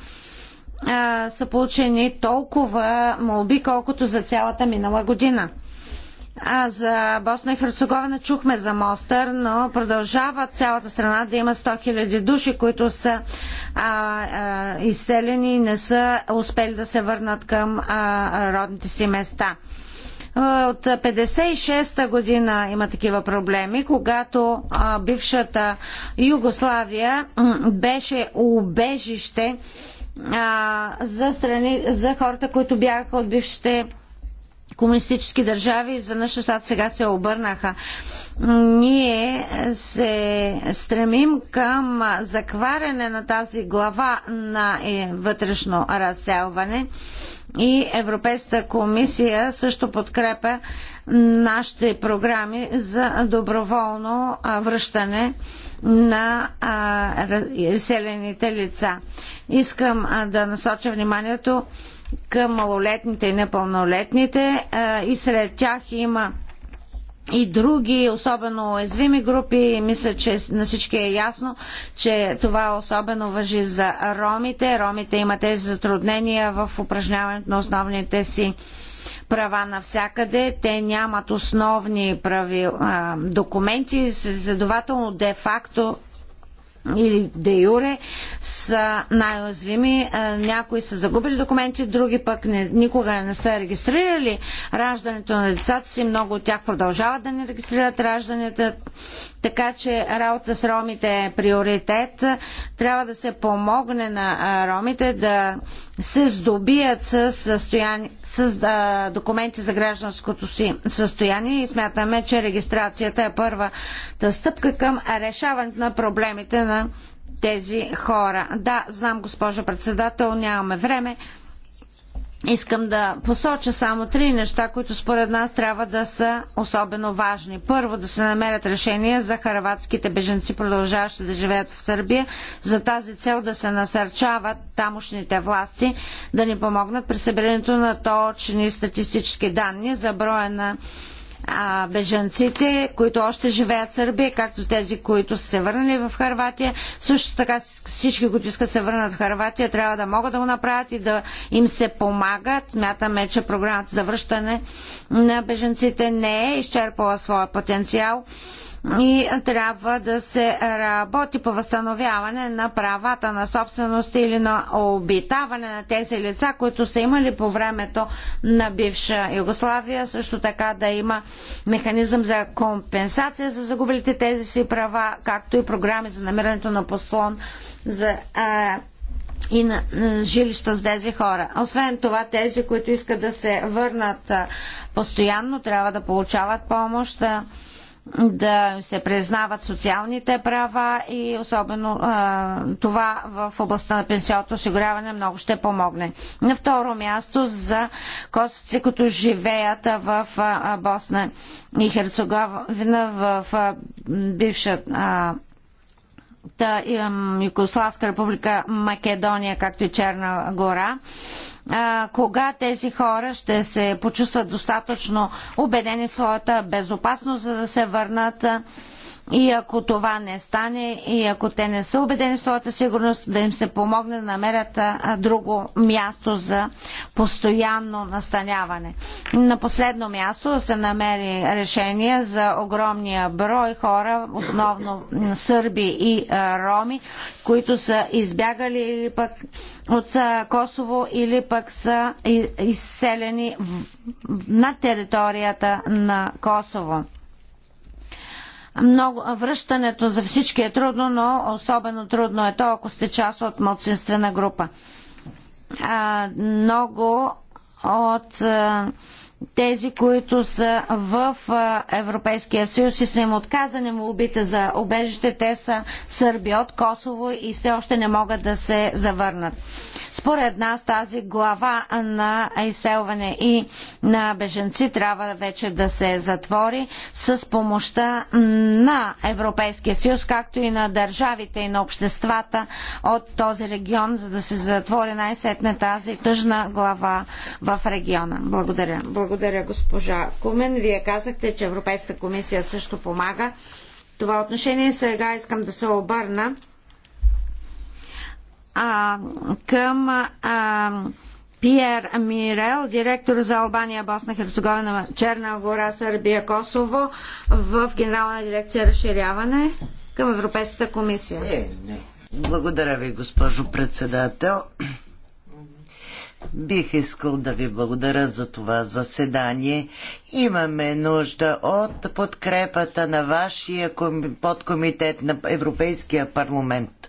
са получени толкова молби, колкото за цялата минала година. А за Босна и Херцеговина чухме за Мостър, но продължава цялата страна да има 100 000 души, които са а, а, изселени и не са успели да се върнат към а, родните си места. От 56-та година има такива проблеми, когато а, бившата Югославия беше убежище а, за, страни, за хората, които бяха от бившите комунистически държави, изведнъж нещата сега се обърнаха. Ние се стремим към закваряне на тази глава на е, вътрешно разселване и Европейската комисия също подкрепя нашите програми за доброволно връщане на разселените лица. Искам да насоча вниманието към малолетните и непълнолетните и сред тях има и други особено уязвими групи. Мисля, че на всички е ясно, че това особено въжи за ромите. Ромите имат тези затруднения в упражняването на основните си права навсякъде. Те нямат основни прави, а, документи, следователно де-факто или де юре са най-уязвими. Някои са загубили документи, други пък не, никога не са регистрирали раждането на децата си. Много от тях продължават да не регистрират раждането така че работа с ромите е приоритет. Трябва да се помогне на ромите да се здобият с, състояни... с а, документи за гражданското си състояние и смятаме, че регистрацията е първата стъпка към решаването на проблемите на тези хора. Да, знам, госпожо председател, нямаме време. Искам да посоча само три неща, които според нас трябва да са особено важни. Първо, да се намерят решения за харватските беженци, продължаващи да живеят в Сърбия. За тази цел да се насърчават тамошните власти да ни помогнат при събирането на точни статистически данни за броя на а, бежанците, които още живеят в Сърбия, както тези, които са се върнали в Харватия. Също така всички, които искат да се върнат в Харватия, трябва да могат да го направят и да им се помагат. Мятаме, че програмата за връщане на бежанците не е изчерпала своя потенциал и трябва да се работи по възстановяване на правата на собственост или на обитаване на тези лица, които са имали по времето на бивша Югославия. Също така да има механизъм за компенсация за загубилите тези си права, както и програми за намирането на послон за и на жилища с тези хора. Освен това, тези, които искат да се върнат постоянно, трябва да получават помощ да се признават социалните права и особено а, това в областта на пенсионното осигуряване много ще помогне. На второ място за косовци, които живеят в а, Босна и Херцеговина, в а, бивша а, Югославска република Македония, както и Черна гора. А, а, кога тези хора ще се почувстват достатъчно убедени в своята безопасност, за да се върнат и ако това не стане, и ако те не са убедени в своята сигурност, да им се помогне да намерят друго място за постоянно настаняване. На последно място да се намери решение за огромния брой хора, основно сърби и роми, които са избягали или пък от Косово или пък са изселени на територията на Косово. Много, връщането за всички е трудно, но особено трудно е то, ако сте част от младсинствена група. А, много от а, тези, които са в Европейския съюз и са им отказани молбите за обежище, те са сърби от Косово и все още не могат да се завърнат. Според нас тази глава на изселване и на беженци трябва вече да се затвори с помощта на Европейския съюз, както и на държавите и на обществата от този регион, за да се затвори най-сетне тази тъжна глава в региона. Благодаря. Благодаря. Благодаря, госпожа Кумен. Вие казахте, че Европейската комисия също помага. Това отношение сега искам да се обърна а, към а, Пьер Мирел, директор за Албания, Босна, Херцеговина, Черна гора, Сърбия, Косово в Генерална дирекция разширяване към Европейската комисия. Не, не. Благодаря ви, госпожо председател. Бих искал да ви благодаря за това заседание. Имаме нужда от подкрепата на вашия подкомитет на Европейския парламент.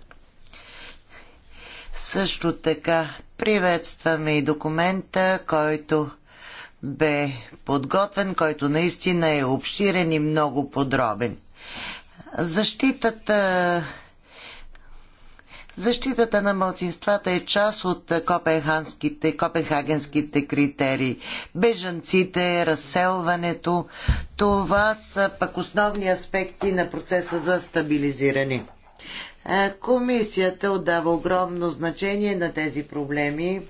Също така приветстваме и документа, който бе подготвен, който наистина е обширен и много подробен. Защитата Защитата на мълцинствата е част от копенхагенските критерии. Бежанците, разселването, това са пък основни аспекти на процеса за стабилизиране. Е, комисията отдава огромно значение на тези проблеми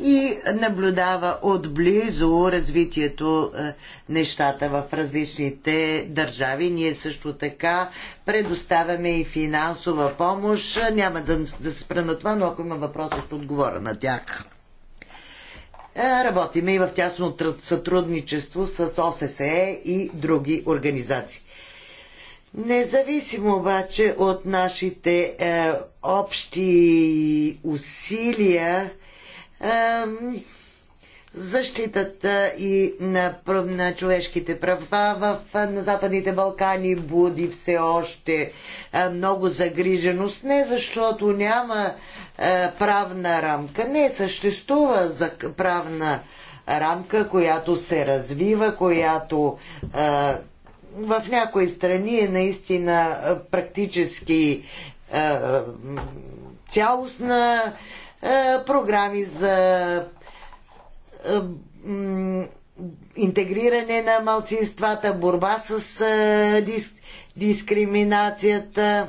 и наблюдава отблизо развитието е, нещата в различните държави. Ние също така предоставяме и финансова помощ. Няма да, да се спра на това, но ако има въпрос, ще отговоря на тях. Е, работиме и в тясно сътрудничество с ОССЕ и други организации. Независимо обаче от нашите е, общи усилия, защитата и на, на човешките права в, на Западните Балкани буди все още много загриженост. Не защото няма правна рамка. Не съществува за правна рамка, която се развива, която в някои страни е наистина практически цялостна е, програми за е, интегриране на малцинствата, борба с е, дискриминацията.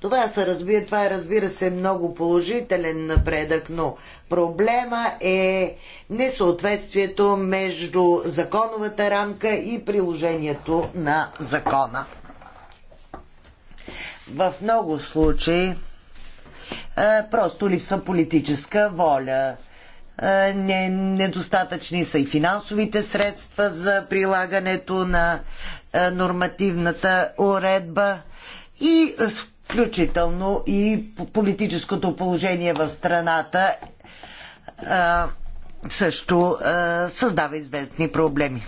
Това, са, разбира, това е, разбира се, много положителен напредък, но проблема е несъответствието между законовата рамка и приложението на закона. В много случаи е, просто липсва политическа воля. Е, не, недостатъчни са и финансовите средства за прилагането на е, нормативната уредба и включително и политическото положение в страната също създава известни проблеми.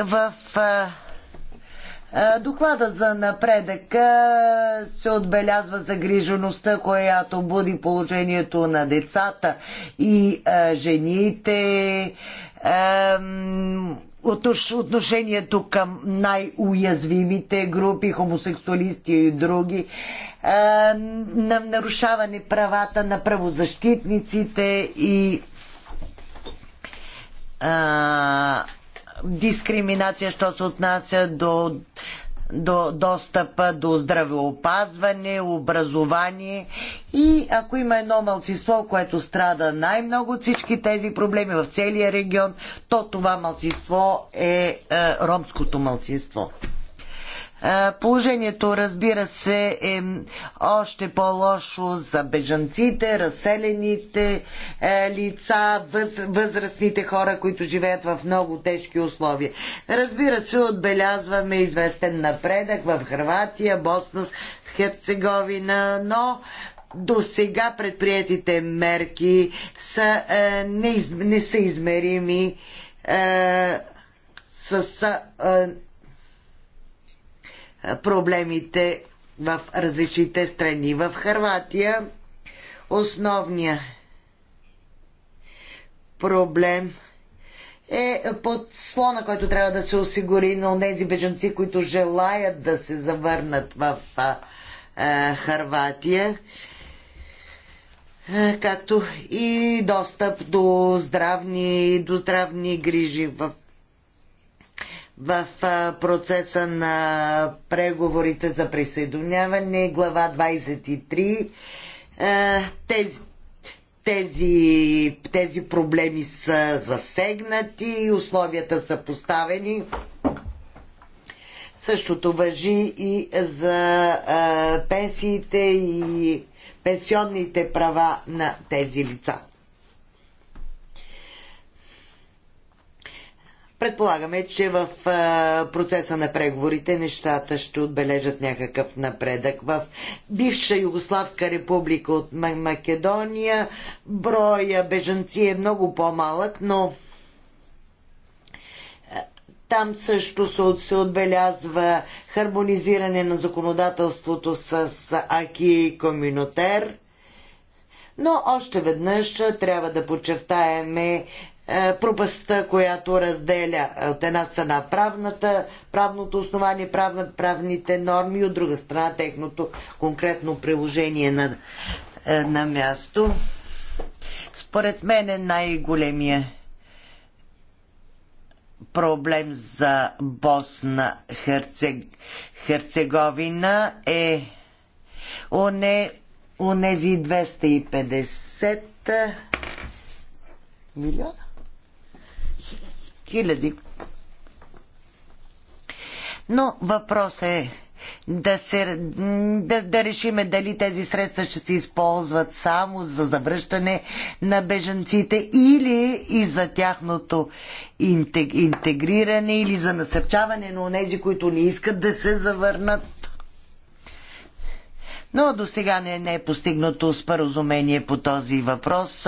В Доклада за напредъка се отбелязва загрижеността, която буди положението на децата и жените, отношението към най-уязвимите групи, хомосексуалисти и други, на нарушаване правата на правозащитниците и а, дискриминация, що се отнася до, до достъпа до здравеопазване, образование и ако има едно малцинство, което страда най-много от всички тези проблеми в целия регион, то това малцинство е, е ромското малцинство. Положението, разбира се, е още по-лошо за бежанците, разселените е, лица, възрастните хора, които живеят в много тежки условия. Разбира се, отбелязваме известен напредък в Хрватия, Босна, Херцеговина, но до сега предприятите мерки са е, неизмерими е, с е, проблемите в различните страни. В Харватия основният проблем е под слона, който трябва да се осигури на тези бежанци, които желаят да се завърнат в а, а, Харватия, а, както и достъп до здравни, до здравни грижи в в процеса на преговорите за присъединяване, глава 23. Тези, тези, тези проблеми са засегнати, условията са поставени. Същото въжи и за а, пенсиите и пенсионните права на тези лица. Предполагаме, че в процеса на преговорите нещата ще отбележат някакъв напредък. В бивша Югославска република от Македония броя бежанци е много по-малък, но там също се отбелязва хармонизиране на законодателството с Аки Коминотер. Но още веднъж трябва да подчертаеме е, пропаста, която разделя е, от една страна правната, правното основание, правните норми, от друга страна техното конкретно приложение на, е, на място. Според мен е най-големия проблем за Босна Херцег... Херцеговина е оне, онези 250 милиона хиляди. Но въпрос е да, се, да, да решиме дали тези средства ще се използват само за завръщане на бежанците или и за тяхното интегриране или за насърчаване на тези, които не искат да се завърнат. Но до сега не, не е постигнато споразумение по този въпрос.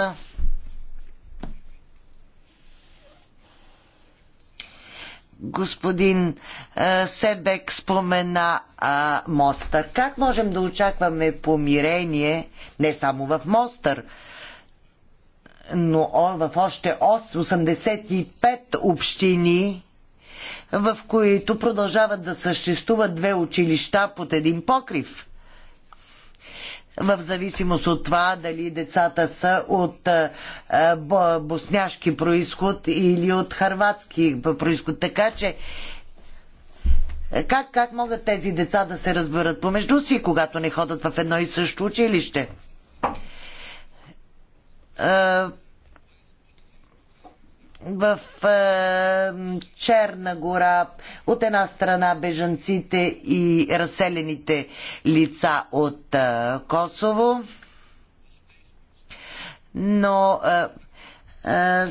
господин Себек спомена а, Мостър. Как можем да очакваме помирение не само в Мостър, но в още 85 общини, в които продължават да съществуват две училища под един покрив? в зависимост от това дали децата са от босняшки происход или от харватски происход. Така че как, как могат тези деца да се разберат помежду си, когато не ходят в едно и също училище? в е, Черна гора от една страна бежанците и разселените лица от е, Косово, но е, е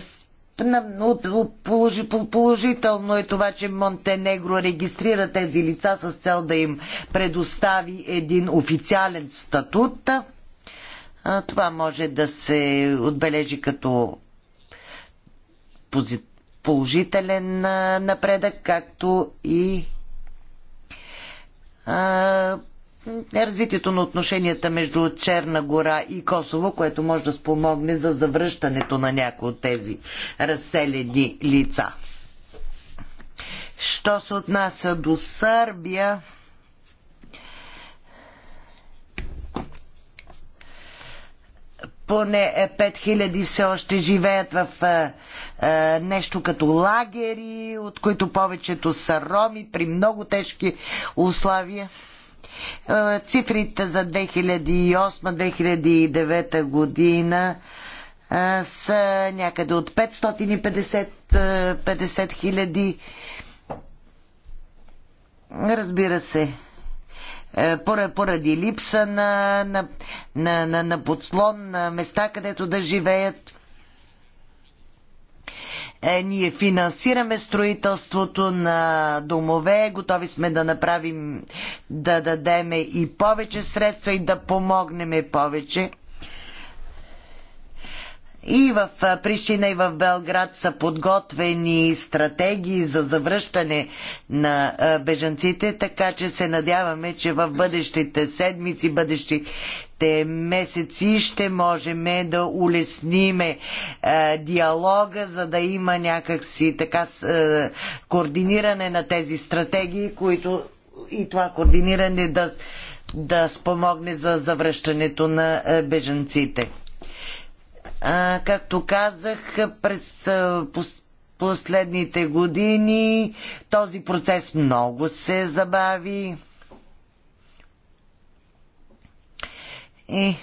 Положително е това, че Монтенегро регистрира тези лица с цел да им предостави един официален статут. Е, това може да се отбележи като положителен напредък, както и а, развитието на отношенията между Черна гора и Косово, което може да спомогне за завръщането на някои от тези разселени лица. Що се отнася до Сърбия, поне 5000 е, все още живеят в а, е, а, е, нещо като лагери, от които повечето са роми при много тежки условия. цифрите за 2008-2009 година а, са някъде от 550 50 хиляди. Разбира се, е, поради липса на, на, на, на, на подслон, на места, където да живеят. Е, ние финансираме строителството на домове, готови сме да направим, да дадеме и повече средства и да помогнем повече. И в Прищина и в Белград са подготвени стратегии за завръщане на бежанците, така че се надяваме, че в бъдещите седмици, бъдещите месеци ще можем да улесниме диалога, за да има някакси така координиране на тези стратегии, които и това координиране да, да спомогне за завръщането на бежанците. Както казах, през последните години този процес много се забави. И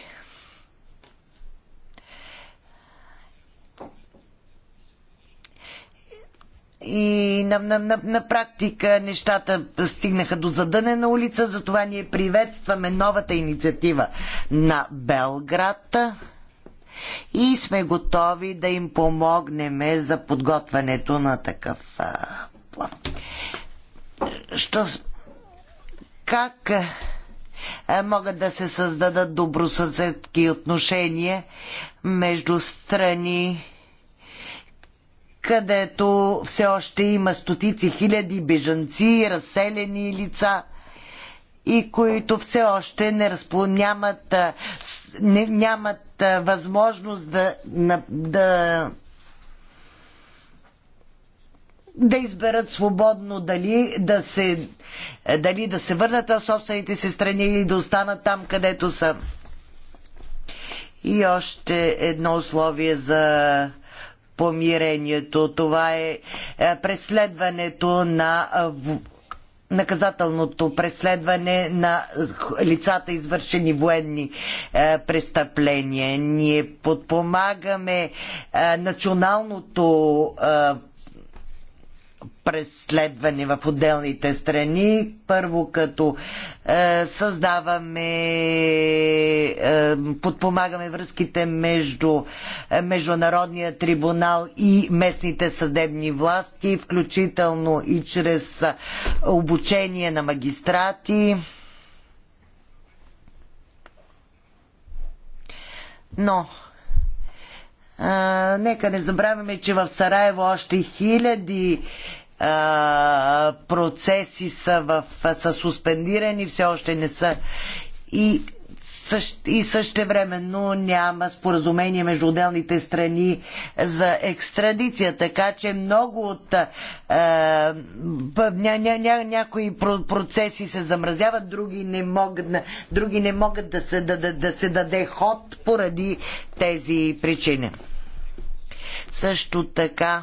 и на, на, на, на практика нещата стигнаха до задънена улица, затова ние приветстваме новата инициатива на Белград и сме готови да им помогнем за подготвянето на такъв а, план. Що, как а, могат да се създадат добросъседски отношения между страни, където все още има стотици хиляди бежанци, разселени лица и които все още не разпо... нямат не, нямат а, възможност да, на, да да изберат свободно дали да се, дали да се върнат в собствените си страни или да останат там, където са. И още едно условие за помирението. Това е, е преследването на наказателното преследване на лицата, извършени военни е, престъпления. Ние подпомагаме е, националното е, преследвани в отделните страни. Първо като е, създаваме, е, подпомагаме връзките между е, Международния трибунал и местните съдебни власти, включително и чрез е, обучение на магистрати. Но а, е, нека не забравяме, че в Сараево още хиляди процеси са, в, са суспендирани, все още не са и и същевременно няма споразумение между отделните страни за екстрадиция. Така че много от е, ня, ня, ня, някои процеси се замразяват, други не могат, други не могат да, се, да, да, да се даде ход поради тези причини. Също така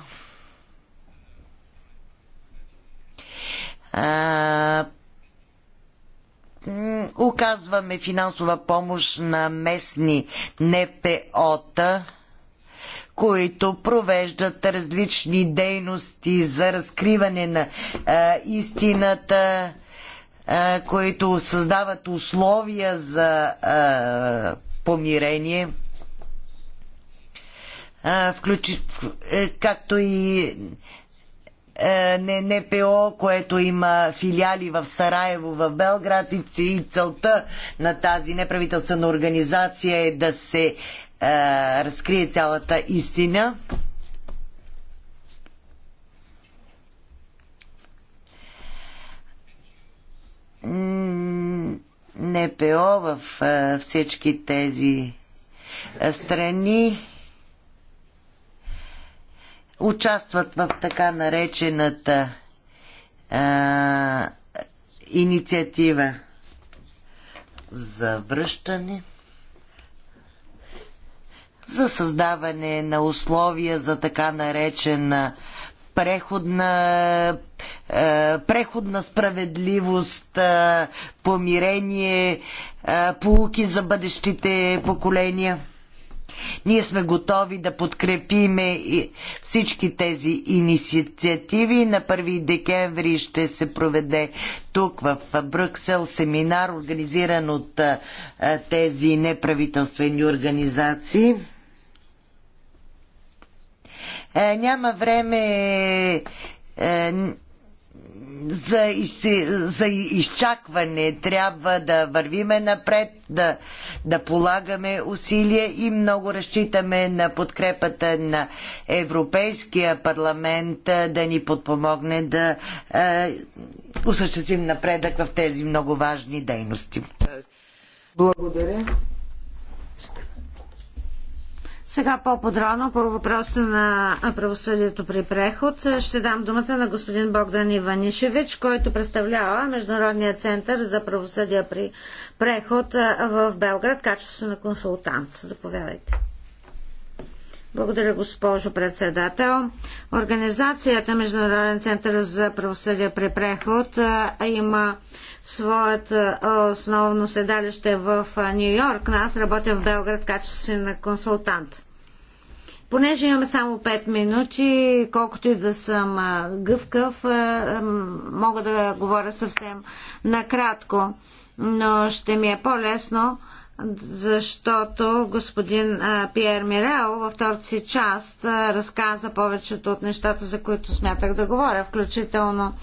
оказваме финансова помощ на местни НПО-та, които провеждат различни дейности за разкриване на а, истината, а, които създават условия за а, помирение, включи, е, както и е, не, НПО, което има филиали в Сараево, в Белград и, и целта на тази неправителствена организация е да се е, разкрие цялата истина. НПО в е, всички тези е, страни участват в така наречената а, инициатива за връщане, за създаване на условия за така наречена преходна, а, преходна справедливост, а, помирение, а, полуки за бъдещите поколения. Ние сме готови да подкрепиме всички тези инициативи. На 1 декември ще се проведе тук в Брюксел семинар, организиран от тези неправителствени организации. Е, няма време е, за, за изчакване. Трябва да вървиме напред, да, да полагаме усилия и много разчитаме на подкрепата на Европейския парламент да ни подпомогне да е, осъществим напредък в тези много важни дейности. Благодаря. Сега по-подробно по въпроса на правосъдието при преход ще дам думата на господин Богдан Иванишевич, който представлява Международния център за правосъдие при преход в Белград, качество на консултант. Заповядайте. Благодаря, госпожо председател. Организацията Международен център за правосъдие при преход има своето основно седалище в Нью Йорк, но аз работя в Белград качество на консултант. Понеже имаме само 5 минути, колкото и да съм гъвкав, мога да говоря съвсем накратко, но ще ми е по-лесно защото господин Пьер Мирел във втората си част разказа повечето от нещата, за които смятах да говоря, включително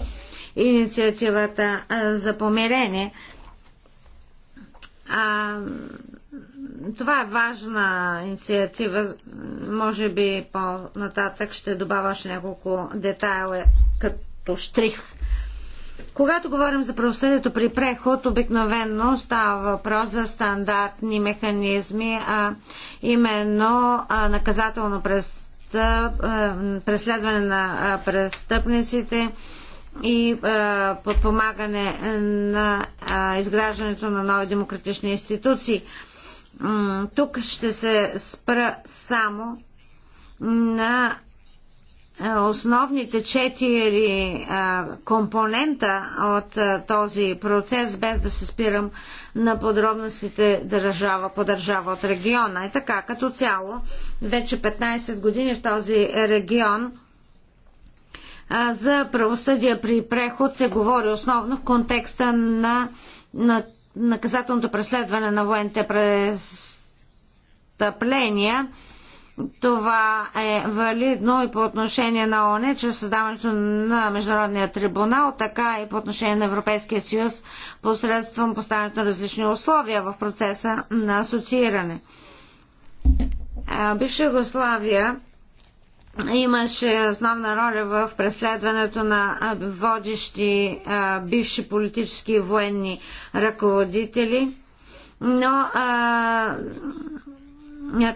инициативата за помирение. А, това е важна инициатива. Може би по-нататък ще добавяш няколко детайла като штрих когато говорим за правосъдието при преход, обикновено става въпрос за стандартни механизми, а именно а, наказателно преследване на престъпниците и а, подпомагане на а, изграждането на нови демократични институции. М тук ще се спра само на е, основните четири е, компонента от е, този процес, без да се спирам на подробностите държава по държава от региона. И така, като цяло, вече 15 години в този регион за правосъдие при преход се говори основно в контекста на, на наказателното преследване на военните престъпления това е валидно и по отношение на ОНЕ, чрез създаването на Международния трибунал, така и по отношение на Европейския съюз, посредством поставянето на различни условия в процеса на асоцииране. Бивша Югославия имаше основна роля в преследването на водещи бивши политически и военни ръководители, но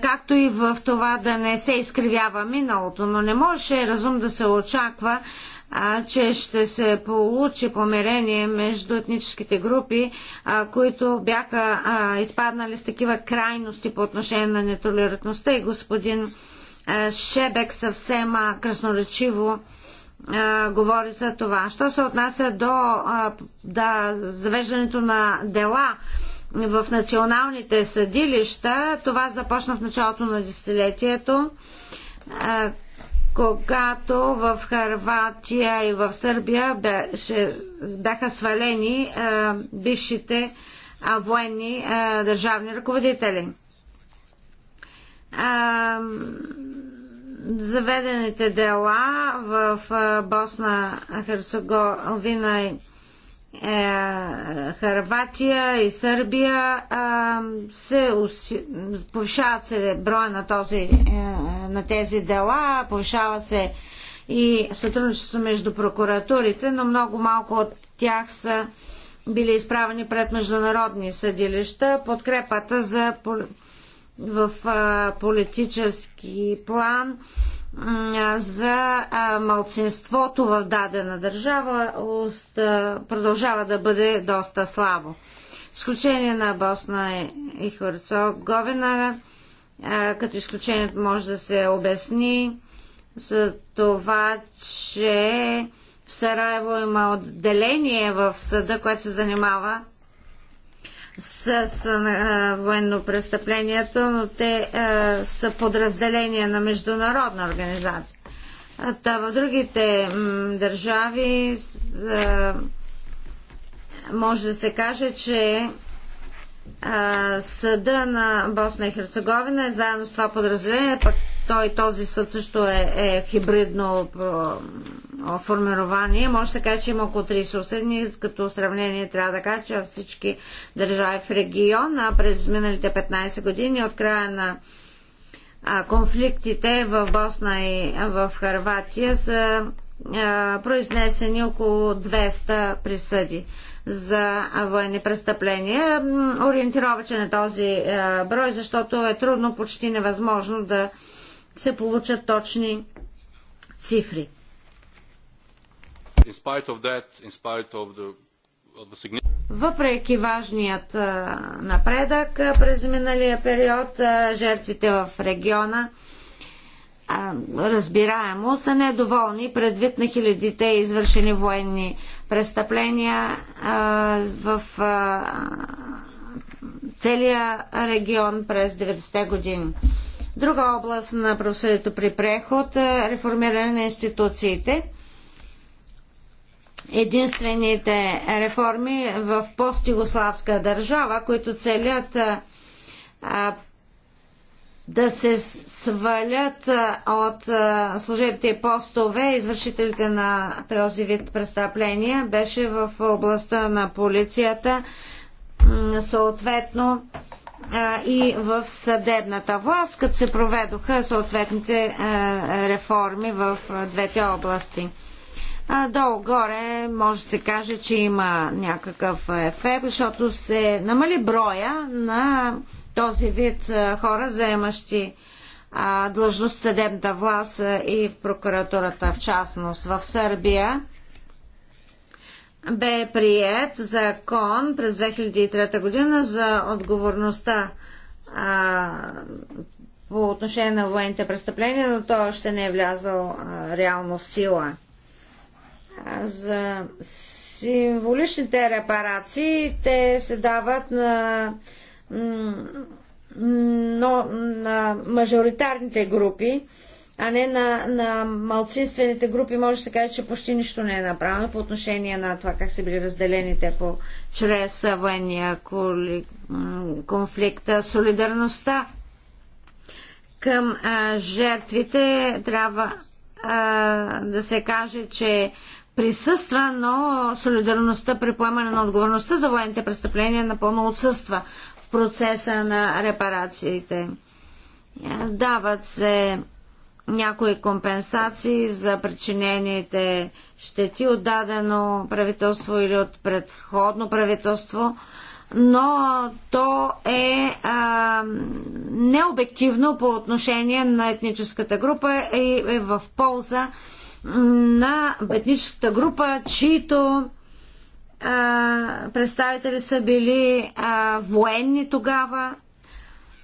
както и в това да не се изкривява миналото. Но не може разум да се очаква, а, че ще се получи помирение между етническите групи, а, които бяха а, изпаднали в такива крайности по отношение на нетолерантността и господин а, Шебек съвсем а, красноречиво а, говори за това. Що се отнася до а, да, завеждането на дела, в националните съдилища. Това започна в началото на десетилетието, когато в Харватия и в Сърбия беше, бяха свалени бившите военни държавни ръководители заведените дела в Босна, Херцеговина и е, Харватия и Сърбия се повишават се броя на, този, е, на тези дела, повишава се и сътрудничество между прокуратурите, но много малко от тях са били изправени пред международни съдилища. Подкрепата за в политически план за малцинството в дадена държава продължава да бъде доста слабо. Изключение на Босна и Херцеговина, като изключението може да се обясни за това, че в Сараево има отделение в съда, което се занимава с, с а, военно престъплението, но те а, са подразделения на международна организация. А, та в другите м, държави а, може да се каже, че а, съда на Босна и Херцеговина е заедно с това подразделение, пък той този съд също е, е хибридно формирование. Може да се каже, че има около 30 съседни, като сравнение трябва да кажа, че всички държави в региона през миналите 15 години от края на конфликтите в Босна и в Харватия са произнесени около 200 присъди за военни престъпления. Ориентировачен е този брой, защото е трудно, почти невъзможно да се получат точни цифри. Въпреки важният напредък през миналия период, жертвите в региона разбираемо са недоволни предвид на хилядите извършени военни престъпления в целия регион през 90-те години. Друга област на правосъдието при преход е реформиране на институциите. Единствените реформи в постигославска държава, които целят а, да се свалят от служебните и постове извършителите на този вид престъпления, беше в областта на полицията, съответно и в съдебната власт, като се проведоха съответните реформи в двете области. Долу-горе може да се каже, че има някакъв ефект, защото се намали броя на този вид хора, заемащи длъжност в съдебната власт и в прокуратурата в частност. В Сърбия бе прият закон през 2003 година за отговорността а, по отношение на военните престъпления, но то още не е влязъл а, реално в сила. А, за символичните репарации те се дават на, но, на мажоритарните групи, а не на, на малцинствените групи, може да се каже, че почти нищо не е направено по отношение на това как са били разделените по, чрез военния коли, конфликт. Солидарността към а, жертвите трябва а, да се каже, че присъства, но солидарността при поемане на отговорността за военните престъпления напълно отсъства в процеса на репарациите. Дават се някои компенсации за причинените щети от дадено правителство или от предходно правителство, но то е а, необективно по отношение на етническата група и е в полза на етническата група, чието а, представители са били а, военни тогава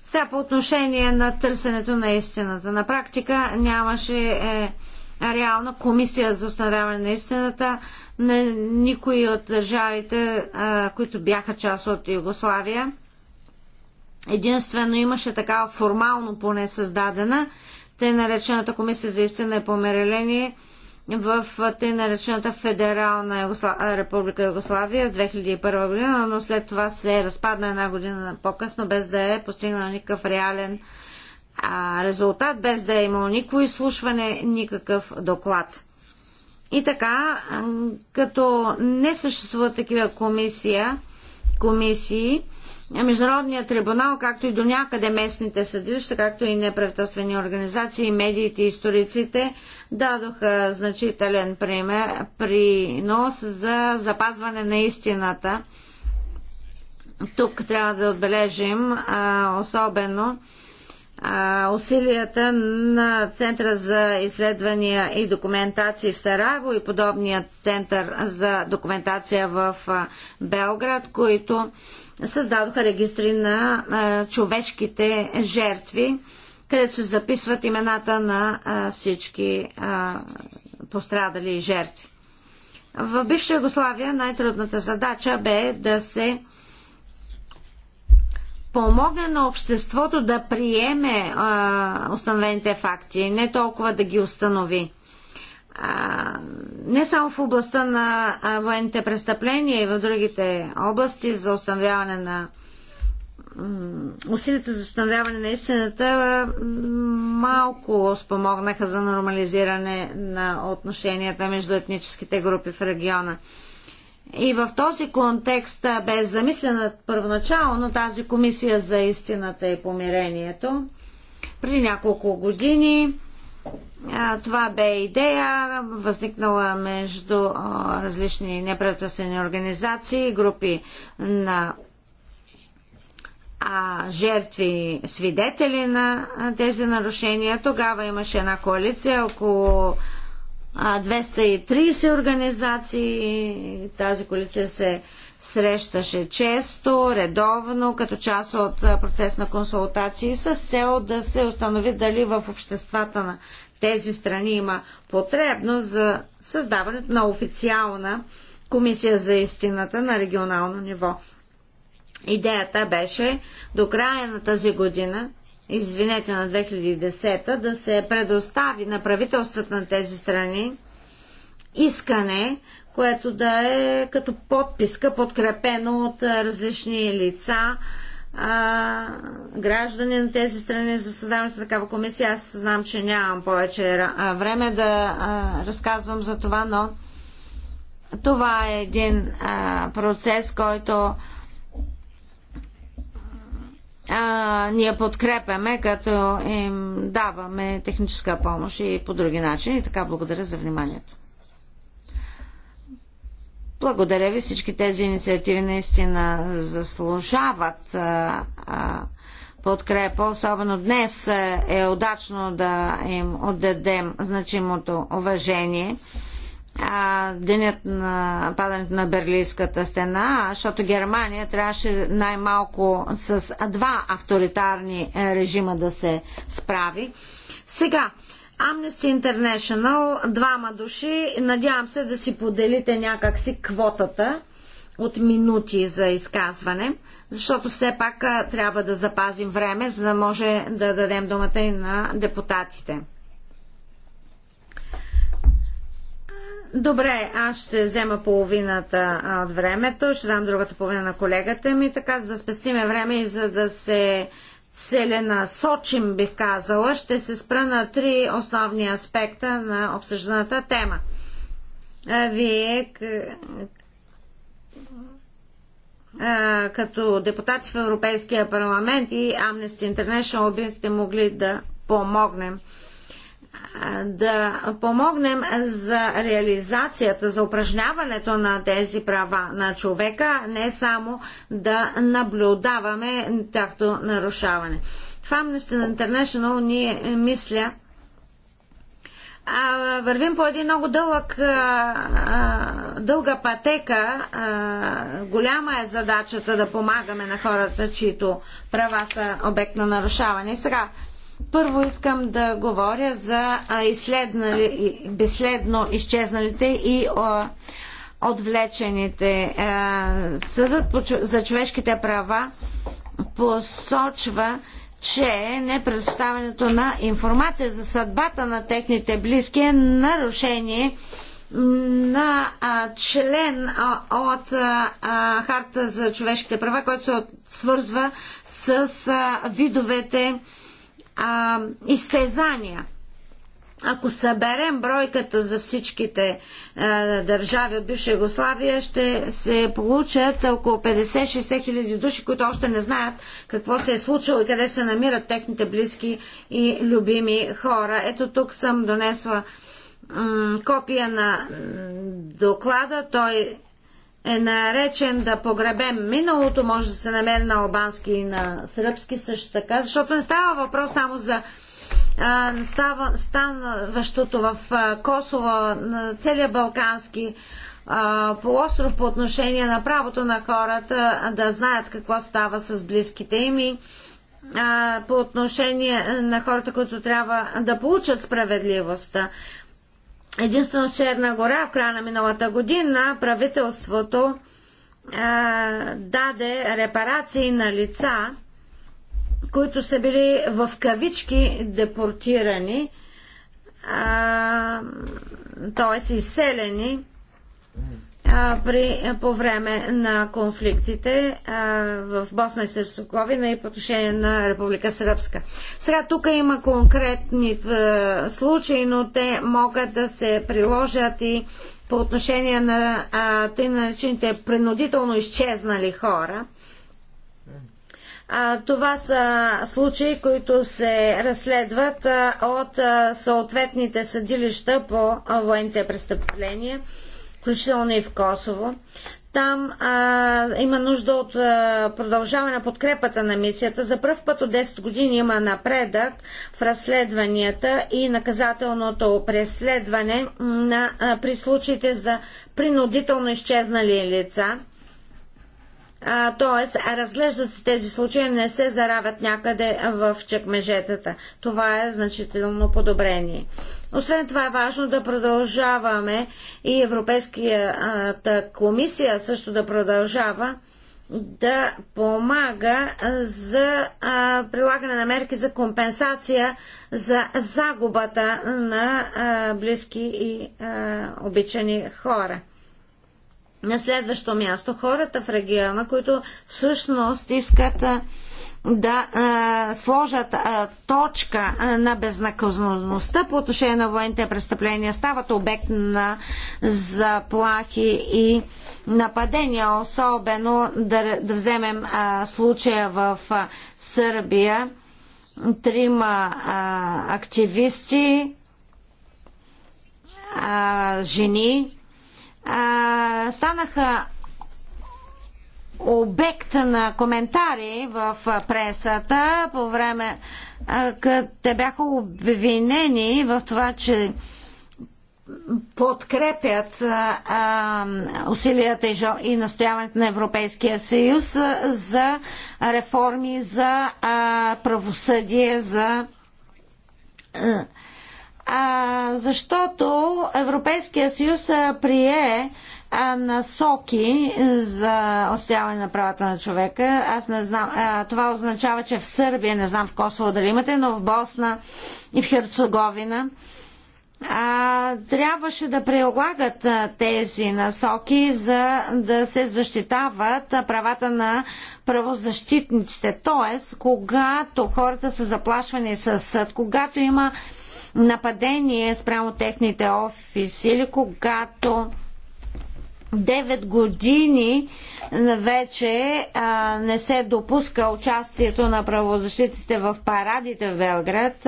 сега по отношение на търсенето на истината. На практика нямаше е, реална комисия за установяване на истината на никой от държавите, е, които бяха част от Югославия. Единствено имаше такава формално поне създадена, те наречената комисия за истина и помереление – в те наречената Федерална Югосла... република Югославия в 2001 година, но след това се разпадна една година по-късно, без да е постигнал никакъв реален а, резултат, без да е имал никакво изслушване, никакъв доклад. И така, като не съществуват такива комисия, комисии, Международният трибунал, както и до някъде местните съдилища, както и неправителствени организации, медиите и историците дадоха значителен пример, принос за запазване на истината. Тук трябва да отбележим а, особено а, усилията на Центъра за изследвания и документации в Сараево и подобният Център за документация в Белград, които създадоха регистри на човешките жертви, където се записват имената на всички пострадали и жертви. В бивша Югославия най-трудната задача бе да се помогне на обществото да приеме а, установените факти, не толкова да ги установи не само в областта на военните престъпления и в другите области за установяване на усилията за установяване на истината малко спомогнаха за нормализиране на отношенията между етническите групи в региона. И в този контекст бе замислена първоначално тази комисия за истината и помирението. Преди няколко години това бе идея, възникнала между различни неправителствени организации, групи на а, жертви, свидетели на тези нарушения. Тогава имаше една коалиция около 230 организации. Тази коалиция се срещаше често, редовно, като част от процес на консултации с цел да се установи дали в обществата на тези страни има потребност за създаването на официална комисия за истината на регионално ниво. Идеята беше до края на тази година, извинете на 2010, да се предостави на правителствата на тези страни искане, което да е като подписка, подкрепено от различни лица, а, граждани на тези страни за създаването на такава комисия. Аз знам, че нямам повече време да а, разказвам за това, но това е един а, процес, който а, ние подкрепяме, като им даваме техническа помощ и по други начини. Така благодаря за вниманието. Благодаря ви. Всички тези инициативи наистина заслужават а, а, подкрепа. Особено днес е удачно да им отдадем значимото уважение. А, денят на падането на Берлийската стена, защото Германия трябваше най-малко с два авторитарни режима да се справи. Сега, Amnesty International, двама души, надявам се да си поделите някакси квотата от минути за изказване, защото все пак трябва да запазим време, за да може да дадем думата и на депутатите. Добре, аз ще взема половината от времето, ще дам другата половина на колегата ми, така за да спестиме време и за да се целенасочим, бих казала, ще се спра на три основни аспекта на обсъжданата тема. Вие като депутати в Европейския парламент и Amnesty International бихте могли да помогнем да помогнем за реализацията, за упражняването на тези права на човека, не само да наблюдаваме тяхто нарушаване. В Amnesty International ние е, мисля, а, вървим по един много дълъг, дълга пътека. голяма е задачата да помагаме на хората, чието права са обект на нарушаване. И сега първо искам да говоря за безследно изчезналите и отвлечените. Съдът за човешките права посочва, че непредоставянето на информация за съдбата на техните близки е нарушение на а, член а, от а, Харта за човешките права, който се свързва с а, видовете а, изтезания. Ако съберем бройката за всичките а, е, държави от бивша Югославия, ще се получат около 50-60 хиляди души, които още не знаят какво се е случило и къде се намират техните близки и любими хора. Ето тук съм донесла копия на доклада. Той е наречен да погребем миналото, може да се намери на албански и на сръбски също така, защото не става въпрос само за а, става, станващото в а, Косово, на целия балкански а, полуостров по отношение на правото на хората да знаят какво става с близките им и по отношение на хората, които трябва да получат справедливостта единствено в Черна гора в края на миналата година правителството а, даде репарации на лица, които са били в кавички депортирани, т.е. изселени при, по време на конфликтите в Босна и Сърцеговина и по отношение на Република Сръбска. Сега тук има конкретни случаи, но те могат да се приложат и по отношение на тъй наречените принудително изчезнали хора. А, това са случаи, които се разследват а, от а, съответните съдилища по а, военните престъпления включително и в Косово. Там а, има нужда от а, продължаване на подкрепата на мисията. За първ път от 10 години има напредък в разследванията и наказателното преследване на, а, при случаите за принудително изчезнали лица. Тоест, разглеждат се тези случаи, не се заравят някъде в чекмежетата. Това е значително подобрение. Освен това е важно да продължаваме и Европейската комисия също да продължава да помага за а, прилагане на мерки за компенсация за загубата на а, близки и а, обичани хора. На следващо място, хората в региона, които всъщност искат да а, сложат а, точка а, на безнаказаността по отношение на военните престъпления, стават обект на заплахи и нападения, особено да, да вземем а, случая в а, Сърбия. Трима а, активисти, а, жени, а, станаха обект на коментари в пресата по време, като те бяха обвинени в това, че подкрепят а, усилията и, жо, и настояването на Европейския съюз а, за реформи за а, правосъдие, за а, а, защото Европейския съюз прие а, насоки за отстояване на правата на човека. Аз не знам, а, това означава, че в Сърбия, не знам в Косово дали имате, но в Босна и в Херцеговина а, трябваше да прилагат а, тези насоки, за да се защитават а, правата на правозащитниците. Тоест, когато хората са заплашвани със съд, когато има а, нападение спрямо техните офиси или когато 9 години вече а, не се допуска участието на правозащитите в парадите в Белград.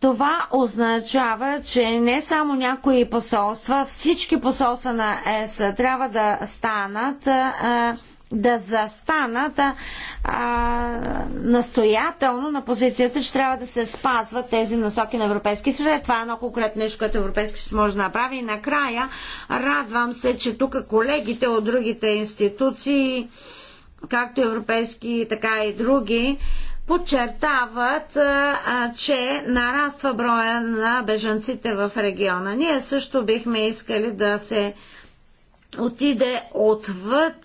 Това означава, че не само някои посолства, всички посолства на ЕС трябва да станат а, да застанат а, настоятелно на позицията, че трябва да се спазват тези насоки на Европейския съюз. Е, това е едно конкретно нещо, което Европейския съюз може да направи. И накрая радвам се, че тук колегите от другите институции, както европейски, така и други, подчертават, а, че нараства броя на бежанците в региона. Ние също бихме искали да се отиде отвъд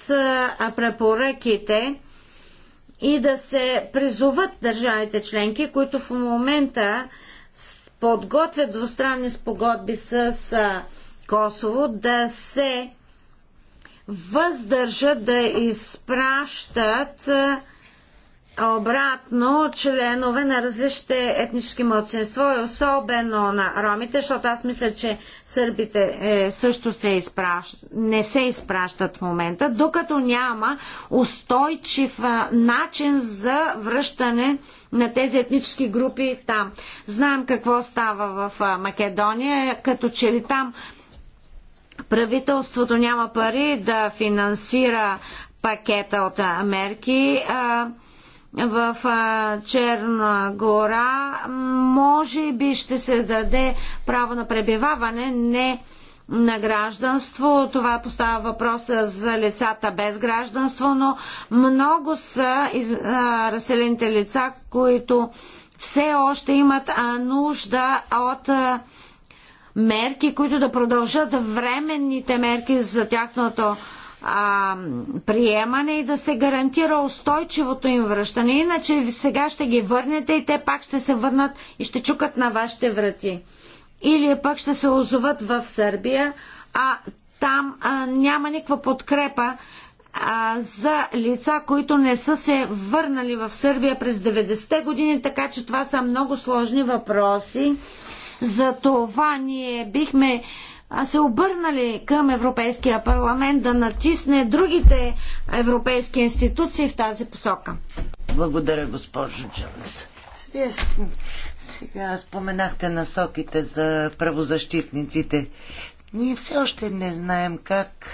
препоръките и да се призоват държавите членки, които в момента подготвят двустранни спогодби с Косово, да се въздържат да изпращат обратно членове на различните етнически младсинство, и особено на ромите, защото аз мисля, че сърбите е, също се изпраш... не се изпращат в момента, докато няма устойчив а, начин за връщане на тези етнически групи там. Знаем какво става в а, Македония, като че ли там правителството няма пари да финансира пакета от а, мерки. А, в Черна гора, може би ще се даде право на пребиваване, не на гражданство. Това поставя въпроса за лицата без гражданство, но много са из, а, разселените лица, които все още имат а, нужда от а, мерки, които да продължат временните мерки за тяхното а, приемане и да се гарантира устойчивото им връщане. Иначе сега ще ги върнете и те пак ще се върнат и ще чукат на вашите врати. Или пък ще се озоват в Сърбия, а там а, няма никаква подкрепа а, за лица, които не са се върнали в Сърбия през 90-те години, така че това са много сложни въпроси. За това ние бихме се обърнали към Европейския парламент да натисне другите европейски институции в тази посока. Благодаря, госпожо Джонс. Вие сега споменахте насоките за правозащитниците. Ние все още не знаем как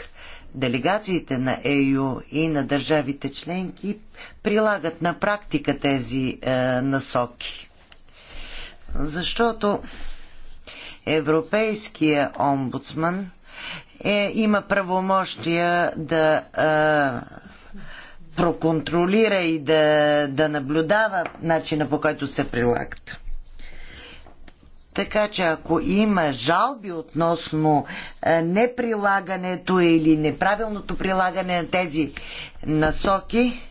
делегациите на ЕЮ и на държавите членки прилагат на практика тези е, насоки. Защото Европейския омбудсман е, има правомощия да е, проконтролира и да, да наблюдава начина по който се прилагат. Така че ако има жалби относно е, неприлагането или неправилното прилагане на тези насоки,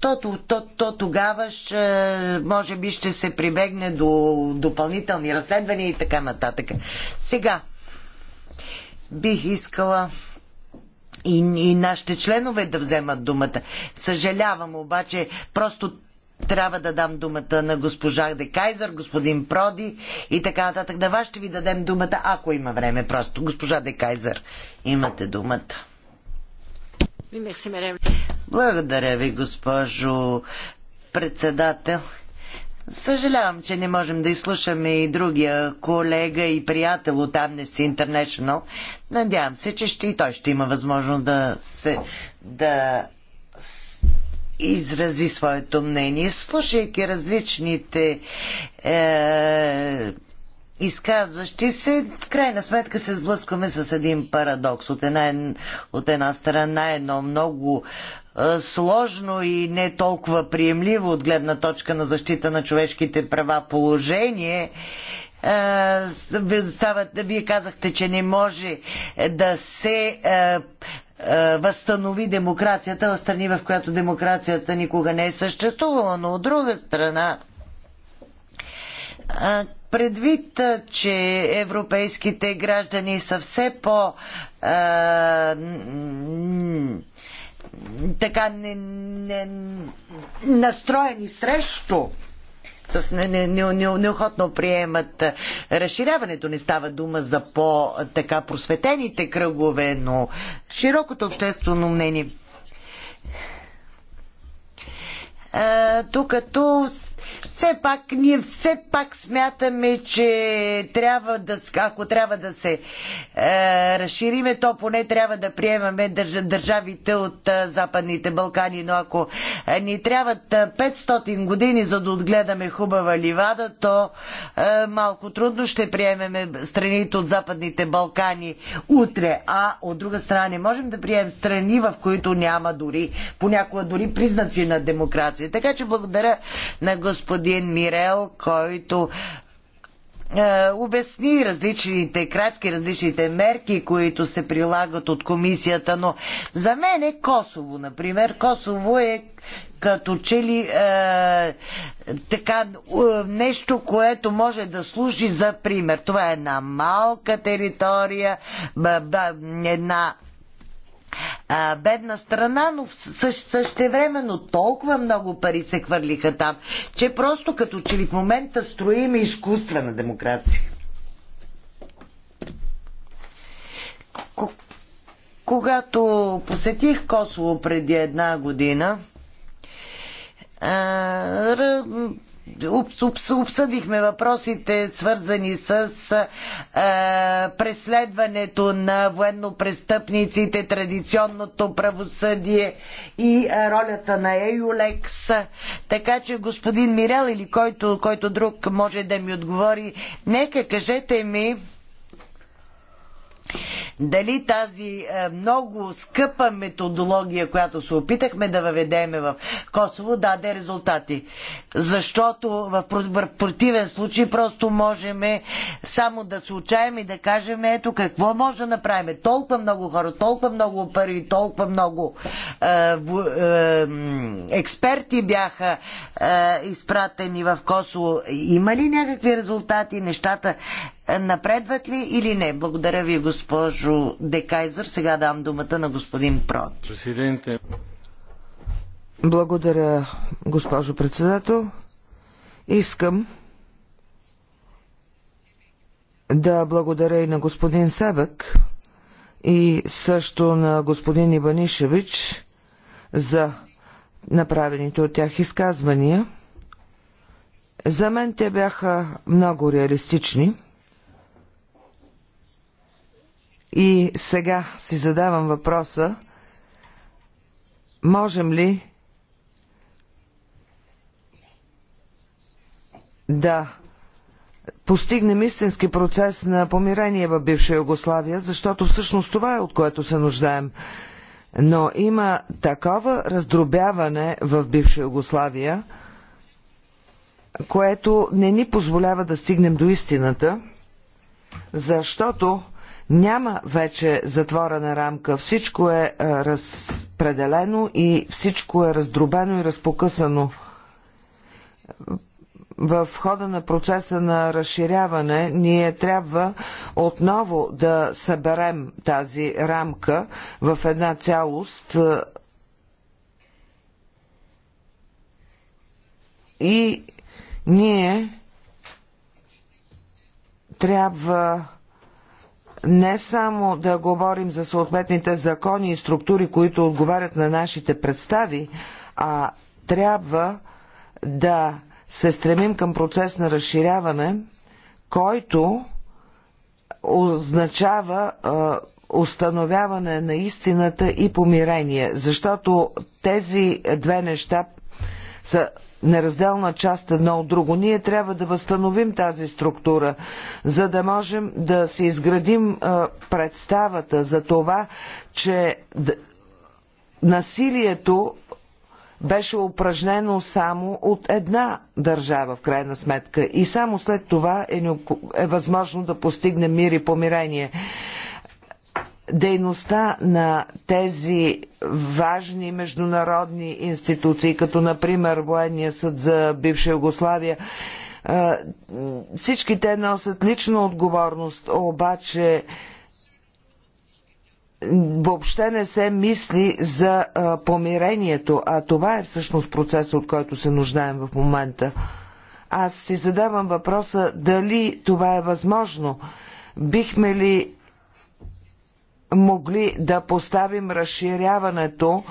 то, то, то тогава ще, може би ще се прибегне до допълнителни разследвания и така нататък. Сега, бих искала и, и нашите членове да вземат думата. Съжалявам обаче, просто трябва да дам думата на госпожа Декайзер, господин Проди и така нататък. На вас ще ви дадем думата, ако има време просто. Госпожа Декайзер, имате думата. Благодаря ви, госпожо председател. Съжалявам, че не можем да изслушаме и другия колега и приятел от Amnesty International. Надявам се, че ще и той ще има възможност да се да изрази своето мнение. Слушайки различните е, изказващи се, в крайна сметка се сблъскваме с един парадокс. От една, от една страна едно много сложно и не толкова приемливо от гледна точка на защита на човешките права положение. вие казахте, че не може да се възстанови демокрацията в страни, в която демокрацията никога не е съществувала, но от друга страна Предвид, че европейските граждани са все по а, така не, не, настроени срещу с не, не, не, неохотно приемат разширяването. Не става дума за по-така просветените кръгове, но широкото обществено мнение. като все пак, ние все пак смятаме, че трябва да, ако трябва да се е, разшириме, то поне трябва да приемаме държавите от е, Западните Балкани. Но ако е, ни трябват 500 е, години за да отгледаме хубава ливада, то е, малко трудно ще приемеме страните от Западните Балкани утре. А от друга страна не можем да приемем страни, в които няма дори понякога дори признаци на демокрация. Така че благодаря на господин господин Мирел, който е, обясни различните крачки, различните мерки, които се прилагат от комисията, но за мен е Косово, например. Косово е като че ли е, така е, нещо, което може да служи за пример. Това е една малка територия, б, б, една а, бедна страна, но също, същевременно толкова много пари се хвърлиха там, че просто като че ли в момента строим изкуствена демокрация. Когато посетих Косово преди една година, обсъдихме въпросите, свързани с преследването на военнопрестъпниците, традиционното правосъдие и ролята на Еюлекс. Така че господин Мирел или който, който друг може да ми отговори, нека кажете ми дали тази е, много скъпа методология, която се опитахме да въведеме в Косово, даде резултати. Защото в противен случай просто можем само да се отчаем и да кажем ето какво може да направим. Толкова много хора, толкова много пари, толкова много е, е, експерти бяха е, изпратени в Косово. Има ли някакви резултати? Нещата напредват ли или не? Благодаря ви, госпожо Декайзър. Сега дам думата на господин Прот. Президенте. Благодаря, госпожо председател. Искам да благодаря и на господин Себек и също на господин Иванишевич за направените от тях изказвания. За мен те бяха много реалистични – и сега си задавам въпроса, можем ли да постигнем истински процес на помирение в бивша Югославия, защото всъщност това е от което се нуждаем. Но има такова раздробяване в бивша Югославия, което не ни позволява да стигнем до истината, защото няма вече затворена рамка. Всичко е, е разпределено и всичко е раздробено и разпокъсано. В хода на процеса на разширяване ние трябва отново да съберем тази рамка в една цялост е, и ние трябва не само да говорим за съответните закони и структури, които отговарят на нашите представи, а трябва да се стремим към процес на разширяване, който означава установяване на истината и помирение, защото тези две неща са неразделна част едно от друго. Ние трябва да възстановим тази структура, за да можем да се изградим представата за това, че насилието беше упражнено само от една държава в крайна сметка и само след това е, е възможно да постигне мир и помирение дейността на тези важни международни институции, като например Военния съд за бивша Югославия, всички те носят лична отговорност, обаче въобще не се мисли за помирението, а това е всъщност процесът, от който се нуждаем в момента. Аз си задавам въпроса дали това е възможно. Бихме ли могли да поставим разширяването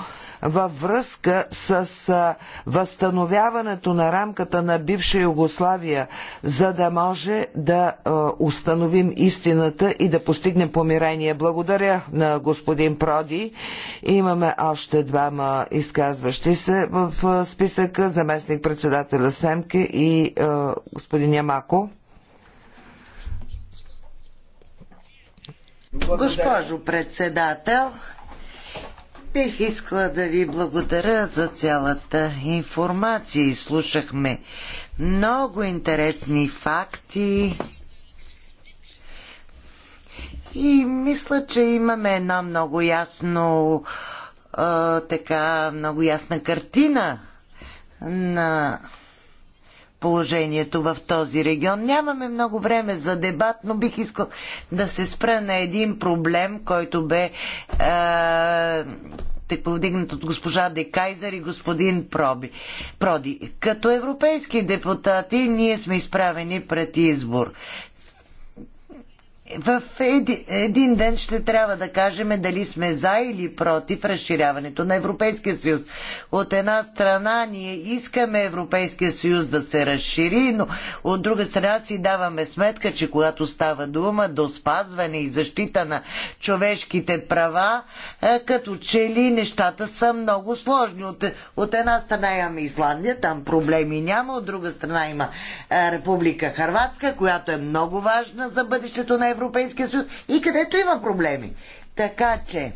във връзка с възстановяването на рамката на бивша Югославия, за да може да установим истината и да постигнем помирение. Благодаря на господин Проди. Имаме още двама изказващи се в списъка заместник председателя Семке и господин Ямако. Госпожо председател, бих искала да ви благодаря за цялата информация слушахме много интересни факти. И мисля, че имаме една много ясно а, така, много ясна картина на положението в този регион. Нямаме много време за дебат, но бих искал да се спра на един проблем, който бе е, повдигнат от госпожа Декайзер и господин Проби, Проди. Като европейски депутати ние сме изправени пред избор в един ден ще трябва да кажем дали сме за или против разширяването на Европейския съюз. От една страна ние искаме Европейския съюз да се разшири, но от друга страна си даваме сметка, че когато става дума до спазване и защита на човешките права, е, като че ли нещата са много сложни. От, от една страна имаме Исландия, там проблеми няма, от друга страна има е, Република Харватска, която е много важна за бъдещето на Европейския Европейския съюз и където има проблеми. Така че,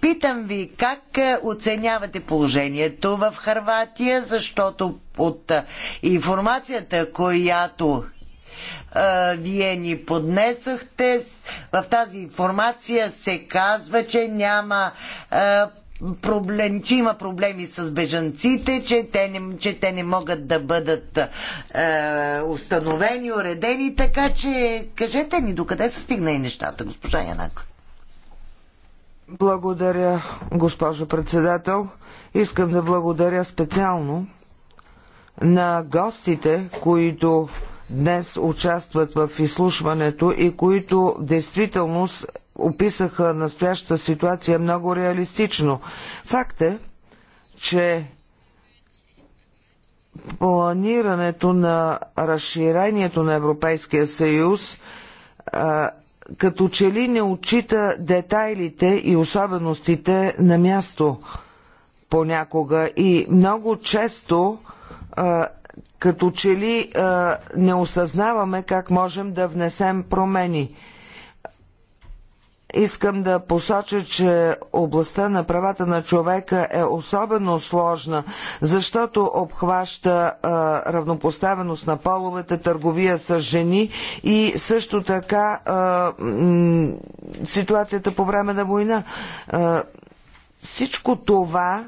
Питам ви как оценявате положението в Харватия, защото от информацията, която вие ни поднесохте. В тази информация се казва, че няма проблем, че има проблеми с бежанците, че те не, че те не могат да бъдат е, установени, уредени, така че кажете ни докъде са стигнали нещата, госпожа Янако. Благодаря, госпожо председател. Искам да благодаря специално на гостите, които днес участват в изслушването и които действителност описаха настоящата ситуация много реалистично. Факт е, че планирането на разширението на Европейския съюз а, като че ли не отчита детайлите и особеностите на място понякога и много често а, като че ли а, не осъзнаваме как можем да внесем промени. Искам да посоча, че областта на правата на човека е особено сложна, защото обхваща а, равнопоставеност на половете, търговия с жени и също така а, ситуацията по време на война. А, всичко това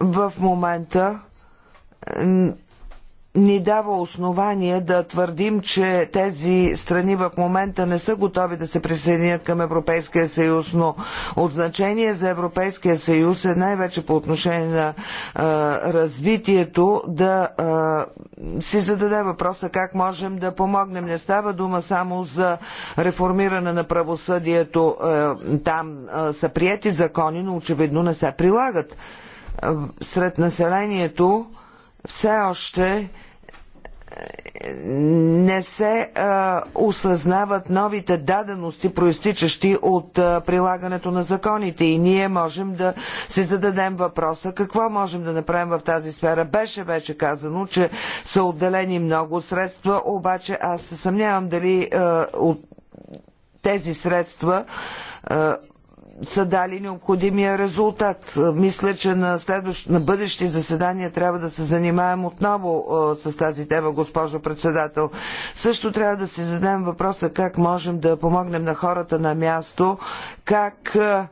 в момента ни дава основание да твърдим, че тези страни в момента не са готови да се присъединят към Европейския съюз, но от значение за Европейския съюз е най-вече по отношение на а, развитието да а, си зададе въпроса как можем да помогнем. Не става дума само за реформиране на правосъдието. А, там са прияти закони, но очевидно не се прилагат. сред населението все още е, не се а, е, осъзнават новите дадености, проистичащи от а, е, прилагането на законите. И ние можем да си зададем въпроса какво можем да направим в тази сфера. Беше вече казано, че са отделени много средства, обаче аз се съмнявам дали а, от тези средства а, са дали необходимия резултат. Мисля, че на, следващ, на бъдещи заседания трябва да се занимаем отново а, с тази тема, госпожо председател. Също трябва да си зададем въпроса как можем да помогнем на хората на място, как а,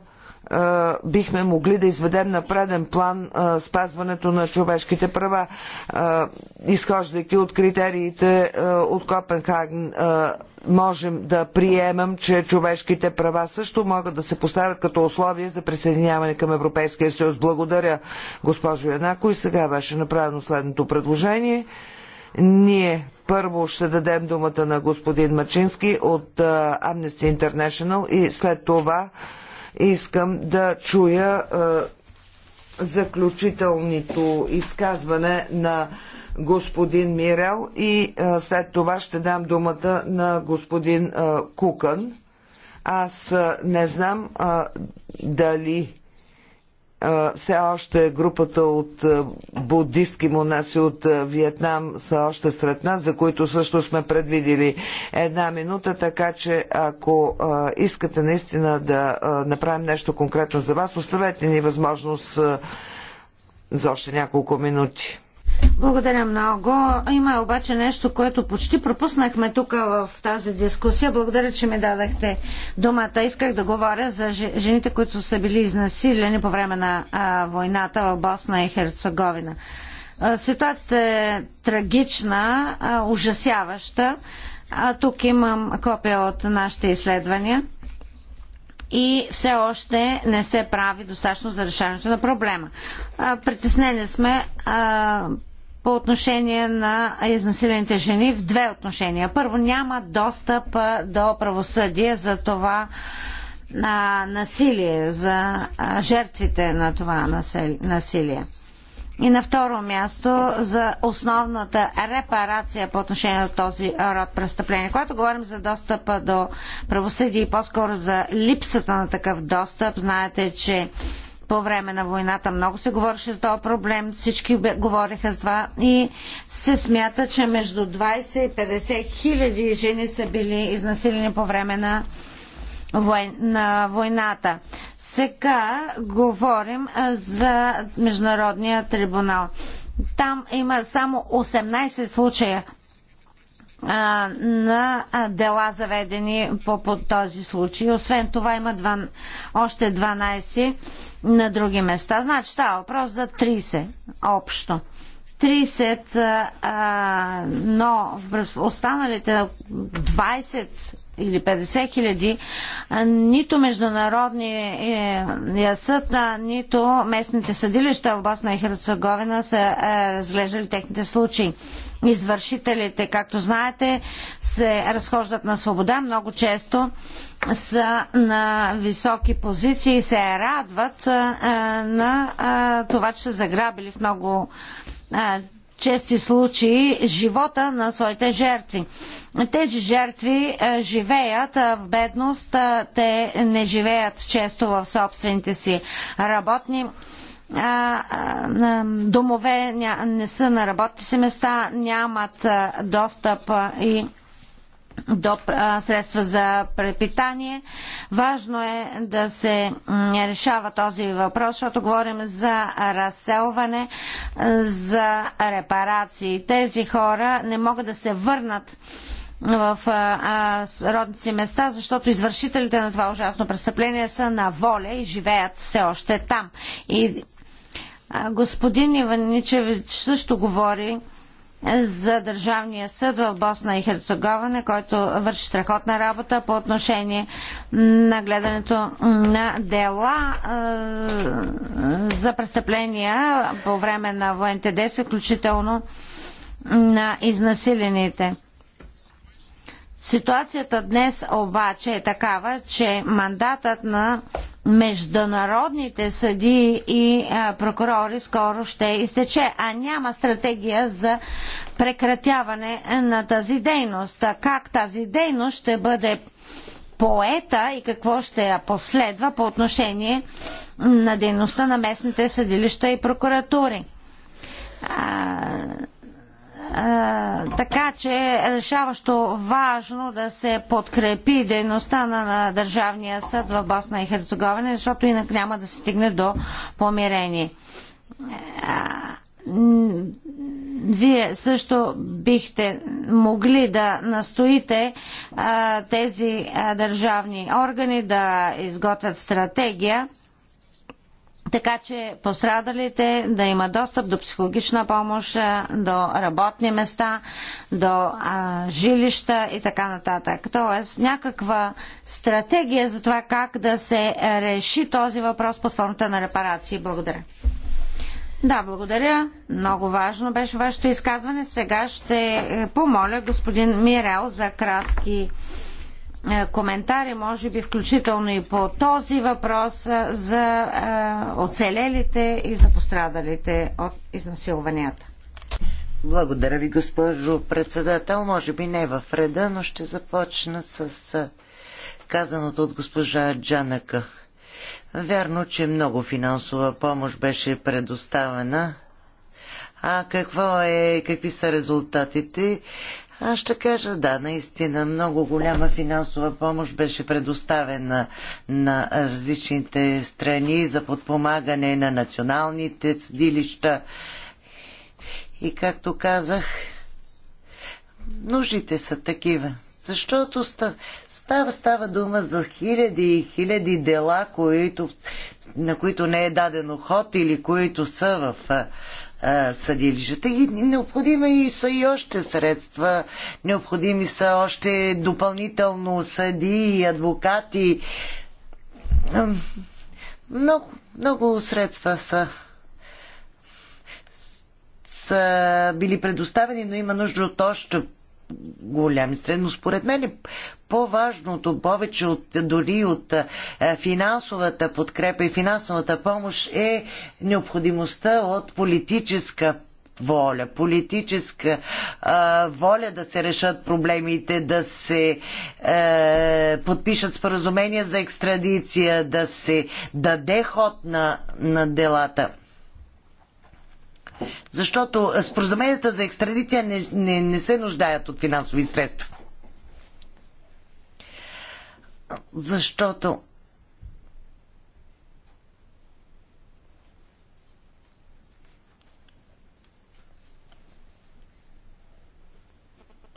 бихме могли да изведем на преден план спазването на човешките права, изхождайки от критериите от Копенхаген можем да приемам, че човешките права също могат да се поставят като условие за присъединяване към Европейския съюз. Благодаря, госпожо Янако. И сега беше направено следното предложение. Ние първо ще дадем думата на господин Мачински от Amnesty International и след това Искам да чуя е, заключителното изказване на господин Мирел и е, след това ще дам думата на господин е, Кукън. Аз не знам дали все още групата от буддистки монаси от Виетнам са още сред нас, за които също сме предвидили една минута, така че ако искате наистина да направим нещо конкретно за вас, оставете ни възможност за още няколко минути. Благодаря много. Има обаче нещо, което почти пропуснахме тук в тази дискусия. Благодаря, че ми дадахте думата. Исках да говоря за жените, които са били изнасилени по време на войната в Босна и Херцеговина. Ситуацията е трагична, ужасяваща. А тук имам копия от нашите изследвания и все още не се прави достатъчно за решаването на проблема. Притеснени сме а, по отношение на изнасилените жени в две отношения. Първо, няма достъп до правосъдие за това на насилие, за жертвите на това насилие. И на второ място за основната репарация по отношение на този род престъпления. Когато говорим за достъпа до правосъдие и по-скоро за липсата на такъв достъп, знаете, че по време на войната много се говореше за този проблем, всички говориха за това и се смята, че между 20 и 50 хиляди жени са били изнасилени по време на на войната. Сега говорим за Международния трибунал. Там има само 18 случая на дела заведени по, по този случай. Освен това има два, още 12 на други места. Значи става въпрос за 30 общо. 30, а, но останалите 20 или 50 хиляди, нито международния е, съд, нито местните съдилища в Босна и Херцеговина са е, разглеждали техните случаи извършителите, както знаете, се разхождат на свобода, много често са на високи позиции и се радват на това, че са заграбили в много чести случаи живота на своите жертви. Тези жертви живеят в бедност, те не живеят често в собствените си работни домове, не са на работни си места, нямат достъп и до средства за препитание. Важно е да се решава този въпрос, защото говорим за разселване, за репарации. Тези хора не могат да се върнат в а, а, родници места, защото извършителите на това ужасно престъпление са на воля и живеят все още там. И Господин Иваничевич също говори за Държавния съд в Босна и Херцеговина, който върши страхотна работа по отношение на гледането на дела за престъпления по време на военните действия, включително на изнасилените. Ситуацията днес обаче е такава, че мандатът на международните съди и прокурори скоро ще изтече, а няма стратегия за прекратяване на тази дейност. Как тази дейност ще бъде поета и какво ще я последва по отношение на дейността на местните съдилища и прокуратури? така че е решаващо важно да се подкрепи дейността на, на Държавния съд в Босна и Херцеговина, защото инак няма да се стигне до помирение. Вие също бихте могли да настоите а, тези а, държавни органи да изготвят стратегия така че пострадалите да има достъп до психологична помощ, до работни места, до а, жилища и така нататък. Тоест някаква стратегия за това как да се реши този въпрос под формата на репарации. Благодаря. Да, благодаря. Много важно беше вашето изказване. Сега ще е, помоля господин Мирел за кратки е, коментари, може би включително и по този въпрос е, за е, оцелелите и за пострадалите от изнасилванията. Благодаря ви, госпожо председател. Може би не в реда, но ще започна с казаното от госпожа Джанака. Вярно, че много финансова помощ беше предоставена. А какво е, какви са резултатите? Аз ще кажа, да, наистина много голяма финансова помощ беше предоставена на различните страни за подпомагане на националните съдилища. И както казах, нуждите са такива. Защото става, става дума за хиляди и хиляди дела, които, на които не е даден ход или които са в съдилищата. И необходими и са и още средства, необходими са още допълнително съди и адвокати. Много, много средства са са били предоставени, но има нужда от още голям сред, но според мен е по-важното, повече от, дори от е, финансовата подкрепа и финансовата помощ е необходимостта от политическа воля, политическа а, воля да се решат проблемите, да се а, е, подпишат споразумения за екстрадиция, да се даде ход на, на делата. Защото споразуменията за екстрадиция не, не, не се нуждаят от финансови средства. Защото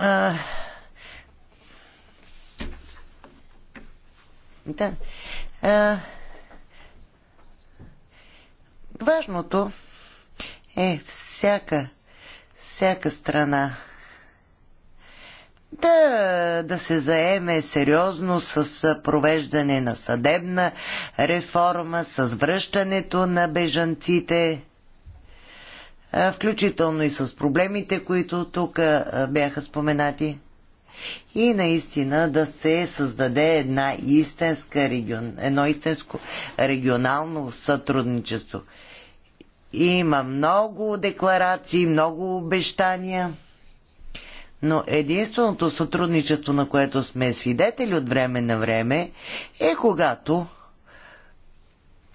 А... Да. А... Важното е всяка, всяка страна да, да се заеме сериозно с провеждане на съдебна реформа, с връщането на бежанците, включително и с проблемите, които тук бяха споменати. И наистина да се създаде една истинска регион, едно истинско регионално сътрудничество. Има много декларации, много обещания. Но единственото сътрудничество, на което сме свидетели от време на време, е когато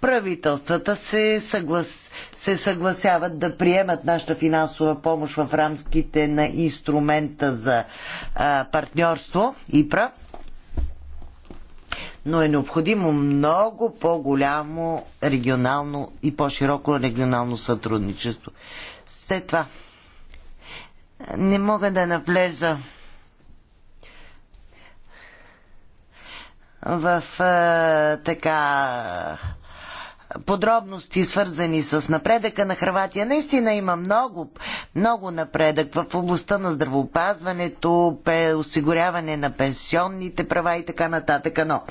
правителствата се, съглас... се съгласяват да приемат нашата финансова помощ в рамките на инструмента за а, партньорство ИПРА но е необходимо много по-голямо регионално и по-широко регионално сътрудничество. След това не мога да навлеза в а, така подробности, свързани с напредъка на Хрватия. Наистина има много, много напредък в областта на здравоопазването, осигуряване на пенсионните права и така нататък. Но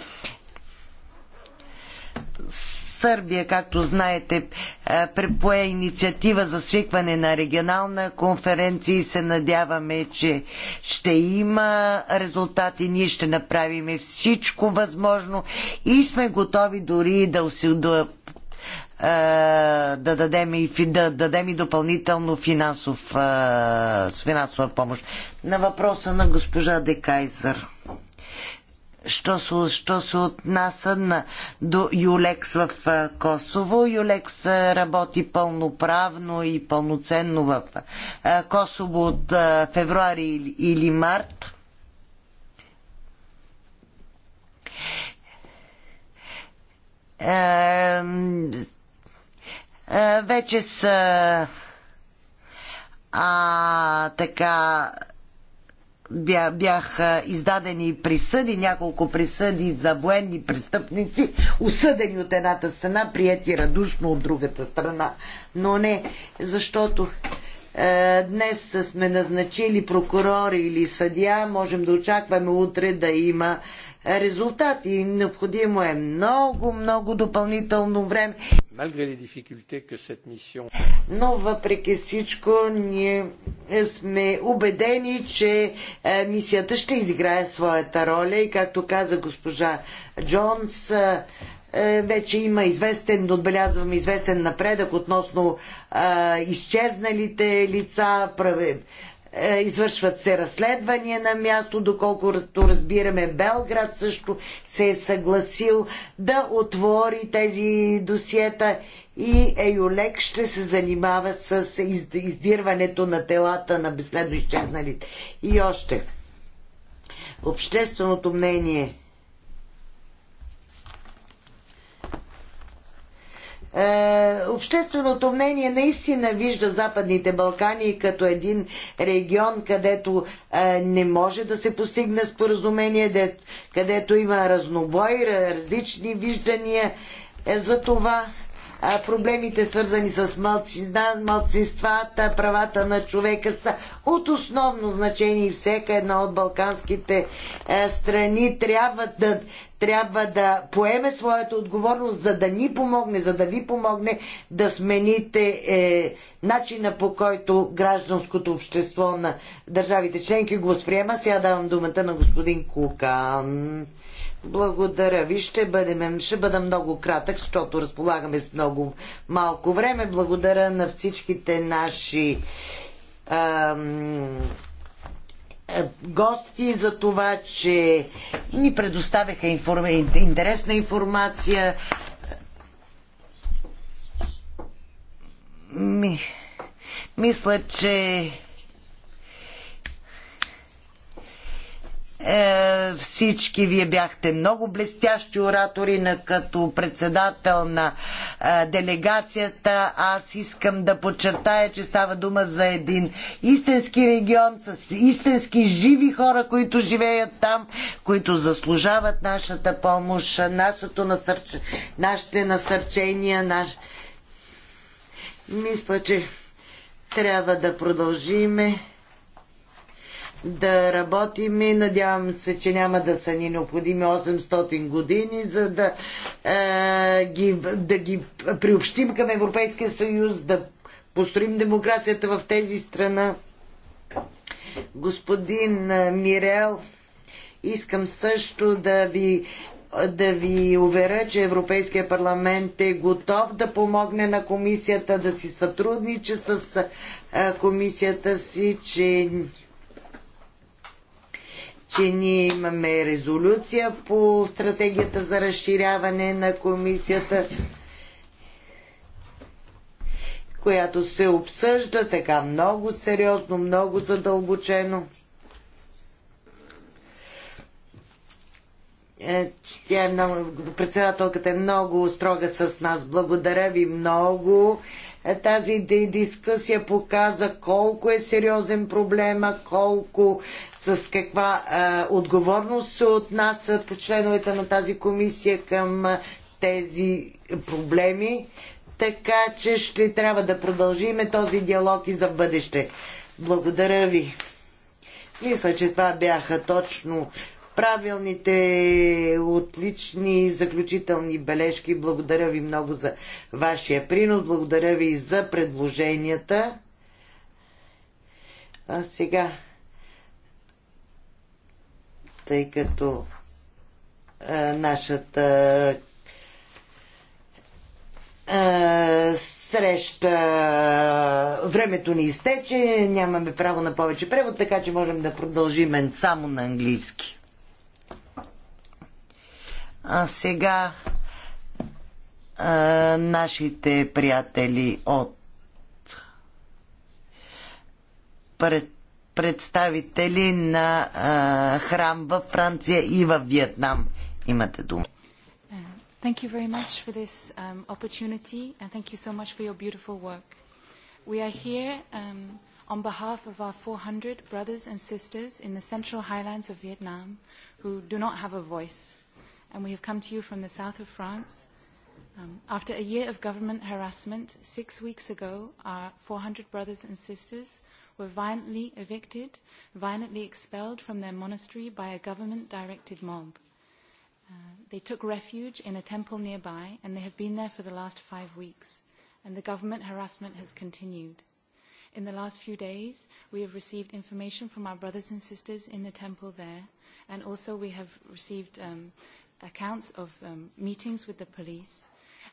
Сърбия, както знаете, е, препое инициатива за свикване на регионална конференция и се надяваме, че ще има резултати. Ние ще направим всичко възможно и сме готови дори да, уси, да е, да дадем и, да дадем и допълнително финансов, е, финансова помощ. На въпроса на госпожа Декайзър. Що се, що се отнася на, до Юлекс в е, Косово. Юлекс работи пълноправно и пълноценно в Косово от февруари или, или март. Е, е, вече са а, така бяха издадени присъди, няколко присъди за военни престъпници, осъдени от едната страна, прияти радушно от другата страна. Но не, защото е, днес сме назначили прокурори или съдия, можем да очакваме утре да има резултати. Необходимо е много, много допълнително време. Но въпреки всичко, ние сме убедени, че е, мисията ще изиграе своята роля и както каза госпожа Джонс, е, е, вече има известен, отбелязвам известен напредък относно а, изчезналите лица, е, извършват се разследвания на място, доколкото разбираме Белград също се е съгласил да отвори тези досиета и Еюлек ще се занимава с издирването на телата на безследно изчезналите. И още. Общественото мнение Е, общественото мнение наистина вижда Западните Балкани като един регион, където е, не може да се постигне споразумение, където има разнобой, различни виждания е, за това проблемите свързани с малцинствата, правата на човека са от основно значение и всяка една от балканските е, страни трябва да, трябва да поеме своята отговорност, за да ни помогне, за да ви помогне да смените е, начина по който гражданското общество на държавите членки го възприема. Сега давам думата на господин Кукан. Благодаря ви. Ще, бъдем, ще бъда много кратък, защото разполагаме с много малко време. Благодаря на всичките наши ам, гости за това, че ни предоставяха информ... интересна информация. Ми... Мисля, че Е, всички вие бяхте много блестящи оратори на, като председател на е, делегацията. Аз искам да подчертая, че става дума за един истински регион с истински живи хора, които живеят там, които заслужават нашата помощ, нашето насърч... нашите насърчения. Наш... Мисля, че трябва да продължиме да работим и надявам се, че няма да са ни необходими 800 години, за да, а, е, ги, да ги приобщим към Европейския съюз, да построим демокрацията в тези страна. Господин е, Мирел, искам също да ви да ви уверя, че Европейския парламент е готов да помогне на комисията да си сътрудничи с е, комисията си, че че ние имаме резолюция по стратегията за разширяване на комисията, която се обсъжда така много сериозно, много задълбочено. Е, тя е много, председателката е много строга с нас. Благодаря ви много. Тази дискусия показа колко е сериозен проблема, колко с каква а, отговорност се отнасят членовете на тази комисия към тези проблеми. Така че ще трябва да продължиме този диалог и за бъдеще. Благодаря ви. Мисля, че това бяха точно правилните, отлични, заключителни бележки. Благодаря ви много за вашия принос. Благодаря ви за предложенията. А сега, тъй като а, нашата а, среща времето ни изтече, нямаме право на повече превод, така че можем да продължим само на английски. А сега а, нашите приятели от пред, представители на а, храм във Франция и във Виетнам. Имате дума. Thank you very much for this um, opportunity and thank you so much for your beautiful work. We are here um, on behalf of our 400 brothers and sisters in the central highlands of Vietnam who do not have a voice and we have come to you from the south of France. Um, after a year of government harassment, six weeks ago, our 400 brothers and sisters were violently evicted, violently expelled from their monastery by a government-directed mob. Uh, they took refuge in a temple nearby, and they have been there for the last five weeks, and the government harassment has continued. In the last few days, we have received information from our brothers and sisters in the temple there, and also we have received um, accounts of um, meetings with the police,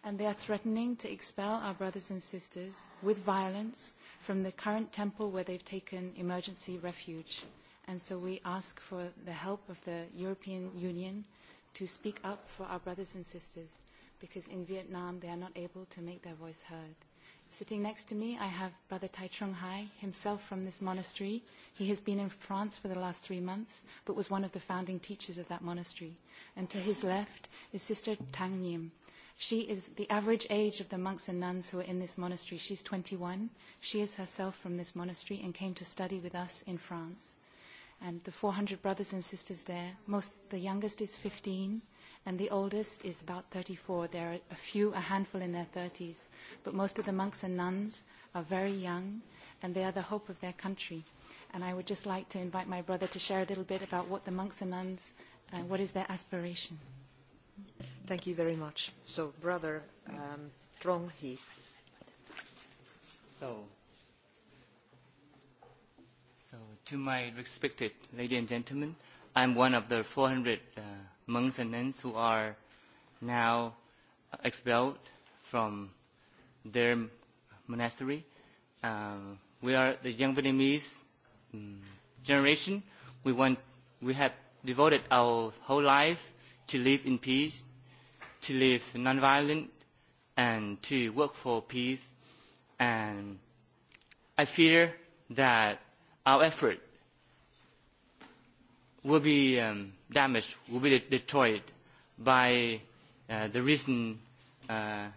and they are threatening to expel our brothers and sisters with violence from the current temple where they've taken emergency refuge. And so we ask for the help of the European Union to speak up for our brothers and sisters because in Vietnam they are not able to make their voice heard. Sitting next to me, I have Brother Tai Chung Hai, himself from this monastery. He has been in France for the last three months, but was one of the founding teachers of that monastery. And to his left is Sister Tang Nim. She is the average age of the monks and nuns who are in this monastery. She's 21. She is herself from this monastery and came to study with us in France. And the 400 brothers and sisters there, most, the youngest is 15, and the oldest is about 34. There are a few, a handful in their 30s, but most of the monks and nuns are very young, and they are the hope of their country. And I would just like to invite my brother to share a little bit about what the monks and nuns, uh, what is their aspiration. Thank you very much. So, brother um, Trong He. So, so, to my respected ladies and gentlemen, I'm one of the 400 uh, monks and nuns who are now expelled from their monastery. Um, we are the young Vietnamese um, generation. We want, we have devoted our whole life to live in peace, to live nonviolent and to work for peace. And I fear that our effort will be um, damage will be destroyed by uh, the recent uh,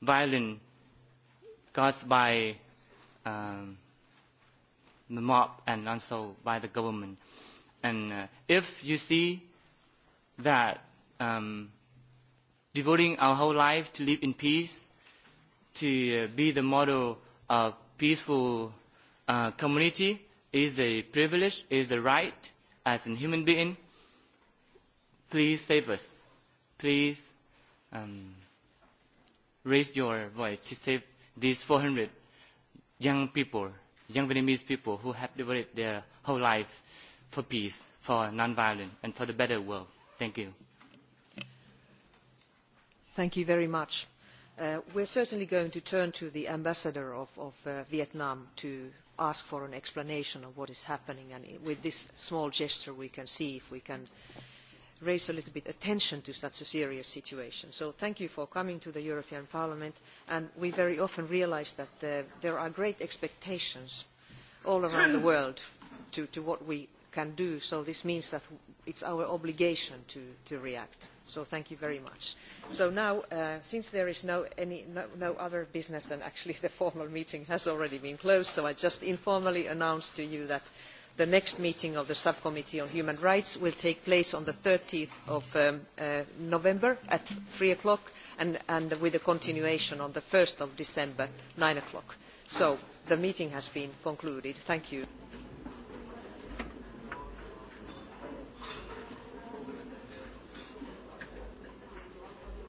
violence caused by um, the mob and also by the government. And uh, if you see that um, devoting our whole life to live in peace, to uh, be the model of peaceful uh, community, is a privilege, is a right as a human being. Please save us. Please um, raise your voice to save these 400 young people, young Vietnamese people who have devoted their whole life for peace, for non-violence, and for the better world. Thank you. Thank you very much. Uh, we're certainly going to turn to the ambassador of, of uh, Vietnam to ask for an explanation of what is happening. And with this small gesture, we can see if we can raise a little bit attention to such a serious situation. So thank you for coming to the European Parliament. And we very often realise that there are great expectations all around the world to, what we can do. So this means that It is our obligation to, react. So thank you very much. So now, since there is no, any, no, other business, and actually the formal meeting has already been closed, so I just informally announce to you that the next meeting of the Subcommittee on Human Rights will take place on the 30 of November at three o'clock and, and with a continuation on the 1st of December, nine o'clock. So the meeting has been concluded. Thank you.